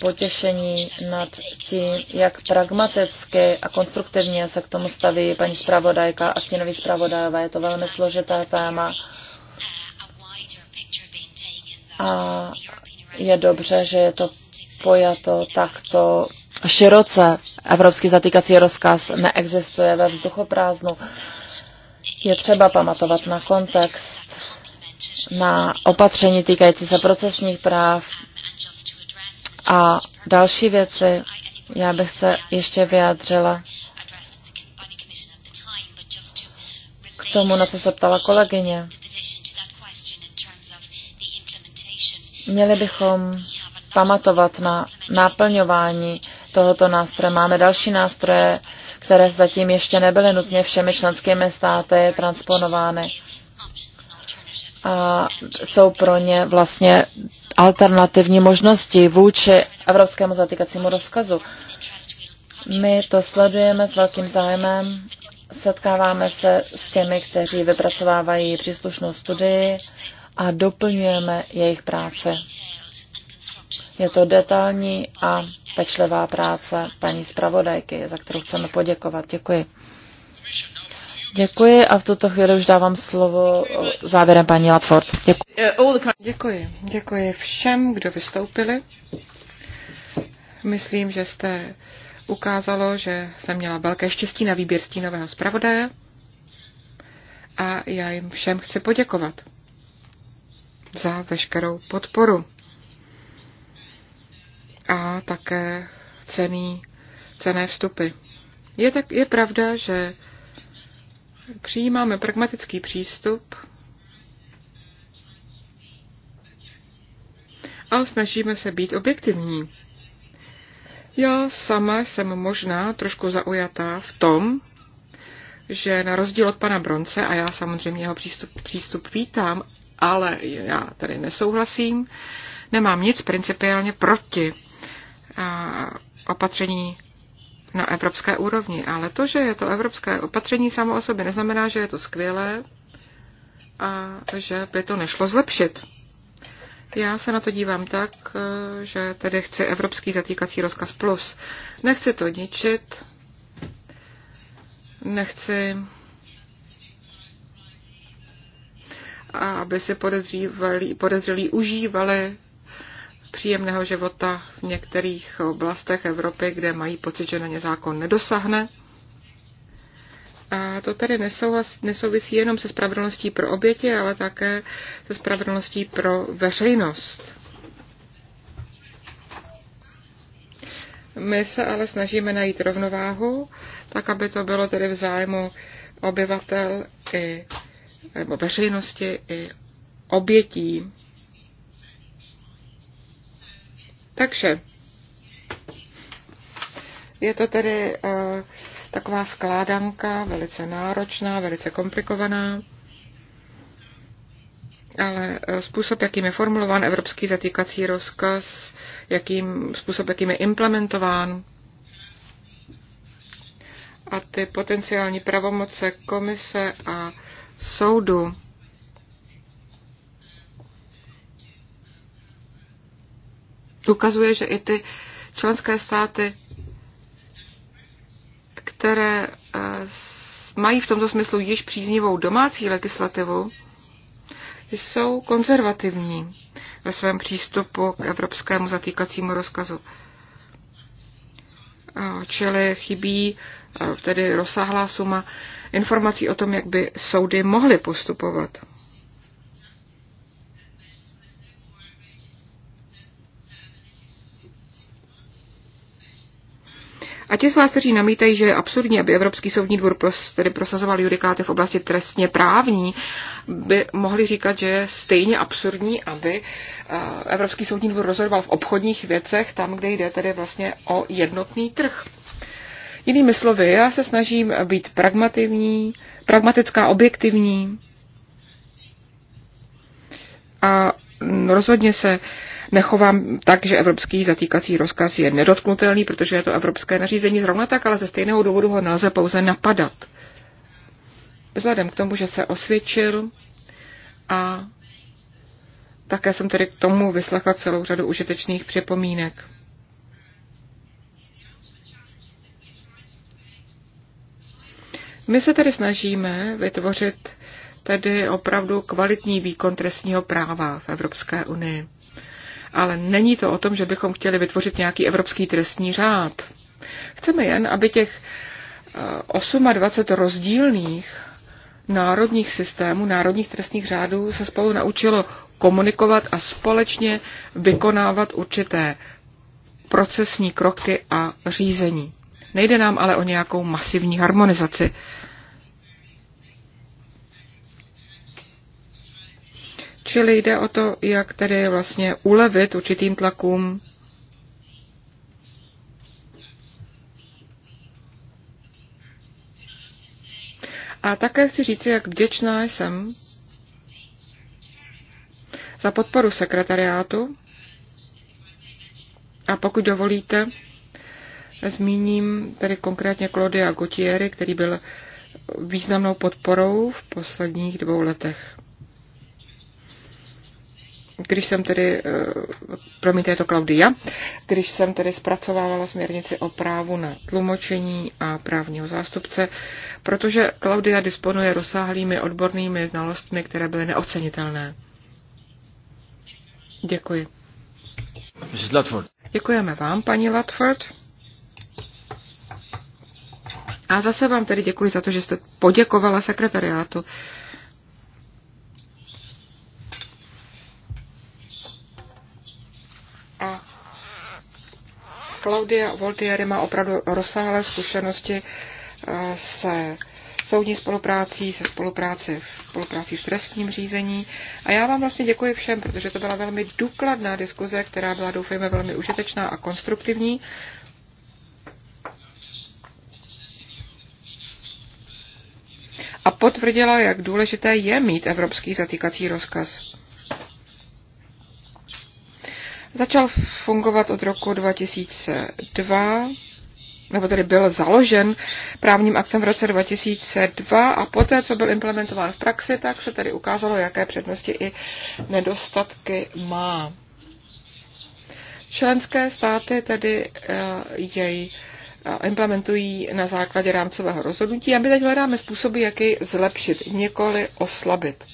potěšení nad tím, jak pragmaticky a konstruktivně se k tomu staví paní zpravodajka a stínový zpravodajové. Je to velmi složité téma a je dobře, že je to pojato takto široce. Evropský zatýkací rozkaz neexistuje ve vzduchoprázdnu. Je třeba pamatovat na kontext, na opatření týkající se procesních práv a další věci. Já bych se ještě vyjádřila k tomu, na co se ptala kolegyně. Měli bychom pamatovat na naplňování tohoto nástroje. Máme další nástroje, které zatím ještě nebyly nutně všemi členskými státy transponovány a jsou pro ně vlastně alternativní možnosti vůči evropskému zatýkacímu rozkazu. My to sledujeme s velkým zájmem, setkáváme se s těmi, kteří vypracovávají příslušnou studii a doplňujeme jejich práce. Je to detailní a pečlivá práce paní zpravodajky, za kterou chceme poděkovat. Děkuji. Děkuji a v tuto chvíli už dávám slovo závěrem paní Latford. Děkuji. Děkuji. Děkuji všem, kdo vystoupili. Myslím, že jste ukázalo, že jsem měla velké štěstí na výběr stínového zpravodaje a já jim všem chci poděkovat za veškerou podporu a také cený, cené vstupy. Je, tak, je pravda, že přijímáme pragmatický přístup a snažíme se být objektivní. Já sama jsem možná trošku zaujatá v tom, že na rozdíl od pana Bronce, a já samozřejmě jeho přístup, přístup vítám, ale já tady nesouhlasím, nemám nic principiálně proti opatření na evropské úrovni. Ale to, že je to evropské opatření samo o sobě, neznamená, že je to skvělé a že by to nešlo zlepšit. Já se na to dívám tak, že tedy chci evropský zatýkací rozkaz plus. Nechci to ničit, nechci, aby si podezřelí, podezřelí užívali příjemného života v některých oblastech Evropy, kde mají pocit, že na ně zákon nedosáhne. A to tedy nesouhlas, nesouvisí jenom se spravedlností pro oběti, ale také se spravedlností pro veřejnost. My se ale snažíme najít rovnováhu, tak aby to bylo tedy v zájmu obyvatel i nebo veřejnosti i obětí Takže je to tedy eh, taková skládanka, velice náročná, velice komplikovaná, ale eh, způsob, jakým je formulován evropský zatýkací rozkaz, jakým, způsob, jakým je implementován, a ty potenciální pravomoce komise a soudu ukazuje, že i ty členské státy, které eh, mají v tomto smyslu již příznivou domácí legislativu, jsou konzervativní ve svém přístupu k evropskému zatýkacímu rozkazu. Eh, čili chybí eh, tedy rozsáhlá suma informací o tom, jak by soudy mohly postupovat. A ti z vás, kteří namítají, že je absurdní, aby Evropský soudní dvůr pros, tedy prosazoval judikáty v oblasti trestně právní, by mohli říkat, že je stejně absurdní, aby eh, Evropský soudní dvůr rozhodoval v obchodních věcech, tam, kde jde tedy vlastně o jednotný trh. Jinými slovy, já se snažím být pragmativní, pragmatická, objektivní a mm, rozhodně se nechovám tak, že evropský zatýkací rozkaz je nedotknutelný, protože je to evropské nařízení zrovna tak, ale ze stejného důvodu ho nelze pouze napadat. Vzhledem k tomu, že se osvědčil a také jsem tedy k tomu vyslechla celou řadu užitečných připomínek. My se tedy snažíme vytvořit tedy opravdu kvalitní výkon trestního práva v Evropské unii. Ale není to o tom, že bychom chtěli vytvořit nějaký evropský trestní řád. Chceme jen, aby těch 28 eh, rozdílných národních systémů, národních trestních řádů se spolu naučilo komunikovat a společně vykonávat určité procesní kroky a řízení. Nejde nám ale o nějakou masivní harmonizaci. Čili jde o to, jak tedy vlastně ulevit určitým tlakům A také chci říci, jak vděčná jsem za podporu sekretariátu. A pokud dovolíte, zmíním tedy konkrétně Claudia Gautieri, který byl významnou podporou v posledních dvou letech když jsem tedy, eh, promiňte, je to Klaudia, když jsem tedy zpracovávala směrnici o právu na tlumočení a právního zástupce, protože Klaudia disponuje rozsáhlými odbornými znalostmi, které byly neocenitelné. Děkuji. Mrs. Ludford. Děkujeme vám, paní Ludford. A zase vám tedy děkuji za to, že jste poděkovala sekretariátu Claudia Voltieri má opravdu rozsáhlé zkušenosti eh, se soudní spoluprácí, se spolupráci, spoluprácí v trestním řízení. A já vám vlastně děkuji všem, protože to byla velmi důkladná diskuze, která byla, doufejme, velmi užitečná a konstruktivní. A potvrdila, jak důležité je mít evropský zatýkací rozkaz. Začal fungovat od roku 2002, nebo tedy byl založen právním aktem v roce 2002 a poté, co byl implementován v praxi, tak se tedy ukázalo, jaké přednosti i nedostatky má. Členské státy tedy eh, jej eh, implementují na základě rámcového rozhodnutí a my teď hledáme způsoby, jak jej zlepšit, nikoli oslabit.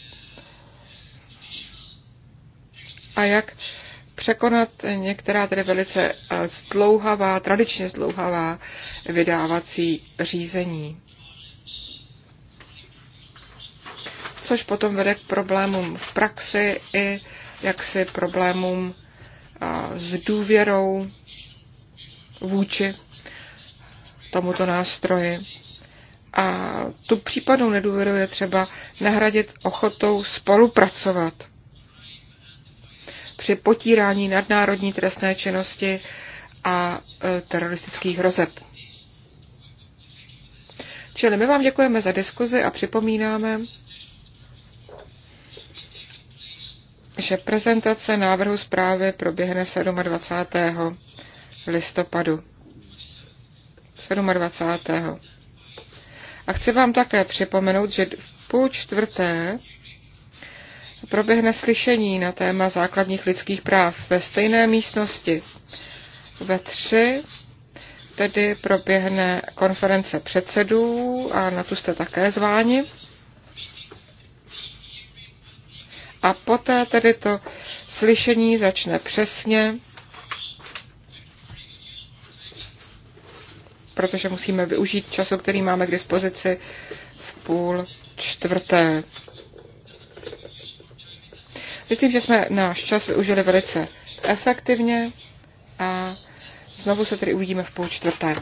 A jak překonat některá tedy velice eh, zdlouhavá, tradičně zdlouhavá vydávací řízení. Což potom vede k problémům v praxi i jaksi problémům eh, s důvěrou vůči tomuto nástroji. A tu případnou nedůvěru je třeba nahradit ochotou spolupracovat při potírání nadnárodní trestné činnosti a e, teroristických hrozeb. Čili my vám děkujeme za diskuzi a připomínáme, že prezentace návrhu zprávy proběhne 27. listopadu. 27. A chci vám také připomenout, že v půl čtvrté proběhne slyšení na téma základních lidských práv ve stejné místnosti. Ve tři tedy proběhne konference předsedů a na tu jste také zváni. A poté tedy to slyšení začne přesně, protože musíme využít času, který máme k dispozici v půl čtvrté. Myslím, že jsme náš čas využili velice efektivně a znovu se tedy uvidíme v půl čtvrté.